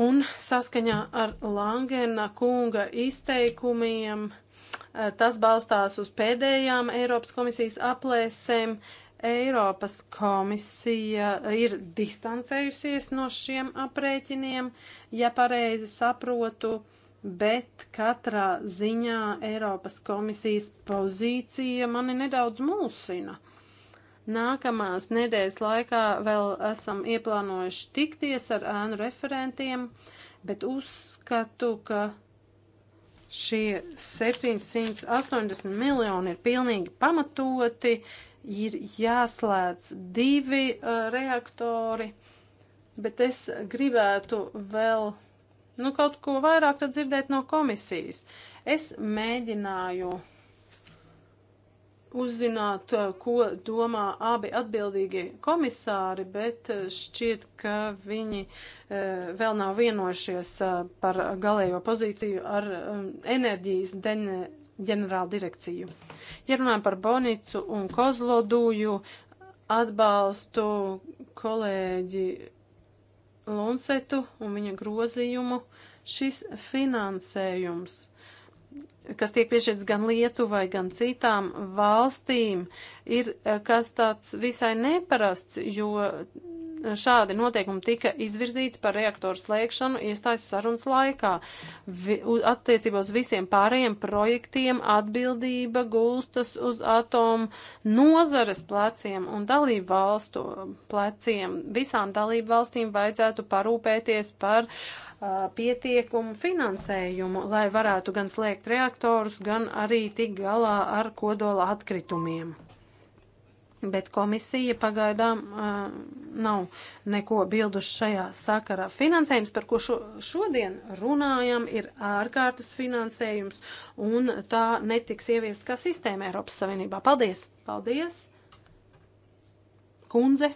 Un saskaņā ar Langena kunga izteikumiem, eh, tas balstās uz pēdējām Eiropas komisijas aplēsēm. Eiropas komisija ir distancējusies no šiem aprēķiniem, ja pareizi saprotu. Uh, bet katrā ziņā Eiropas komisijas pozīcija mani nedaudz mulsina. Nākamās nedēļas laikā vēl esam ieplānojuši tikties ar ēnu referentiem, bet uzskatu, ka šie 780 miljoni ir pilnīgi pamatoti, ir jāslēdz divi uh, reaktori, bet es gribētu vēl Nu, kaut ko vairāk tad dzirdēt no komisijas. Es mēģināju uzzināt, eh, ko domā abi atbildīgie komisāri, bet eh, šķiet, ka viņi eh, vēl nav vienojušies par galējo pozīciju ar um, enerģijas ģenerāla direkciju. Ja runājam par Bonicu un Kozloduju, atbalstu kolēģi Lunsetu un viņa grozījumu šis finansējums, kas tiek piešķirts gan Lietuvai, gan citām valstīm, ir eh, kas tāds visai neparasts, jo Šādi noteikumi tika izvirzīti par reaktoru slēgšanu iestājas sarunas laikā. Vi, attiecībā uz visiem pārējiem projektiem atbildība gulstas uz atomu nozares pleciem un dalību valstu pleciem. Visām dalību valstīm vajadzētu parūpēties par uh, pietiekumu finansējumu, lai varētu gan slēgt reaktorus, gan arī tik galā ar kodola atkritumiem. Bet komisija pagaidām uh, nav neko bilduši šajā sakarā. Finansējums, par ko šo, šodien runājam, ir ārkārtas finansējums, un tā netiks ieviest kā sistēma Eiropas Savienībā. Paldies! Paldies! Kundze!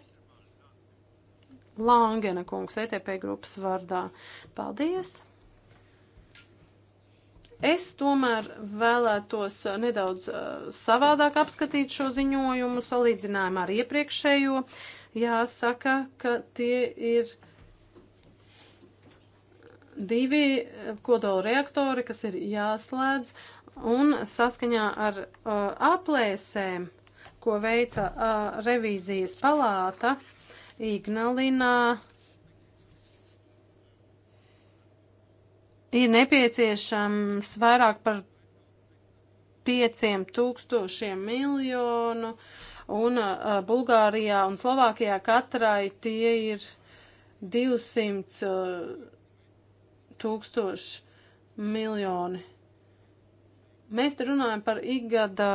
Langena kungs, ETP grupas vārdā. Paldies! Es tomēr vēlētos eh, nedaudz eh, savādāk apskatīt šo ziņojumu salīdzinājumā ar iepriekšējo. Jāsaka, ka tie ir divi eh, kodola reaktori, kas ir jāslēdz, un saskaņā ar uh, aplēsēm, ko veica uh, revīzijas palāta Ignalinā, uh, ir nepieciešams vairāk par 5000 miljonu, un uh, Bulgārijā un Slovākijā katrai tie ir 200 tūkstoši miljoni. Mēs te runājam par ikgada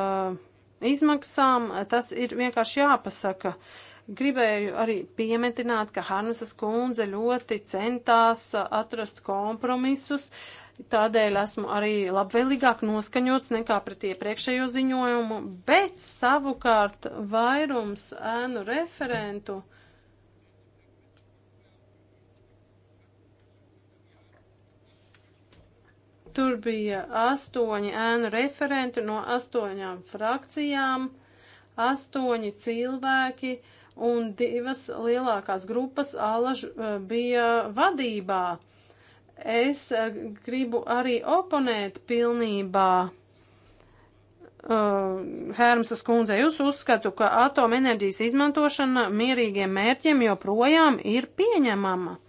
izmaksām, tas ir vienkārši jāpasaka. Uh, Gribēju arī piemetināt, ka Harmsas kundze ļoti centās atrast kompromisus, tādēļ esmu arī labvēlīgāk noskaņots nekā pret iepriekšējo ziņojumu, bet savukārt vairums ēnu referentu. Tur bija astoņi ēnu referenti no astoņām frakcijām, astoņi cilvēki. Uh, un divas lielākās grupas alaž eh, bija vadībā. Es eh, gribu arī oponēt pilnībā. Uh, eh, Hērmsas kundze, jūs uzskatu, ka atomenerģijas izmantošana mierīgiem mērķiem joprojām ir pieņemama.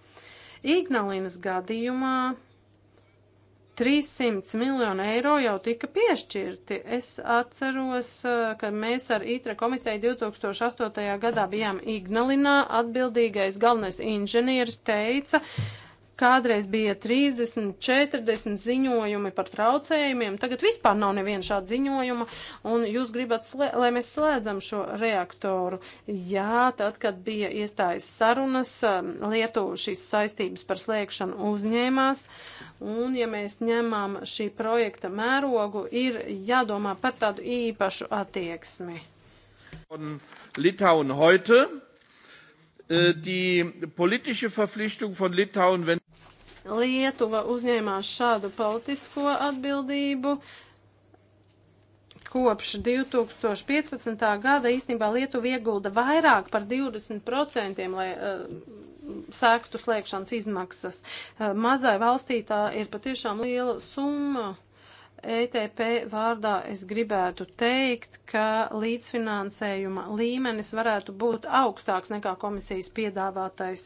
Ignalīnas gadījumā uh, 300 miljonu eiro jau tika piešķirti. Es atceros, eh, ka mēs ar ITRA komiteju 2008. gadā bijām Ignalinā. Atbildīgais galvenais inženieris teica, Kādreiz bija 30, 40 ziņojumi par traucējumiem, tagad vispār nav neviena šāda ziņojuma, un jūs gribat, lai mēs slēdzam šo reaktoru. Jā, tad, kad bija iestājas sarunas, um, Lietuva šīs saistības par slēgšanu uzņēmās, un ja mēs ņemam šī projekta mērogu, ir jādomā par tādu īpašu attieksmi. Un Litauen heute Äh, die politische Verpflichtung von Litauen, wenn Lietuva uzņēmās šādu politisko atbildību, kopš 2015. gada īstenībā Lietuva iegulda vairāk par 20%, lai uh, sēktu slēgšanas izmaksas. Uh, mazai valstī tā ir patiešām liela summa. Uh, ETP vārdā es gribētu teikt, ka līdzfinansējuma līmenis varētu būt augstāks nekā komisijas piedāvātais.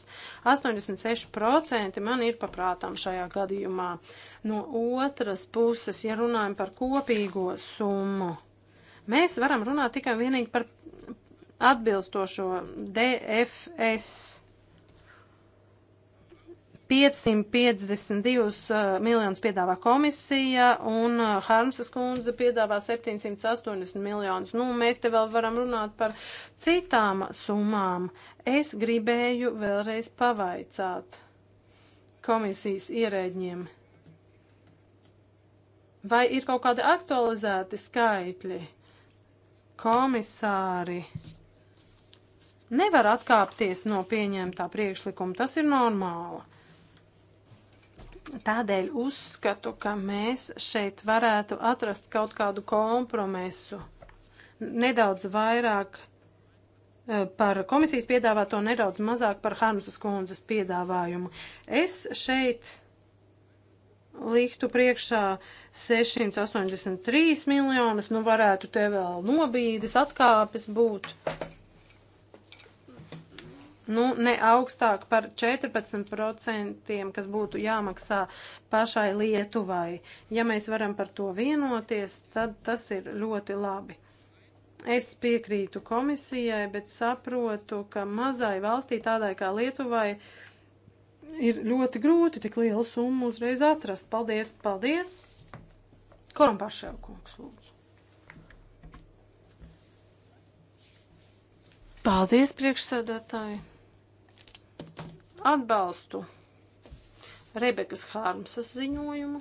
86% man ir paprātām šajā gadījumā. No otras puses, ja runājam par kopīgo summu, mēs varam runāt tikai vienīgi par atbilstošo DFS 552 eh, miljonus piedāvā komisija un eh, Harmsas kundze piedāvā 780 miljonus. Nu, mēs te vēl varam runāt par citām summām. Es gribēju vēlreiz pavaicāt komisijas ierēģiem. Vai ir kaut kādi aktualizēti skaitļi? Komisāri nevar atkāpties no pieņemtā priekšlikuma. Tas ir normāli. Tādēļ uzskatu, ka mēs šeit varētu atrast kaut kādu kompromisu. Nedaudz vairāk eh, par komisijas piedāvāto, nedaudz mazāk par Harmsas kundzes piedāvājumu. Es šeit liktu priekšā 683 miljonus, nu varētu te vēl nobīdes atkāpes būt nu, ne augstāk par 14%, kas būtu jāmaksā pašai Lietuvai. Ja mēs varam par to vienoties, tad tas ir ļoti labi. Es piekrītu komisijai, bet saprotu, ka mazai valstī tādai kā Lietuvai ir ļoti grūti tik lielu summu uzreiz atrast. Paldies, paldies! Korumpašēl kungs, lūdzu. Paldies, priekšsēdētāji! atbalstu Rebekas Hārmsas ziņojumu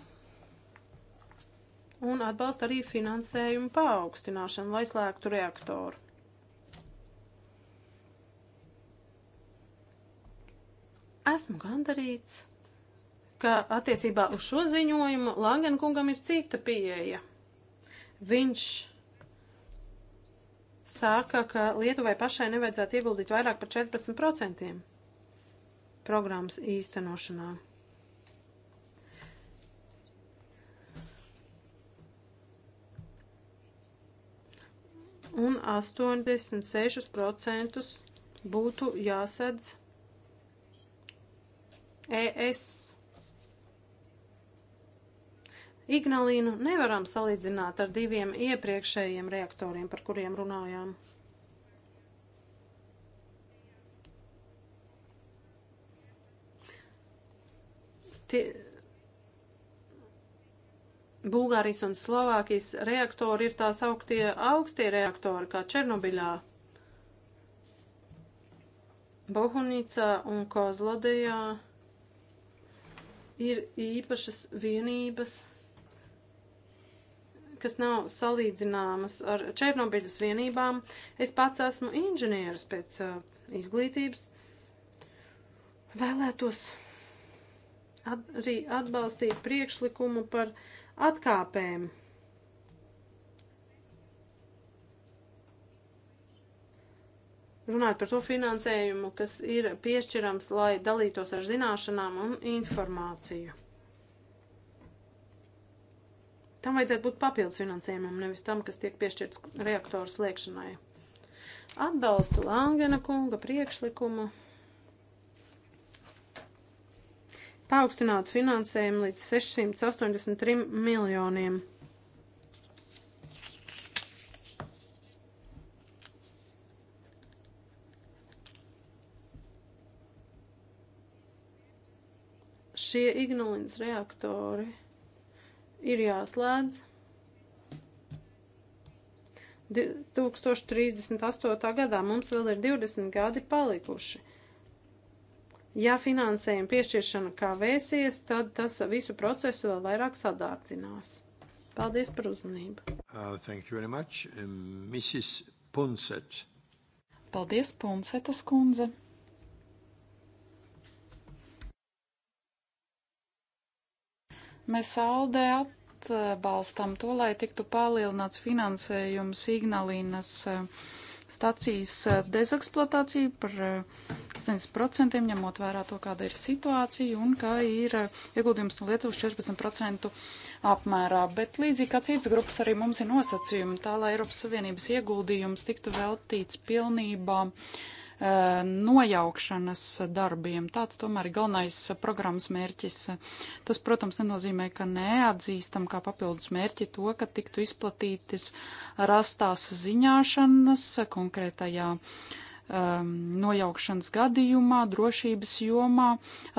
un atbalsta arī finansējumu paaugstināšanu, lai slēgtu reaktoru. Esmu gandarīts, ka attiecībā uz šo ziņojumu Langenkungam ir cita pieeja. Viņš saka, ka Lietuvai pašai nevajadzētu ieguldīt vairāk par 14% programmas īstenošanā. Un 86% būtu jāsadz ES. Ignalīnu nevaram salīdzināt ar diviem iepriekšējiem reaktoriem, par kuriem runājām. Tie Bulgārijas un Slovākijas reaktori ir tās augtie augstie reaktori, kā Černobiļā, Bohunicā un Kozlodejā ir īpašas vienības, kas nav salīdzināmas ar Černobiļas vienībām. Es pats esmu inženieris pēc uh, izglītības. Vēlētos arī atbalstīja priekšlikumu par atkāpēm. Runājot par to finansējumu, kas ir piešķirams, lai dalītos ar zināšanām un informāciju. Tam vajadzētu būt papildus finansējumam, nevis tam, kas tiek piešķirts reaktoru slēgšanai. Atbalstu Langena kunga priekšlikumu paaugstināt finansējumu līdz 683 miljoniem. Šie Ignalins reaktori ir jāslēdz 2038. gadā. Mums vēl ir 20 gadi palikuši. Ja finansējuma piešķiršana kavēsies, tad tas visu procesu vēl vairāk sadārdzinās. Paldies par uzmanību. Uh, thank you very much. Um, Mrs. Punset. Paldies, Punsetas kundze. Mēs saldē atbalstam to, lai tiktu palielināts finansējums Ignalīnas uh, stacijas dezeksploatāciju par 80%, ņemot vērā to, kāda ir situācija un ka ir ieguldījums no Lietuvas 14% apmērā. Bet līdzīgi kā citas grupas arī mums ir nosacījumi tā, lai Eiropas Savienības ieguldījums tiktu veltīts pilnībā uh, E, nojaukšanas darbiem. Tāds tomēr ir galvenais programmas mērķis. Tas, protams, nenozīmē, ka neatzīstam kā papildus mērķi to, ka tiktu izplatītas rastās ziņāšanas konkrētajā um, nojaukšanas gadījumā, drošības jomā,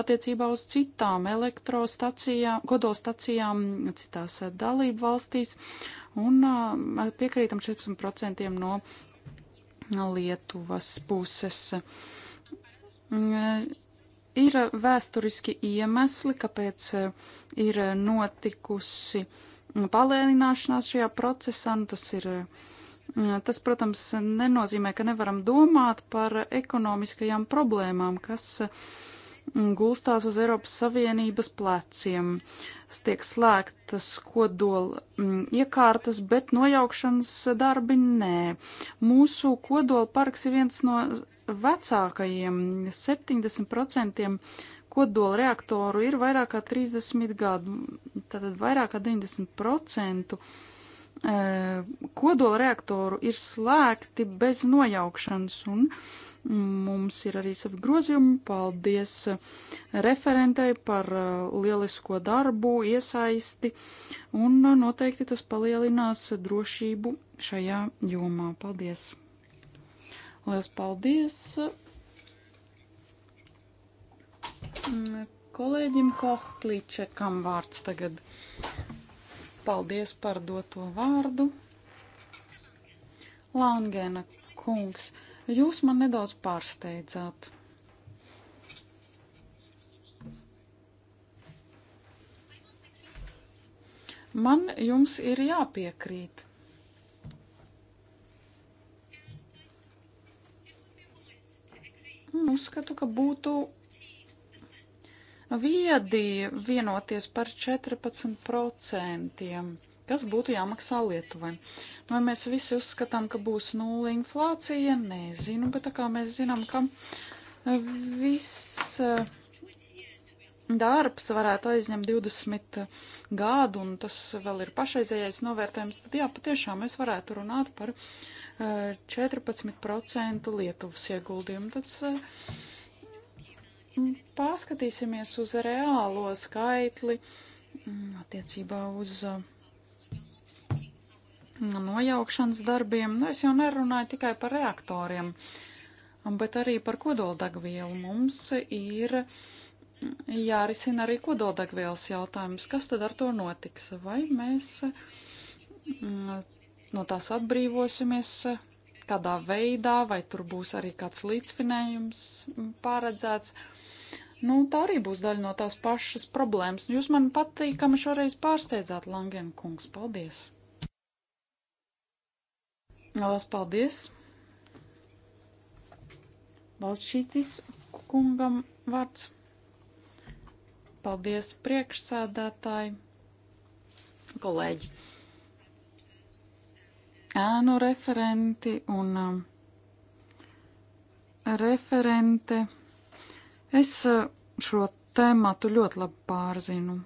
attiecībā uz citām elektrostacijām, kodostacijām, citās dalību valstīs, un uh, piekrītam 14% no Lietuvas puses. Ir vēsturiski iemesli, kāpēc ir notikusi palēnināšanās šajā procesā, un nu, tas ir Tas, protams, nenozīmē, ka nevaram domāt par ekonomiskajām problēmām, kas Mm, gulstās uz Eiropas Savienības pleciem. Tiek slēgtas kodola mm, iekārtas, bet nojaukšanas darbi nē. Mūsu kodola parks ir viens no vecākajiem 70% kodola reaktoru ir vairāk kā 30 gadu, tātad vairāk kā 90% kodola reaktoru ir slēgti bez nojaukšanas un uh, Mums ir arī savi grozījumi. Paldies referentai par uh, lielisko darbu, iesaisti, un uh, noteikti tas palielinās drošību šajā jomā. Paldies! Lielas paldies mm, kolēģim Kohklīčekam vārds tagad. Paldies par doto vārdu. Laungēna kungs. Jūs man nedaudz pārsteidzāt. Man jums ir jāpiekrīt. Uzskatu, ka būtu viedi vienoties par 14%, kas būtu jāmaksā Lietuvai. Uh, Vai mēs visi uzskatām, ka būs nulle inflācija? Nezinu, bet tā kā mēs zinām, ka viss eh, darbs varētu aizņemt 20 gadu, un tas vēl ir pašreizējais novērtējums, tad jā, patiešām mēs varētu runāt par 14% eh, Lietuvas ieguldījumu. Tad eh, paskatīsimies uz reālo skaitli mm, attiecībā uz. Uh, nojaukšanas darbiem. Nu, es jau nerunāju tikai par reaktoriem, bet arī par kodoldegvielu. Mums ir jārisina arī kodoldegvielas jautājums. Kas tad ar to notiks? Vai mēs mm, no tās atbrīvosimies kādā veidā, vai tur būs arī kāds līdzfinējums paredzēts? Nu, tā arī būs daļa no tās pašas problēmas. Jūs man patīkami šoreiz pārsteidzāt, Langen kungs. Paldies! Lielas paldies! Balčītis kungam vārds. Paldies priekšsādātāji, kolēģi, ēnu referenti un um, referente. Es uh, šo tēmatu ļoti labi pārzinu.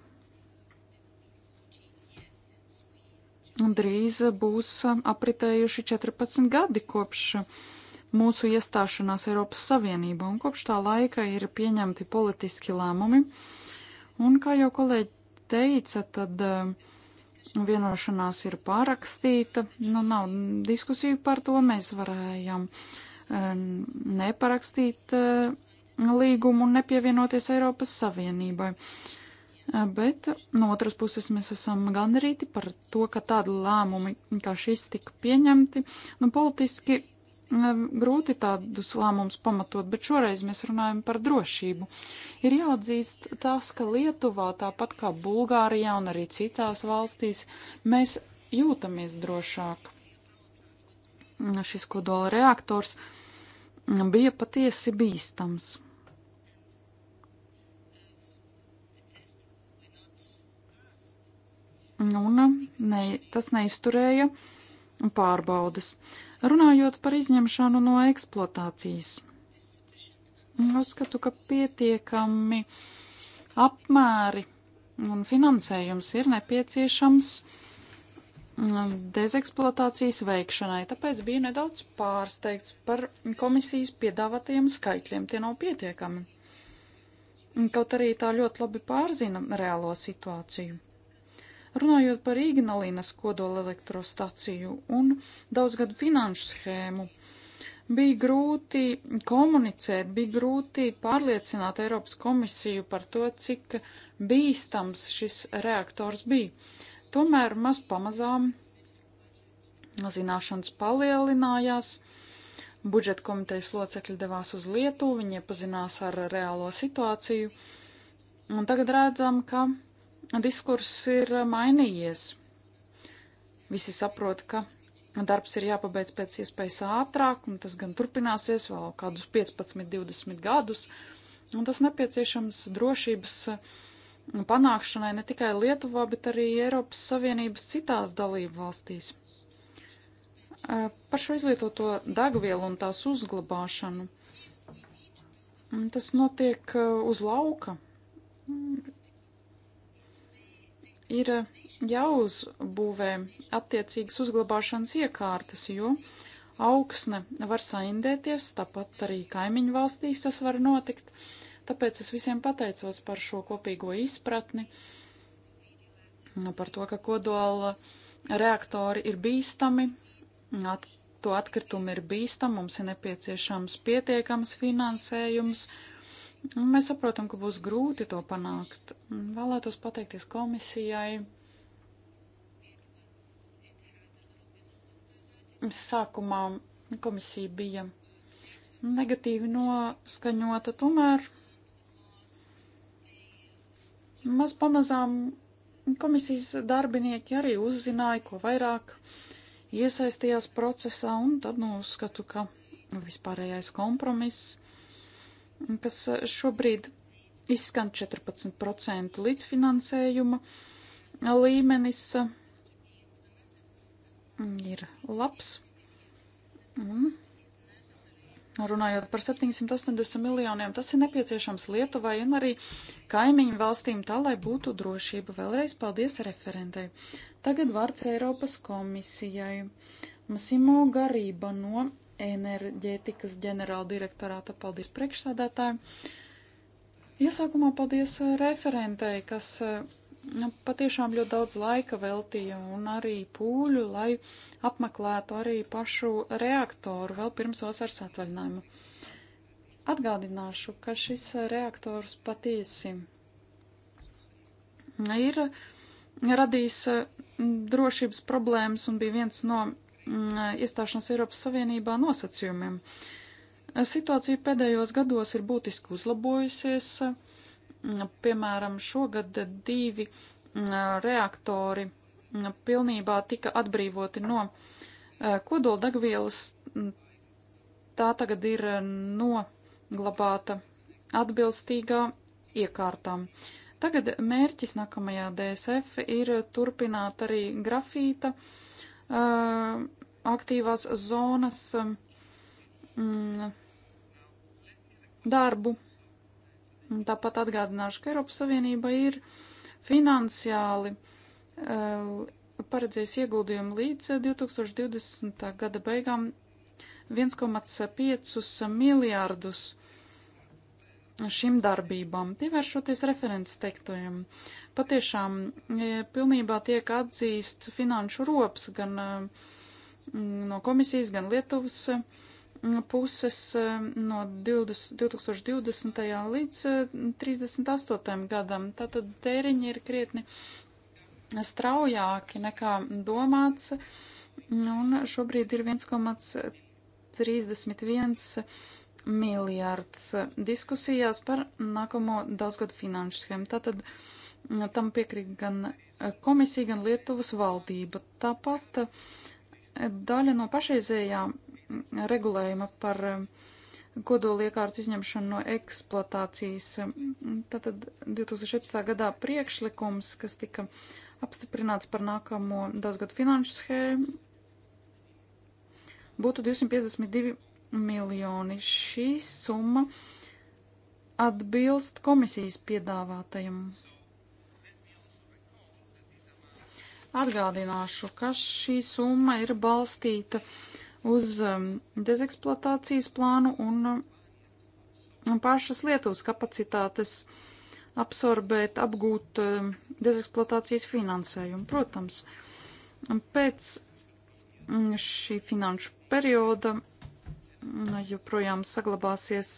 drīz būs apritējuši 14 gadi kopš mūsu iestāšanās Eiropas Savienībā, un kopš tā laika ir pieņemti politiski lēmumi. Un, kā jau kolēģi teica, tad um, vienošanās ir pārakstīta, nu nav diskusiju par to, mēs varējām um, neparakstīt uh, līgumu un nepievienoties Eiropas Savienībai. Uh, Eh, bet no otras puses mēs esam gandarīti par to, ka tādi lēmumi kā šis tika pieņemti. Nu, politiski eh, grūti tādus lēmumus pamatot, bet šoreiz mēs runājam par drošību. Ir jāatzīst tas, ka Lietuvā, tāpat kā Bulgārijā un arī citās valstīs, mēs jūtamies drošāk. Šis kodola reaktors mm, bija patiesi bīstams. un um, ne, tas neizturēja pārbaudas. Runājot par izņemšanu no eksploatācijas, uzskatu, ka pietiekami apmēri un finansējums ir nepieciešams um, dezeksploatācijas veikšanai, tāpēc biju nedaudz pārsteigts par komisijas piedāvātajiem skaitļiem. Tie nav pietiekami. Kaut arī tā ļoti labi pārzina reālo situāciju. Runājot par Īgnalīnas kodola elektrostaciju un daudzgadu finanšu schēmu, bija grūti komunicēt, bija grūti pārliecināt Eiropas komisiju par to, cik bīstams šis reaktors bija. Tomēr maz pamazām zināšanas palielinājās. Budžeta komitejas locekļi devās uz Lietuvu, viņi iepazinās ar reālo situāciju, un tagad redzam, ka diskurss ir mainījies. Visi saprot, ka darbs ir jāpabeidz pēc iespējas ātrāk, un tas gan turpināsies vēl kādus 15, 20 gadus, un tas nepieciešams drošības mm, panākšanai ne tikai Lietuvā, bet arī Eiropas Savienības citās dalību valstīs. Par šo izlietoto degvielu un tās uzglabāšanu. Tas notiek uz lauka ir jāuzbūvē attiecīgas uzglabāšanas iekārtas, jo augsne var saindēties, tāpat arī kaimiņu valstīs tas var notikt. Tāpēc es visiem pateicos par šo kopīgo izpratni, par to, ka kodola reaktori ir bīstami, at, to atkritumi ir bīstami, mums ir nepieciešams pietiekams finansējums, uh, Mēs saprotam, ka būs grūti to panākt. Vēlētos pateikties komisijai. Sākumā komisija bija negatīvi noskaņota, tomēr maz pamazām komisijas darbinieki arī uzzināja, ko vairāk iesaistījās procesā, un tad nu uzskatu, ka vispārējais kompromiss kas eh, šobrīd izskan 14% līdzfinansējuma līmenis mm, ir labs. Un runājot par 780 miljoniem, tas ir nepieciešams Lietuvai un arī kaimiņu valstīm tā, lai būtu drošība. Vēlreiz paldies referentei. Tagad vārds Eiropas komisijai. Masimo Garība no enerģētikas ģenerāla direktorāta. Paldies priekšsādātājiem! Iesākumā paldies eh, referentei, kas eh, nu, patiešām ļoti daudz laika veltīja un arī pūļu, lai apmeklētu arī pašu reaktoru vēl pirms vasaras atvaļinājuma. Atgādināšu, ka šis eh, reaktors patiesi ir radījis drošības problēmas un bija viens no Mm, iestāšanās Eiropas Savienībā nosacījumiem. Situācija pēdējos gados ir būtiski uzlabojusies. Mm, piemēram, šogad divi mm, reaktori pilnībā tika atbrīvoti no eh, kodoldegvielas. Tā tagad ir noglabāta atbilstīgā iekārtām. Tagad mērķis nākamajā DSF ir turpināt arī grafīta uh, Uh, aktīvās zonas um, mm, darbu. Tāpat atgādināšu, ka Eiropas Savienība ir finansiāli uh, paredzējusi ieguldījumu līdz 2020. gada beigām 1,5 miljārdus šīm darbībām, pievēršoties referents teiktajam. Patiešām e, pilnībā tiek atzīst finanšu rops gan e, no komisijas, gan Lietuvas e, puses no 20, 2020. līdz 38. gadam. Tātad tēriņi ir krietni straujāki nekā domāts, un šobrīd ir 1,31 miljārds diskusijās par nākamo daudzgadu finanšu schēmu. Tātad mm, tam piekrīt gan e, komisija, gan Lietuvas valdība. Tāpat e, daļa no pašreizējā mm, regulējuma par e, kodoliekārtu izņemšanu no eksploatācijas. Mm, tātad 2017. gadā priekšlikums, kas tika apstiprināts par nākamo daudzgadu finanšu schēmu, būtu 252 miljoni. Šī summa atbilst komisijas piedāvātajam. Atgādināšu, ka šī summa ir balstīta uz um, dezeksploatācijas plānu un, un um, pašas Lietuvas kapacitātes absorbēt, apgūt um, dezeksploatācijas finansējumu. Protams, pēc šī finanšu perioda joprojām saglabāsies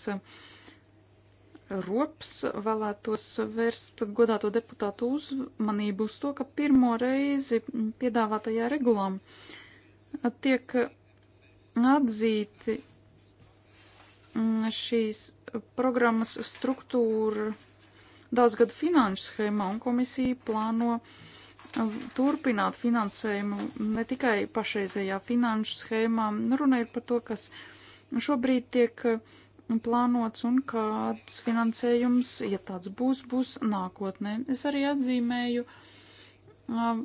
rops, vēlētos vērst godāto deputātu uzmanību uz to, ka pirmo reizi piedāvātajā regulām tiek atzīti mm, šīs programmas struktūra daudzgadu finanšu schēmā, un komisija plāno mm, turpināt finansējumu ne tikai pašreizējā finanšu schēmā. Runa ir par to, kas uh, šobrīd tiek mm, plānots un kāds finansējums, ja tāds būs, būs nākotnē. Es arī atzīmēju um,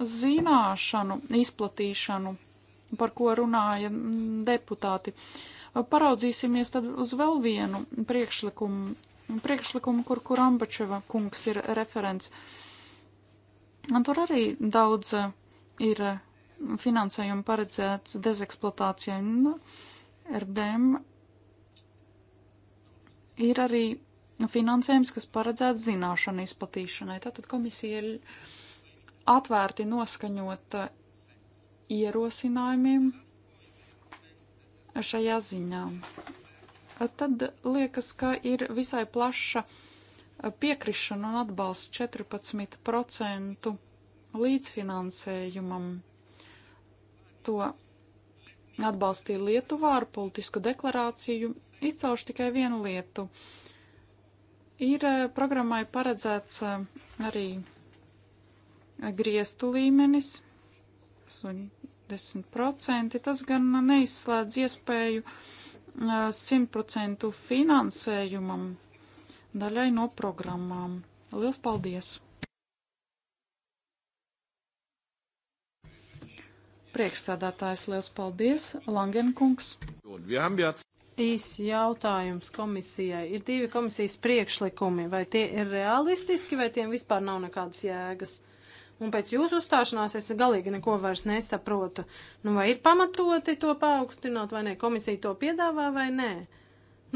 zināšanu izplatīšanu, par ko runāja mm, deputāti. Paraudzīsimies tad uz vēl vienu priekšlikumu, priekšlikumu kur Kurambačeva kungs ir referents. Un tur arī daudz uh, ir finansējumu paredzēts dezeksploatācijai un nu, RDM ir arī finansējums, kas paredzēts zināšanu izplatīšanai. Tātad komisija ir atvērti noskaņot ierosinājumiem šajā ziņā. Tad liekas, ka ir visai plaša piekrišana un atbalsts 14% līdzfinansējumam to atbalstīja Lietuvā ar politisku deklarāciju, izcaušu tikai vienu lietu. Ir eh, programmai paredzēts eh, arī griestu līmenis, 10%. Tas gan neizslēdz iespēju 100% eh, finansējumam daļai no programmām. Lielas paldies! Priekšsādātājs liels paldies, Langenkungs. Īs jautājums komisijai. Ir divi komisijas priekšlikumi. Vai tie ir realistiski, vai tiem vispār nav nekādas jēgas? Un pēc jūsu uzstāšanās es galīgi neko vairs nesaprotu. Nu, vai ir pamatoti to paaugstināt, vai nē, komisija to piedāvā, vai nē?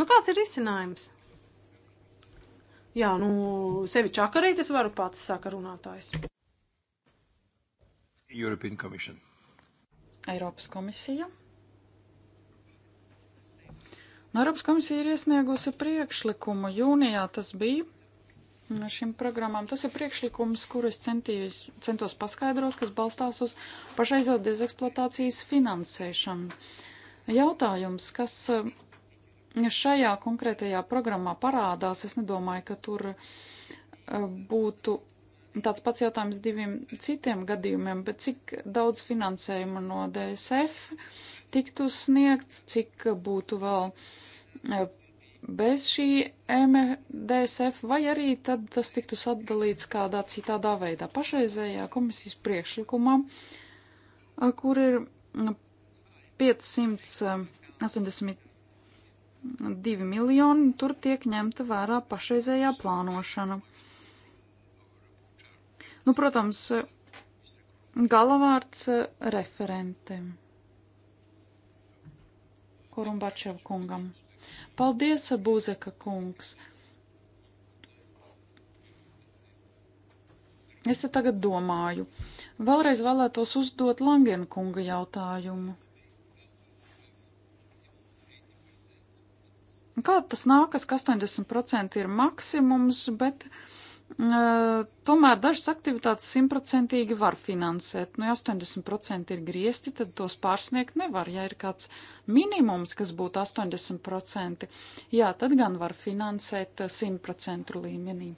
Nu, kāds ir izcinājums? Jā, nu, sevi čakarīt es varu pats, saka runātājs. European Commission. Eiropas komisija. No nu, Eiropas komisija ir iesniegusi priekšlikumu. Jūnijā tas bija nu, šim programmām. Tas ir priekšlikums, kur es centījos, centos paskaidros, kas balstās uz pašreizot dezeksploatācijas finansēšanu. Jautājums, kas šajā konkrētajā programmā parādās, es nedomāju, ka tur eh, būtu tāds pats jautājums diviem citiem gadījumiem, bet cik daudz finansējuma no DSF tiktu sniegts, cik būtu vēl eh, bez šī MDSF, e vai arī tad tas tiktu sadalīts kādā citādā veidā pašreizējā komisijas priekšlikumā, eh, kur ir 580 mm, 2 eh, miljoni, tur tiek ņemta vērā pašreizējā plānošana. Nu, protams, galvārds referentiem. Korumbačev kungam. Paldies, Buzeka kungs! Es te tagad domāju, vēlreiz vēlētos uzdot Langena kunga jautājumu. Kā tas nākas, ka 80% ir maksimums, bet uh, tomēr dažas aktivitātes simtprocentīgi var finansēt. Nu, ja 80% ir griezti, tad tos pārsniegt nevar. Ja ir kāds minimums, kas būtu 80%, jā, tad gan var finansēt simtprocentu līmenī.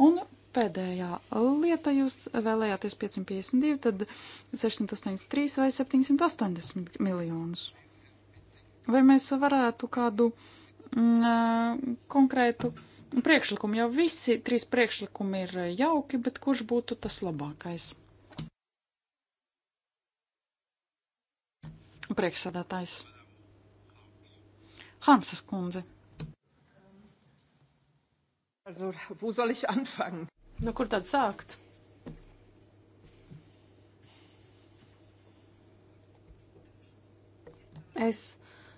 Un pēdējā lieta jūs vēlējāties 552, tad 683 vai 780 miljonus. Vai mēs varētu kādu mm, konkrētu. Mm priekšlikumi. Jau visi trīs priekšlikumi ir jauki, bet kurš būtu tas labākais? Priekšsēdētājs. Harmsas kundze. Also, wo soll ich anfangen? Nu, kur tad sākt? Es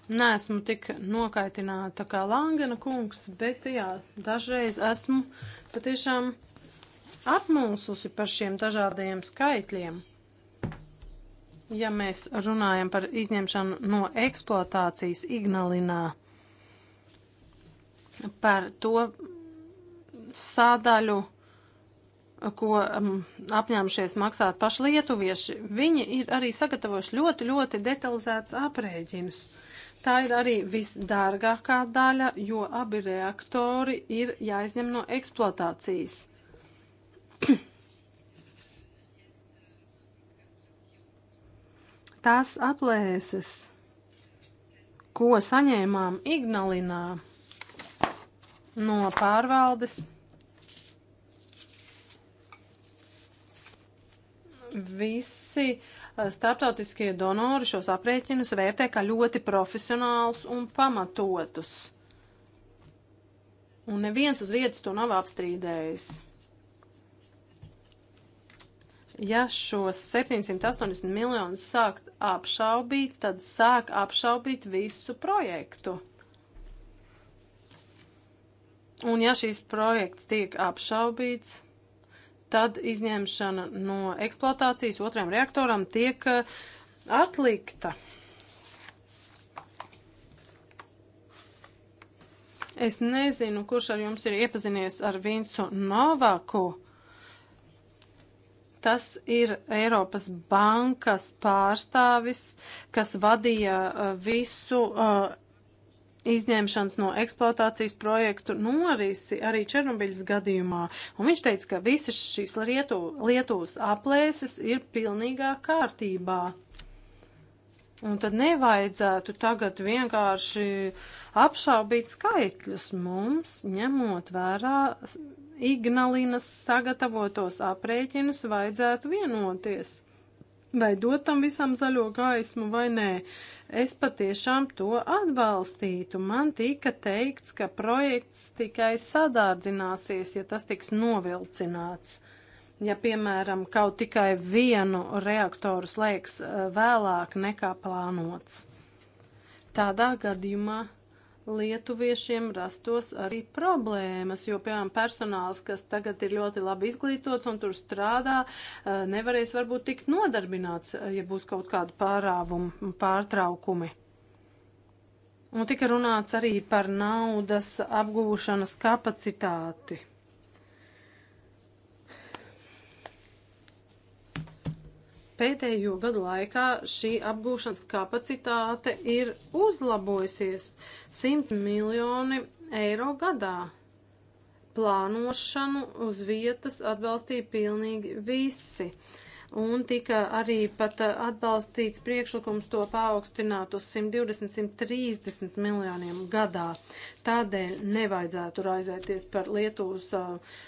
neesmu tik nokaitināta kā Langena kungs, bet jā, dažreiz esmu patiešām apmulsusi par šiem dažādajiem skaitļiem. Ja mēs runājam par izņemšanu no eksploatācijas Ignalinā, par to sādaļu, ko um, apņēmušies maksāt paši lietuvieši, viņi ir arī sagatavojuši ļoti, ļoti detalizēts aprēķinus. Uh, Tā ir arī visdārgākā daļa, jo abi reaktori ir jāizņem no eksploatācijas. Tās aplēses, ko saņēmām Ignalinā no pārvaldes, visi uh, starptautiskie donori šos aprēķinus vērtē kā ļoti profesionāls un pamatotus. Un neviens uz vietas to nav apstrīdējis. Ja šos 780 miljonus sāk apšaubīt, tad sāk apšaubīt visu projektu. Un ja šīs projekts tiek apšaubīts, tad izņemšana no eksploatācijas otrajam reaktoram tiek eh, atlikta. Es nezinu, kurš ar jums ir iepazinies ar Vincu Novaku. Tas ir Eiropas bankas pārstāvis, kas vadīja eh, visu uh, izņemšanas no eksploatācijas projektu norisi nu, arī Černobiļas gadījumā. Un viņš teica, ka visas šīs Lietu, Lietuvas aplēses ir pilnīgā kārtībā. Un tad nevajadzētu tagad vienkārši apšaubīt skaitļus mums, ņemot vērā Ignalinas sagatavotos aprēķinus, vajadzētu vienoties vai dot tam visam zaļo gaismu vai nē. Es patiešām to atbalstītu. Man tika teikts, ka projekts tikai sadārdzināsies, ja tas tiks novilcināts. Ja, piemēram, kaut tikai vienu reaktoru slēgs eh, vēlāk nekā plānots. Tādā gadījumā lietuviešiem rastos arī problēmas, jo, piemēram, personāls, kas tagad ir ļoti labi izglītots un tur strādā, eh, nevarēs varbūt tikt nodarbināts, eh, ja būs kaut kādi pārāvumi, pārtraukumi. Un tika runāts arī par naudas apgūšanas kapacitāti. Pēdējo gadu laikā šī apgūšanas kapacitāte ir uzlabojusies 100 miljoni eiro gadā. Plānošanu uz vietas atbalstīja pilnīgi visi un tika arī pat atbalstīts priekšlikums to paaugstināt uz 120-130 miljoniem gadā. Tādēļ nevajadzētu raizēties par Lietuvas uh,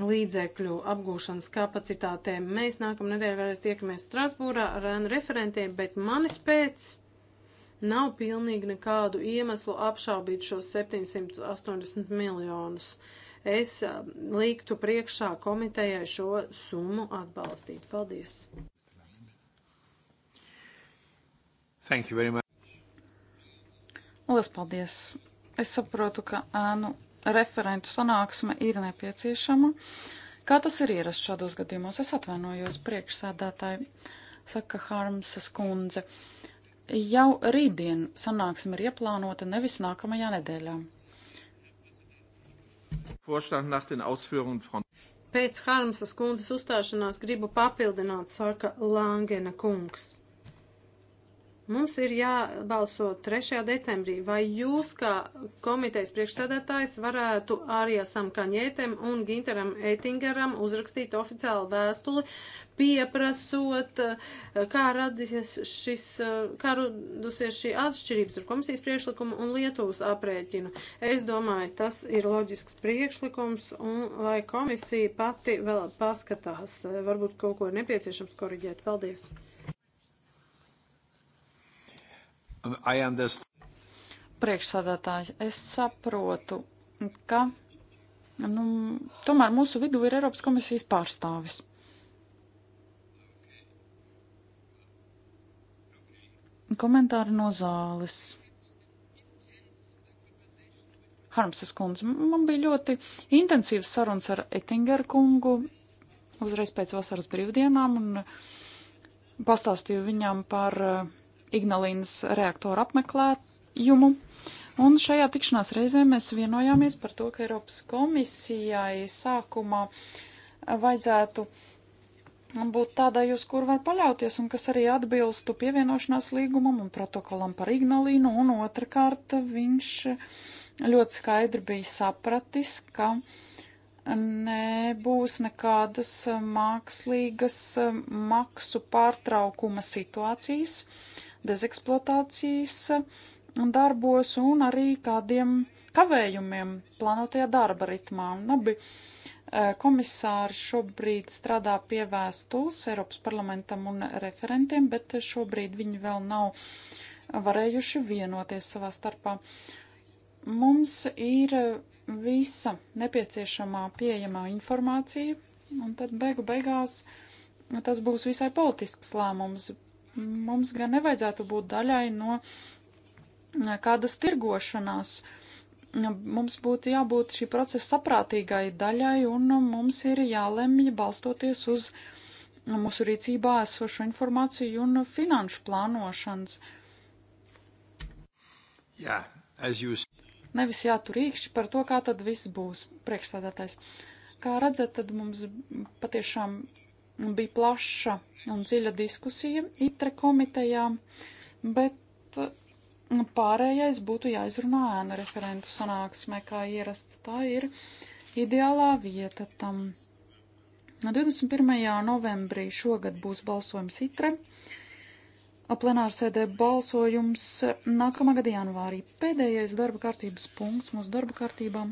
līdzekļu apgūšanas kapacitātēm. Mēs nākamā nedēļa vairs tiekamies Strasbūrā ar ANU referentiem, bet manis pēc nav pilnīgi nekādu iemeslu apšaubīt šos 780 miljonus. Es liktu priekšā komitejai šo summu atbalstīt. Paldies! Thank you very much. Lielas paldies! Es saprotu, ka ēnu referentu sanāksme ir nepieciešama, kā tas ir ierasts šādos gadījumos. Es atvainojos priekšsēdētāji, saka Harmsas kundze. Jau rītdien sanāksme ir ieplānota nevis nākamajā nedēļā. Vorstand nach den Ausführungen von Pēc Harmsas kundzes uzstāšanās gribu papildināt, saka Langena kungs. Mums ir jābalso 3. decembrī. Vai jūs, kā komitejas priekšsēdētājs, varētu Arijasam Kaņētem un Ginteram Eitingeram uzrakstīt oficiālu vēstuli, pieprasot, eh, kā radusies, šis, eh, kā radusies šī atšķirības ar komisijas priekšlikumu un Lietuvas aprēķinu? Es domāju, tas ir loģisks priekšlikums, un lai komisija pati vēl paskatās, eh, varbūt kaut ko ir nepieciešams koriģēt. Paldies! Priekšsādātājs, es saprotu, ka nu, tomēr mūsu vidū ir Eiropas komisijas pārstāvis. Komentāri no zāles. Harmsas kundze, man bija ļoti intensīvas sarunas ar Ettingeru kungu uzreiz pēc vasaras brīvdienām un pastāstīju viņām par uh, Ignalīnas reaktoru apmeklējumu. Un šajā tikšanās reizē mēs vienojāmies par to, ka Eiropas komisijai sākumā vajadzētu būt tādai, uz kur var paļauties un kas arī atbilstu pievienošanās līgumam un protokolam par Ignalīnu. Un otrkārt, viņš ļoti skaidri bija sapratis, ka nebūs nekādas mākslīgas maksu pārtraukuma situācijas. Uh, dezeksploatācijas darbos un arī kādiem kavējumiem plānotajā darba ritmā. Un abi e, komisāri šobrīd strādā pie vēstules Eiropas parlamentam un referentiem, bet šobrīd viņi vēl nav varējuši vienoties savā starpā. Mums ir visa nepieciešamā pieejamā informācija, un tad beigu beigās tas būs visai politisks lēmums, mums gan nevajadzētu būt daļai no eh, kādas tirgošanās. Mums būtu jābūt šī procesa saprātīgai daļai, un mums ir jālemj balstoties uz mūsu rīcībā esošo informāciju un finanšu plānošanas. Jā, es jūs. Nevis jātur īkšķi par to, kā tad viss būs priekšstādātais. Kā redzat, tad mums patiešām bija plaša un dziļa diskusija ITRE komitejā, bet mm, pārējais būtu jāizrunā ēna referentu sanāksmē, kā ierasts. Tā ir ideālā vieta tam. 21. novembrī šogad būs balsojums ITRE. Plenārsēdē balsojums nākamā gada janvārī. Pēdējais darba kārtības punkts mūsu darba kārtībām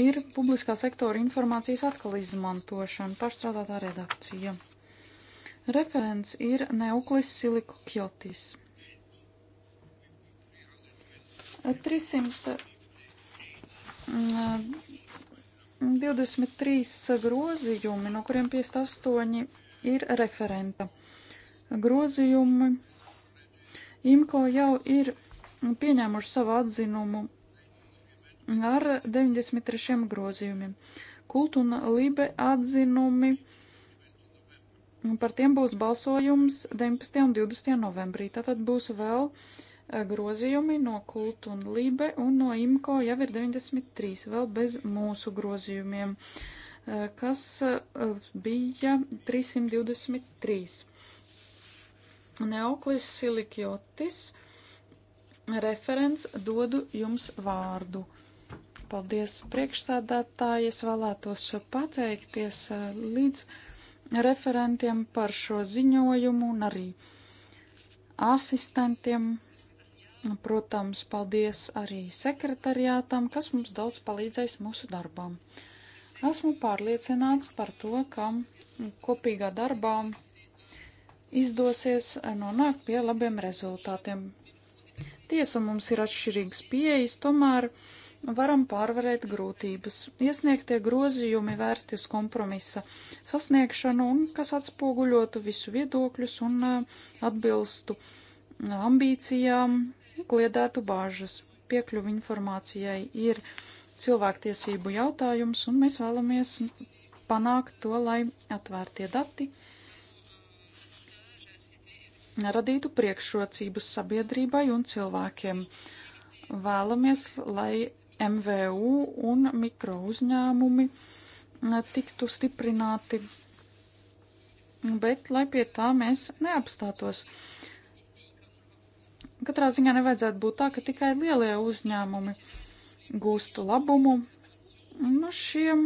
ir publiskā sektora informācijas atkal izmantošana, pašstrādātā redakcija. Referents ir Neuklis Siliku Kjotis. 323 grozījumi, no kuriem 58 ir referenta grozījumi. IMCO jau ir pieņēmuši savu atzinumu ar 93 grozījumiem. Kult un Lībe atzinumi. Par tiem būs balsojums 19. un 20. novembrī. Tātad būs vēl eh, grozījumi no Kult un Lībe un no IMKO jau ir 93, vēl bez mūsu grozījumiem, eh, kas eh, bija 323. Neoklis Silikjotis referents dodu jums vārdu. Paldies priekšsādātāji. Es vēlētos pateikties eh, līdz referentiem par šo ziņojumu un arī asistentiem. Protams, paldies arī sekretariātam, kas mums daudz palīdzēs mūsu darbām. Esmu pārliecināts par to, ka kopīgā darbā izdosies nonākt pie labiem rezultātiem. Tiesa mums ir atšķirīgs pieejas, tomēr uh, varam pārvarēt grūtības. Iesniegtie grozījumi vērsties kompromisa sasniegšanu un kas atspoguļotu visu viedokļus un eh, atbilstu eh, ambīcijām, kliedētu bāžas. Piekļuvi informācijai ir cilvēktiesību jautājums, un mēs vēlamies panākt to, lai atvērtie dati radītu priekšrocības sabiedrībai un cilvēkiem. Vēlamies, lai MVU un mikro uzņēmumi eh, tiktu stiprināti, bet lai pie tā mēs neapstātos. Katrā ziņā nevajadzētu būt tā, ka tikai lielie uzņēmumi gūstu labumu. No nu, šiem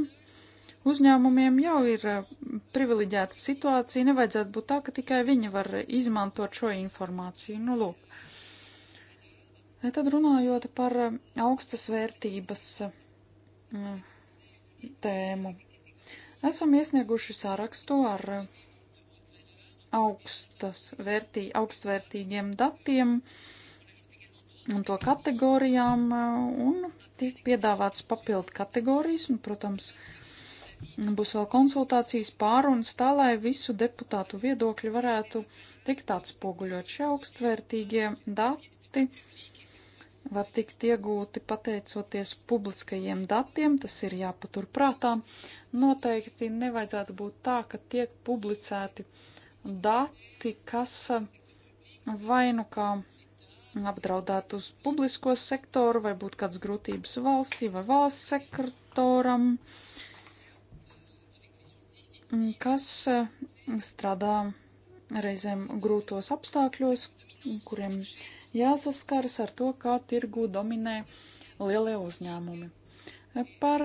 uzņēmumiem jau ir eh, privileģēta situācija, nevajadzētu būt tā, ka tikai viņi var izmantot šo informāciju. Nu, lūk. Tad runājot par augstas vērtības mm, tēmu, esam iesnieguši sarakstu ar vērtī, augstvērtīgiem datiem un to kategorijām, un tiek piedāvāts papildu kategorijas, un, protams, būs vēl konsultācijas pārunas tā, lai visu deputātu viedokļi varētu tikt atspoguļot šie augstvērtīgie dati var tikt iegūti pateicoties publiskajiem datiem, tas ir jāpaturprātā. Noteikti nevajadzētu būt tā, ka tiek publicēti dati, kas eh, vai nu kā apdraudētu uz publisko sektoru, vai būtu kāds grūtības valstī vai valsts sektoram, kas eh, strādā reizēm grūtos apstākļos, kuriem ir jāsaskaras ar to, kā tirgu dominē lielie uzņēmumi. Par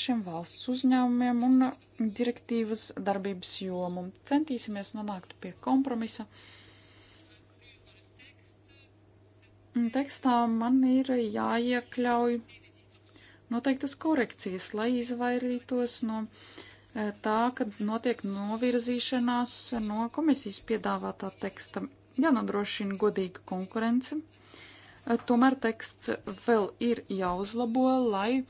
šiem valsts uzņēmumiem un direktīvas darbības jomu centīsimies nonākt pie kompromisa. Tekstā man ir jāiekļauj noteiktas korekcijas, lai izvairītos no eh, tā, ka notiek novirzīšanās no komisijas piedāvātā teksta ja nodrošina godīga konkurence. E, tomēr teksts vēl ir jāuzlabo, lai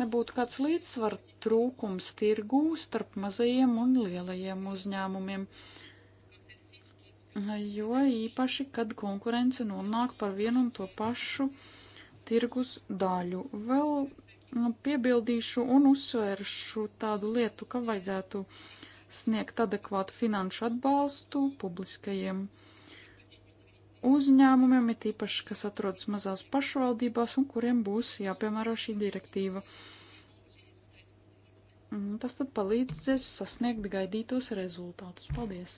nebūtu kāds līdzsvar trūkums tirgū starp mazajiem un lielajiem uzņēmumiem. E, jo īpaši, kad konkurence nonāk par vienu un to pašu tirgus daļu. Vēl piebildīšu un uzsvēršu tādu lietu, ka vajadzētu uh, sniegt adekvātu finanšu atbalstu publiskajiem uzņēmumiem, it īpaši, kas atrodas mazās pašvaldībās un kuriem būs jāpiemēro šī direktīva. Tas tad palīdzēs sasniegt gaidītos rezultātus. Paldies!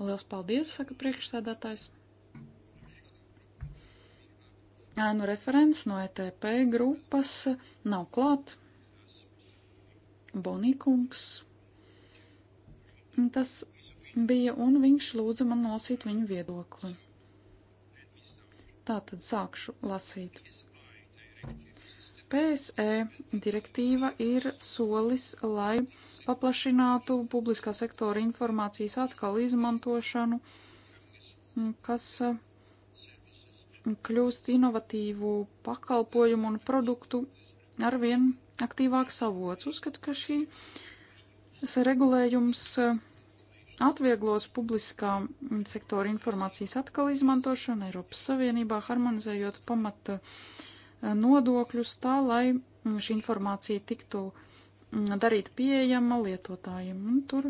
Lielas paldies, saka priekšsēdētājs. Ēnu referents no ETP grupas nav klāt. Bonīkungs tas bija, un viņš lūdza man nosīt viņu viedokli. Tā tad sākšu lasīt. PSE direktīva ir solis, lai paplašinātu publiskā sektora informācijas atkal izmantošanu, kas eh, kļūst inovatīvu pakalpojumu un produktu arvien aktīvāk savots. Uzskatu, ka šī šis regulējums e, atvieglos publiskā sektora informācijas atkal izmantošanu Eiropas Savienībā, harmonizējot pamata e, nodokļus tā, lai šī informācija tiktu darīt pieejama lietotājiem. Un tur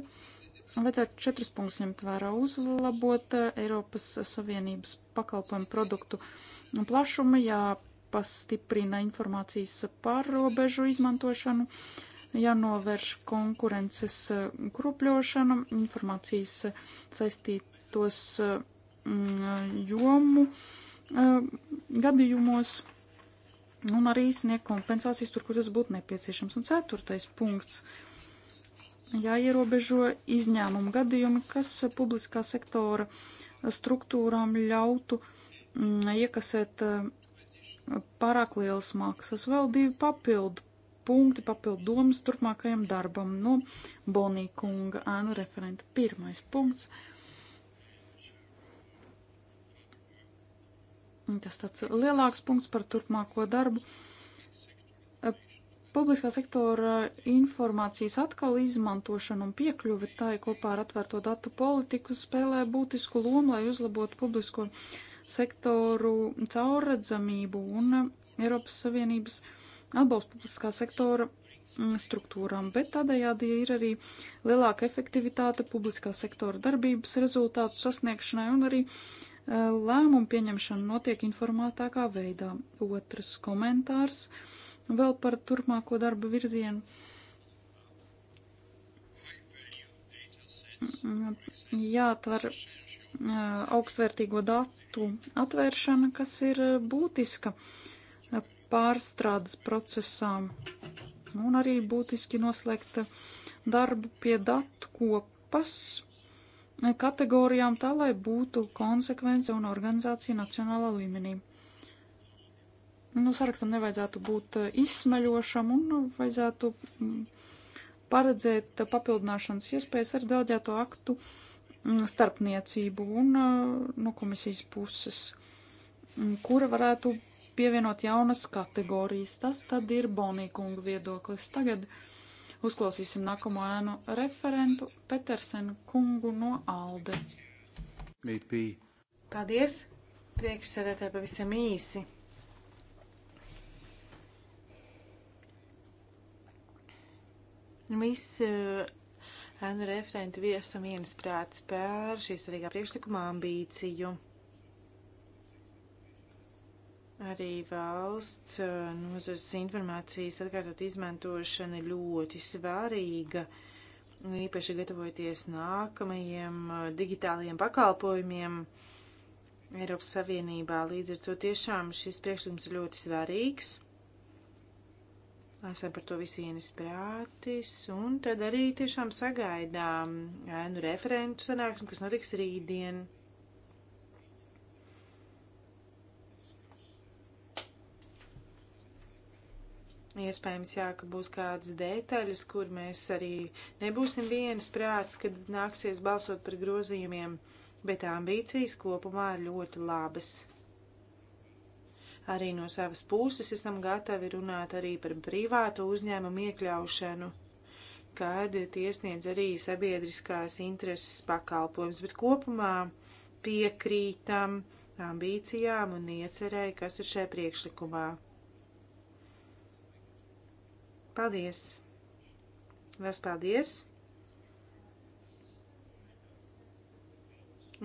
vajadzētu četrus punktus ņemt vērā uzlabot e, Eiropas Savienības pakalpojumu produktu plašumu, jāpastiprina informācijas pārrobežu izmantošanu, uh, jānovērš konkurences eh, krupļošana, informācijas saistītos eh, mm, jomu eh, gadījumos un arī sniegt kompensācijas tur, kur tas būtu nepieciešams. Un ceturtais punkts jāierobežo izņēmumu gadījumi, kas publiskā sektora struktūrām ļautu mm, iekasēt pārāk lielas maksas. Vēl divi papildu punkti papildu domas turpmākajam darbam no nu, Bonīkunga ānu referenta. Pirmais punkts. Tas tāds lielāks punkts par turpmāko darbu. Publiskā sektora informācijas atkal izmantošana un piekļuve tai kopā ar atvērto datu politiku spēlē būtisku lomu, lai uzlabotu publisko sektoru caurredzamību un Eiropas Savienības uh, atbalstu publiskā sektora mm, struktūrām, bet tādējādi ir arī lielāka efektivitāte publiskā sektora darbības rezultātu sasniegšanai un arī e, lēmumu pieņemšana notiek informētākā veidā. Otrs komentārs vēl par turpmāko darba virzienu. Mm, jāatver e, augstvērtīgo datu atvēršana, kas ir e, būtiska. Uh, pārstrādes procesām un arī būtiski noslēgta darbu pie datu kopas kategorijām tā, lai būtu konsekvence un organizācija nacionālā līmenī. Nu, sarakstam nevajadzētu būt eh, izsmeļošam un vajadzētu mm, paredzēt papildināšanas iespējas ar daudzēto aktu mm, starpniecību un eh, no komisijas puses, mm, kura varētu pievienot jaunas kategorijas. Tas tad ir Bonīkunga viedoklis. Tagad uzklausīsim nākamo ēnu referentu Petersenu kungu no Alde. Paldies! Priekšsēdētāji pavisam īsi. Visi eh, ēnu referenti viesam viensprāts par šīs arī priekšlikuma ambīciju. Arī valsts eh, nozars informācijas atkārtot izmantošana ļoti svarīga, īpaši gatavoties nākamajiem eh, digitālajiem pakalpojumiem Eiropas Savienībā. Līdz ar to tiešām šis priekšlikums ir ļoti svarīgs. Esam par to visi vienas prātis, un tad arī tiešām sagaidām ēnu eh, referentu sanāksmi, kas notiks rītdien. Iespējams, jā, ka būs kādas detaļas, kur mēs arī nebūsim vienas prāts, kad nāksies balsot par grozījumiem, bet ambīcijas kopumā ir ļoti labas. Arī no savas puses esam gatavi runāt arī par privātu uzņēmumu iekļaušanu, kad tiesniedz arī sabiedriskās intereses pakalpojums, bet kopumā piekrītam ambīcijām un iecerēju, kas ir šajā priekšlikumā. Paldies! Vēs paldies!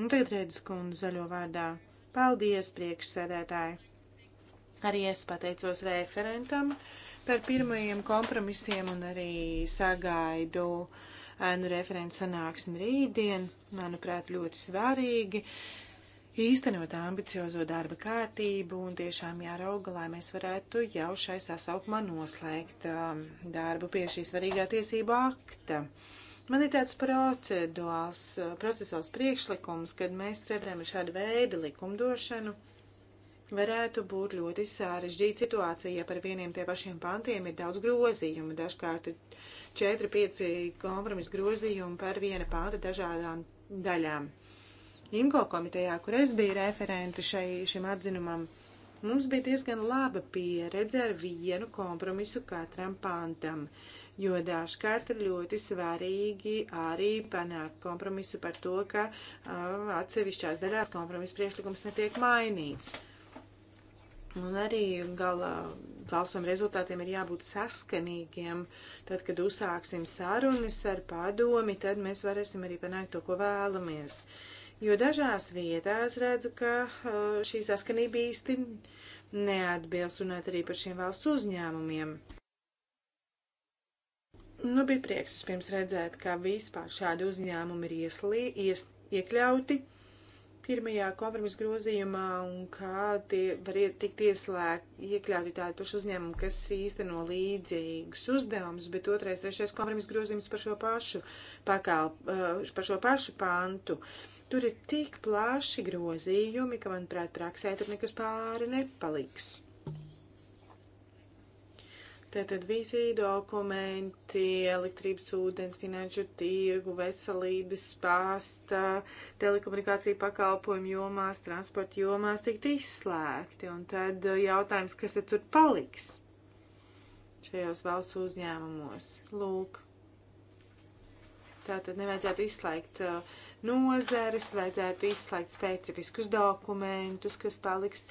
Un tagad redzes kundze zaļo vārdā. Paldies, priekšsēdētāji! Arī es pateicos referentam par pirmajiem kompromisiem un arī sagaidu ēnu referents sanāksim rītdien. Manuprāt, ļoti svarīgi īstenot ambiciozo darba kārtību un tiešām jārauga, lai mēs varētu jau šai sasaukumā noslēgt um, darbu pie šī svarīgā tiesība akta. Man ir tāds procedūls, procesuāls priekšlikums, kad mēs strādājam ar šādu veidu likumdošanu, varētu būt ļoti sārežģīta situācija, ja par vieniem tie pašiem pantiem ir daudz grozījumu. Dažkārt ir 4-5 kompromisu grozījumi par viena panta dažādām daļām. IMCO komitejā, kur es biju referenti šai, šim atzinumam, mums bija diezgan laba pieredze ar vienu kompromisu katram pantam, jo dažkārt ir ļoti svarīgi arī panākt kompromisu par to, ka uh, atsevišķās daļās kompromisu priekšlikums netiek mainīts. Un arī gala balsojuma rezultātiem ir jābūt saskanīgiem. Tad, kad uzsāksim sarunas ar padomi, tad mēs varēsim arī panākt to, ko vēlamies. Uh, jo dažās vietās redzu, ka uh, šī saskanība īsti neatbilst runāt arī par šiem valsts uzņēmumiem. Nu, bija prieks pirms redzēt, ka vispār šādi uzņēmumi ir ieslī, ies, iekļauti pirmajā kompromisa grozījumā un kā tie var tikt ieslēg, iekļauti tādi paši uzņēmumi, kas īsteno līdzīgus uzdevumus, bet otrais, trešais kompromisa grozījums par šo pašu pakāl, uh, par šo pašu pantu. Uh, Tur ir tik plaši grozījumi, ka, manuprāt, praksē tur nekas pāri nepaliks. Tātad vīzija dokumenti, elektrības ūdens, finanšu tirgu, veselības pasta, telekomunikācija pakalpojumu jomās, transporta jomās tiktu izslēgti. Un tad uh, jautājums, kas tad tur paliks šajos valsts uzņēmumos? Lūk. Tātad nevajadzētu izslēgt uh, nozares, vajadzētu izslēgt specifiskus dokumentus, kas paliks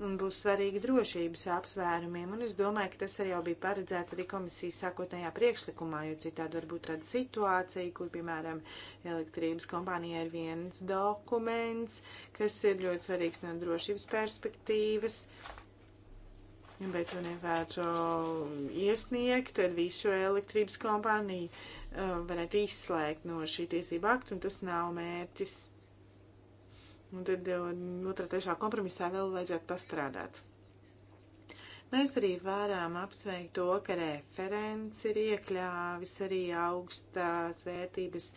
un būs svarīgi drošības apsvērumiem. Un es domāju, ka tas arī jau bija paredzēts arī komisijas sākotnējā priekšlikumā, jo citādi varbūt tāda situācija, kur, piemēram, elektrības kompānija ir viens dokuments, kas ir ļoti svarīgs no drošības perspektīvas. Bet tu nevar um, iesniegt, tad visu elektrības kompāniju varētu izslēgt no šī tiesība akta, un tas nav mērķis. Un tad otrā, trešā kompromisā vēl vajadzētu pastrādāt. Mēs arī vērām apsveikt to, ka referents ir iekļāvis arī augstās vērtības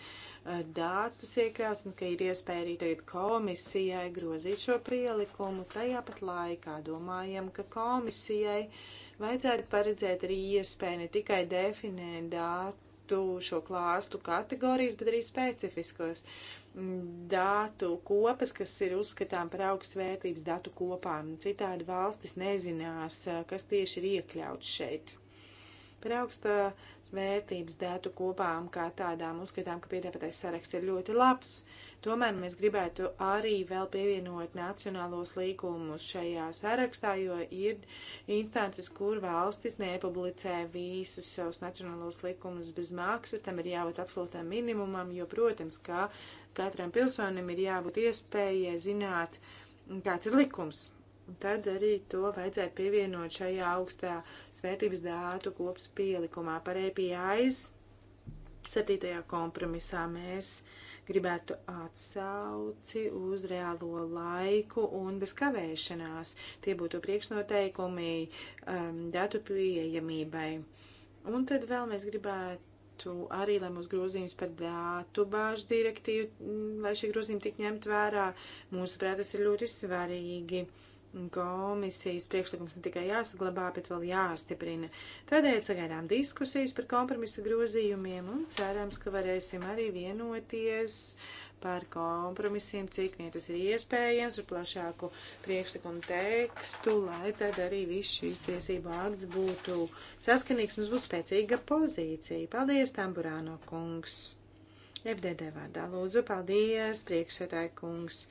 datus iekļaus, un ka ir iespēja arī tagad komisijai grozīt šo prielikumu. Tajā pat laikā domājam, ka komisijai vajadzētu paredzēt arī iespēju ne tikai definēt datu, datu šo klāstu kategorijas, bet arī specifiskos datu kopas, kas ir uzskatām par augstsvērtības datu kopām. Citādi valstis nezinās, kas tieši ir iekļauts šeit. Par augsta vērtības datu kopām kā tādām uzskatām, ka piedāvātais saraksts ir ļoti labs. Tomēr mēs gribētu arī vēl pievienot nacionālos līgumus šajā sarakstā, jo ir instances, kur valstis nepublicē visus savus nacionālos līgumus bez maksas, tam ir jābūt absolūtam minimumam, jo, protams, kā katram pilsonim ir jābūt iespējai zināt, kāds ir likums. Tad arī to vajadzētu pievienot šajā augstā svērtības dātu kops pielikumā par APIs. 7. kompromisā mēs uh, gribētu atsauci uz reālo laiku un bez kavēšanās. Tie būtu priekšnoteikumi um, datu pieejamībai. Un tad vēl mēs gribētu arī, lai mūsu grozījums par datu bāžu direktīvu, mm, lai šie grozījumi tik ņemt vērā, mūsuprāt, tas ir ļoti svarīgi. Uh, komisijas priekšlikums ne tikai jāsaglabā, bet vēl jāstiprina. Tādēļ sagaidām diskusijas par kompromisa grozījumiem un cerams, ka varēsim arī vienoties par kompromisiem, cik vien tas ir iespējams, ar plašāku priekšlikumu tekstu, lai tad arī viss šīs tiesību akts būtu saskanīgs, mums būtu spēcīga pozīcija. Paldies, Tamburāno kungs! FDD vārdā lūdzu, paldies, priekšsētāji kungs!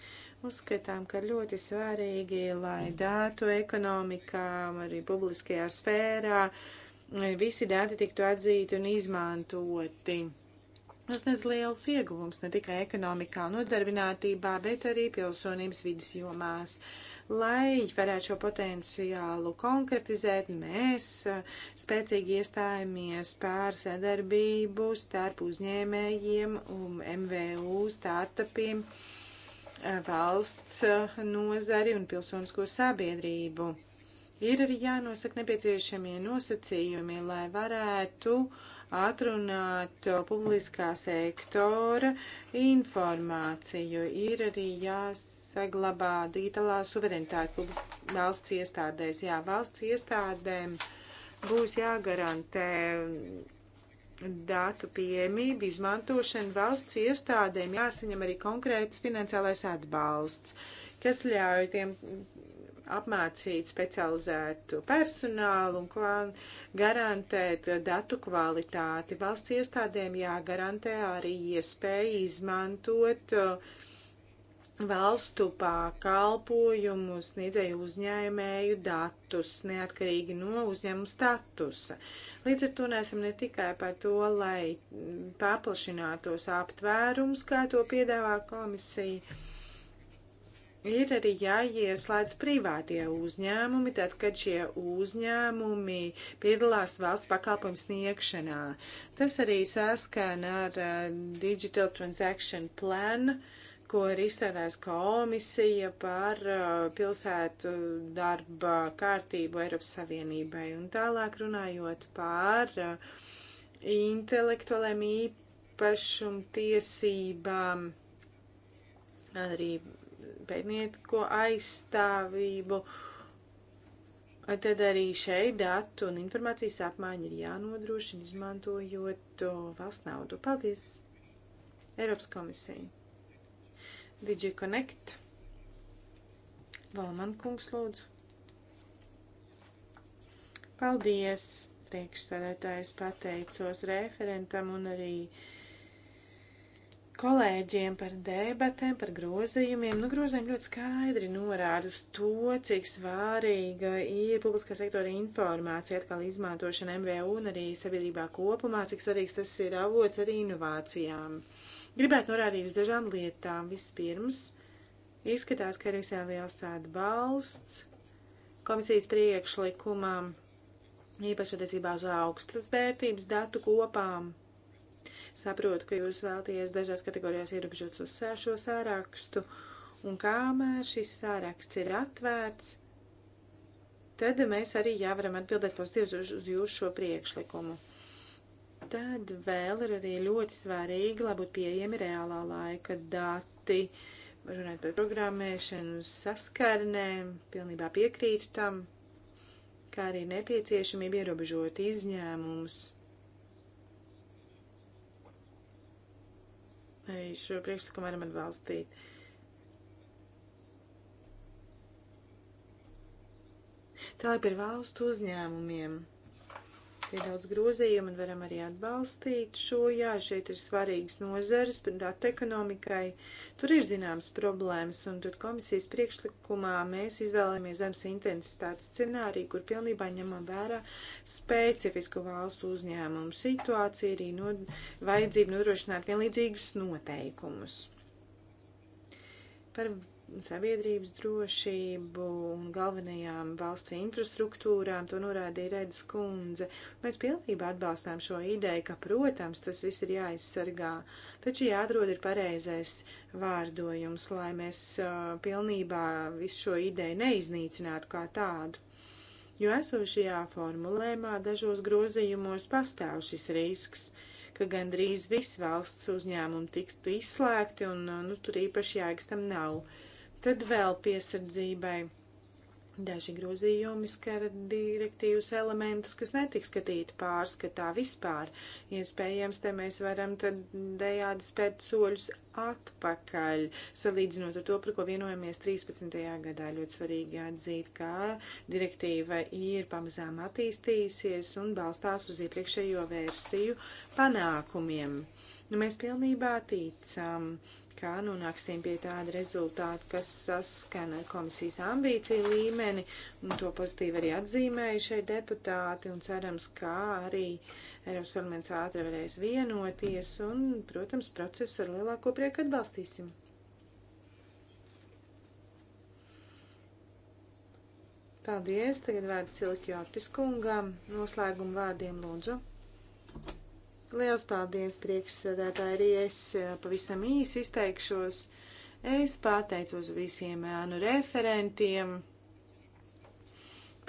Uzskatām, ka ļoti svarīgi, lai datu ekonomikā, arī publiskajā sfērā, visi dati tiktu atzīti un izmantoti. Tas nes liels ieguvums ne tikai ekonomikā un nodarbinātībā, bet arī pilsonības vidas jomās. Lai varētu šo potenciālu konkretizēt, mēs eh, spēcīgi iestājamies pār sadarbību starp uzņēmējiem un MVU startupiem. Uh, valsts nozari un pilsonisko sabiedrību. Ir arī jānosaka nepieciešamie nosacījumi, lai varētu atrunāt publiskā sektora informāciju. Ir arī jāsaglabā digitalā suverenitāte valsts iestādēs. Jā, valsts iestādēm būs jāgarantē datu pieejamību, izmantošanu valsts iestādēm jāsaņem arī konkrēts finansiālais atbalsts, kas ļauj tiem apmācīt specializētu personālu un kva, garantēt datu kvalitāti. Valsts iestādēm jāgarantē arī iespēja izmantot uh, valstu pakalpojumu sniedzēju uzņēmēju datus, neatkarīgi no uzņēmuma statusa. Līdz ar to neesam ne tikai par to, lai paplašinātos aptvērums, kā to piedāvā komisija. Ir arī jāieslēdz privātie uzņēmumi, tad, kad šie uzņēmumi piedalās valsts pakalpojumu sniegšanā. Tas arī saskana ar uh, Digital Transaction Plan, uh, ko ir izstrādājas komisija par uh, pilsētu darba kārtību Eiropas Savienībai. Un tālāk runājot par uh, intelektuālēm īpašumu tiesībām, arī pētnieko aizstāvību, tad arī šeit datu un informācijas apmaiņa ir jānodrošina, izmantojot uh, valsts naudu. Paldies! Eiropas komisija. Digi Connect. Vēl man kungs lūdzu. Paldies, priekšstādētājs pateicos referentam un arī kolēģiem par debatēm, par grozījumiem. Nu, grozījumi ļoti skaidri norāda uz to, cik svārīga ir publiskā sektora informācija, atkal izmantošana MVU un arī sabiedrībā kopumā, cik svarīgs tas ir avots arī inovācijām. Uh, Gribētu norādīt uz dažām lietām. Vispirms, izskatās, ka ir visai liels atbalsts komisijas priekšlikumam, īpaši attiecībā uz augstas vērtības datu kopām. Saprotu, ka jūs vēlties dažās kategorijās ierobežot uz šo sārakstu, un kamēr šis sāraksts ir atvērts, tad mēs arī jā varam atbildēt pozitīvi uz, uz jūsu šo priekšlikumu tad vēl ir arī ļoti svarīgi, lai būtu pieejami reālā laika dati, runājot par programmēšanu, saskarnēm, pilnībā piekrītu tam, kā arī nepieciešamība ierobežot izņēmumus. Arī šo priekšlikumu varam atbalstīt. Tālāk par valstu uzņēmumiem ir daudz grozījumu un varam arī atbalstīt šo. Jā, šeit ir svarīgas nozares, pirmkārt ekonomikai. Tur ir zināmas problēmas, un tur komisijas priekšlikumā mēs izvēlamies zemes intensitātes scenāriju, kur pilnībā ņemam vērā specifisku valstu uzņēmumu situāciju, arī no, vajadzību nodrošināt vienlīdzīgus noteikumus. Par sabiedrības drošību un galvenajām valsts infrastruktūrām, to norādīja Redz kundze. Mēs pilnībā atbalstām šo ideju, ka, protams, tas viss ir jāizsargā, taču jāatrod ir pareizais vārdojums, lai mēs uh, pilnībā visu šo ideju neiznīcinātu kā tādu. Jo esošajā formulējumā dažos grozījumos pastāv šis risks ka gandrīz viss valsts uzņēmumi tiktu izslēgti, un nu, tur īpaši jēgas tam nav. Tad vēl piesardzībai. Daži grozījumi skar direktīvas elementus, kas netiks skatīti pārskatā vispār. Iespējams, te mēs varam tad dējādi spērt soļus atpakaļ, salīdzinot ar to, par ko vienojamies 13. gadā. Ļoti svarīgi atzīt, ka direktīva ir pamazām attīstījusies un balstās uz iepriekšējo versiju panākumiem. Nu, mēs pilnībā ticam ka nonāksim pie tāda rezultāta, kas saskana komisijas ambīciju līmeni, un to pozitīvi arī atzīmēja šie deputāti, un cerams, ka arī Eiropas parlaments ātri varēs vienoties, un, protams, procesu ar lielāko prieku atbalstīsim. Paldies, tagad vārds Silkjotis kungam, noslēguma vārdiem lūdzu. Liels paldies, priekšsēdētāji, arī es eh, pavisam īsi izteikšos. Es pateicos visiem ēnu eh, referentiem.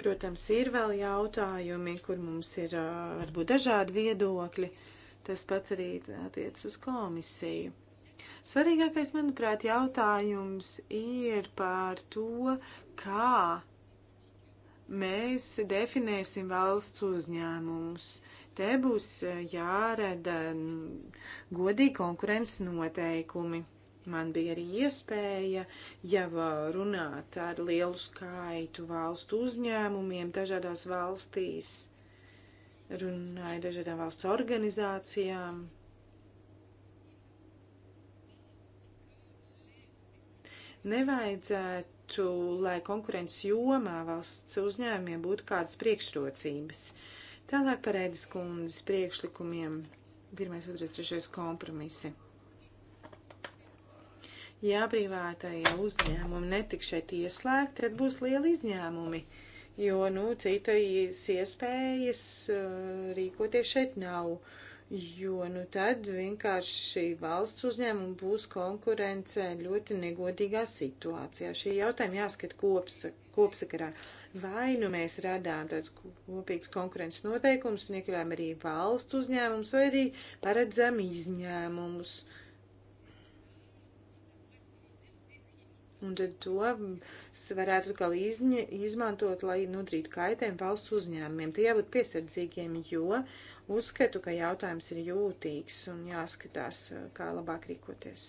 Protams, ir vēl jautājumi, kur mums ir eh, varbūt dažādi viedokļi. Tas pats arī attiec uz komisiju. Svarīgākais, manuprāt, jautājums ir par to, kā mēs definēsim valsts uzņēmumus. Uh, Te būs jārada godīgi konkurences noteikumi. Man bija arī iespēja jau runāt ar lielu skaitu valstu uzņēmumiem dažādās valstīs, runāju dažādām valsts organizācijām. Nevajadzētu, lai konkurences jomā valsts uzņēmumiem būtu kādas priekšrocības. Uh, Tālāk par ēdas kundzes priekšlikumiem. Pirmais, otrais, trešais kompromisi. Ja privātajie uzņēmumi netiks šeit ieslēgti, tad būs lieli izņēmumi, jo, nu, citas iespējas uh, rīkoties šeit nav, jo, nu, tad vienkārši valsts uzņēmumi būs konkurence ļoti negodīgā situācijā. Šie jautājumi jāskat kops, kopsakarā. Kops Vai nu mēs radām tāds kopīgs konkurences noteikums un iekļaujam arī valstu uzņēmumus, vai arī paredzam izņēmumus. Un tad to varētu atkal izņa, izmantot, lai nodrītu kaitējumu valsts uzņēmumiem. Tie jābūt piesardzīgiem, jo uzskatu, ka jautājums ir jūtīgs un jāskatās, kā labāk rīkoties.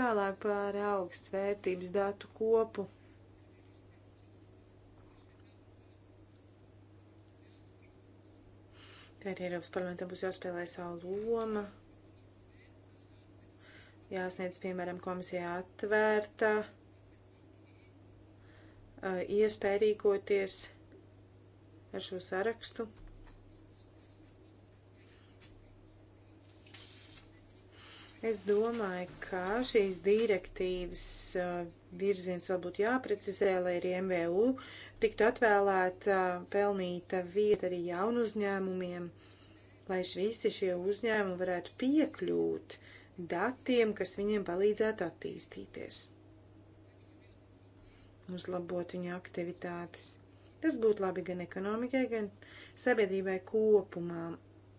Tālāk par augsts vērtības datu kopu Arī Eiropas parlamentam būs jāspēlē savu lomu. Jāsniedz, piemēram, komisijā atvērta eh, iespēja rīkoties ar šo sarakstu. Es domāju, ka šīs direktīvas eh, virziens vēl būtu jāprecizē, lai arī MVU tiktu atvēlēta pelnīta vieta arī jaunu uzņēmumiem, lai visi šie uzņēmumi varētu piekļūt datiem, kas viņiem palīdzētu attīstīties, uzlabot viņu aktivitātes. Tas būtu labi gan ekonomikai, gan sabiedrībai kopumā.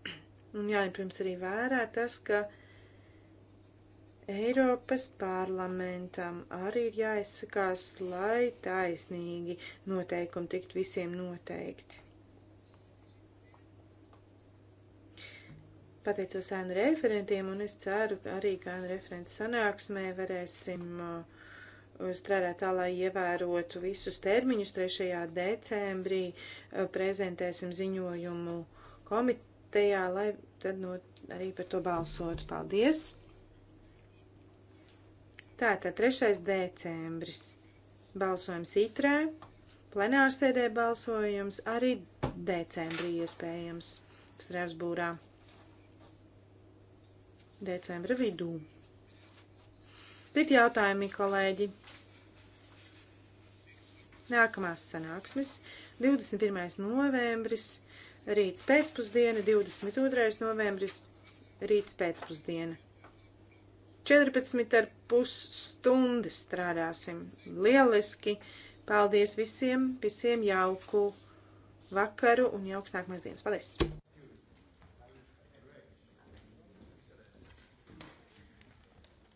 Un jāņem, protams, arī vērā tas, ka Eiropas parlamentam arī ir jāizsakās, lai taisnīgi noteikumi tikt visiem noteikti. Pateicos ēnu referentiem, un es ceru, ka arī kā ēnu referents sanāksmē varēsim uh, strādāt tā, lai ievērotu visus termiņus. 3. decembrī uh, prezentēsim ziņojumu komitejā, lai tad no, arī par to balsotu. Paldies! Tātad 3. decembris balsojums itrē, plenārsēdē balsojums arī decembrī iespējams Strasbūrā. Decembra vidū. Citi jautājumi, kolēģi. Nākamās sanāksmes 21. novembris, rīts pēcpusdiena, 22. novembris, rīts pēcpusdiena. 14 ar pus stundi strādāsim. Lieliski! Paldies visiem, visiem jauku vakaru un jauks nākamās dienas. Paldies!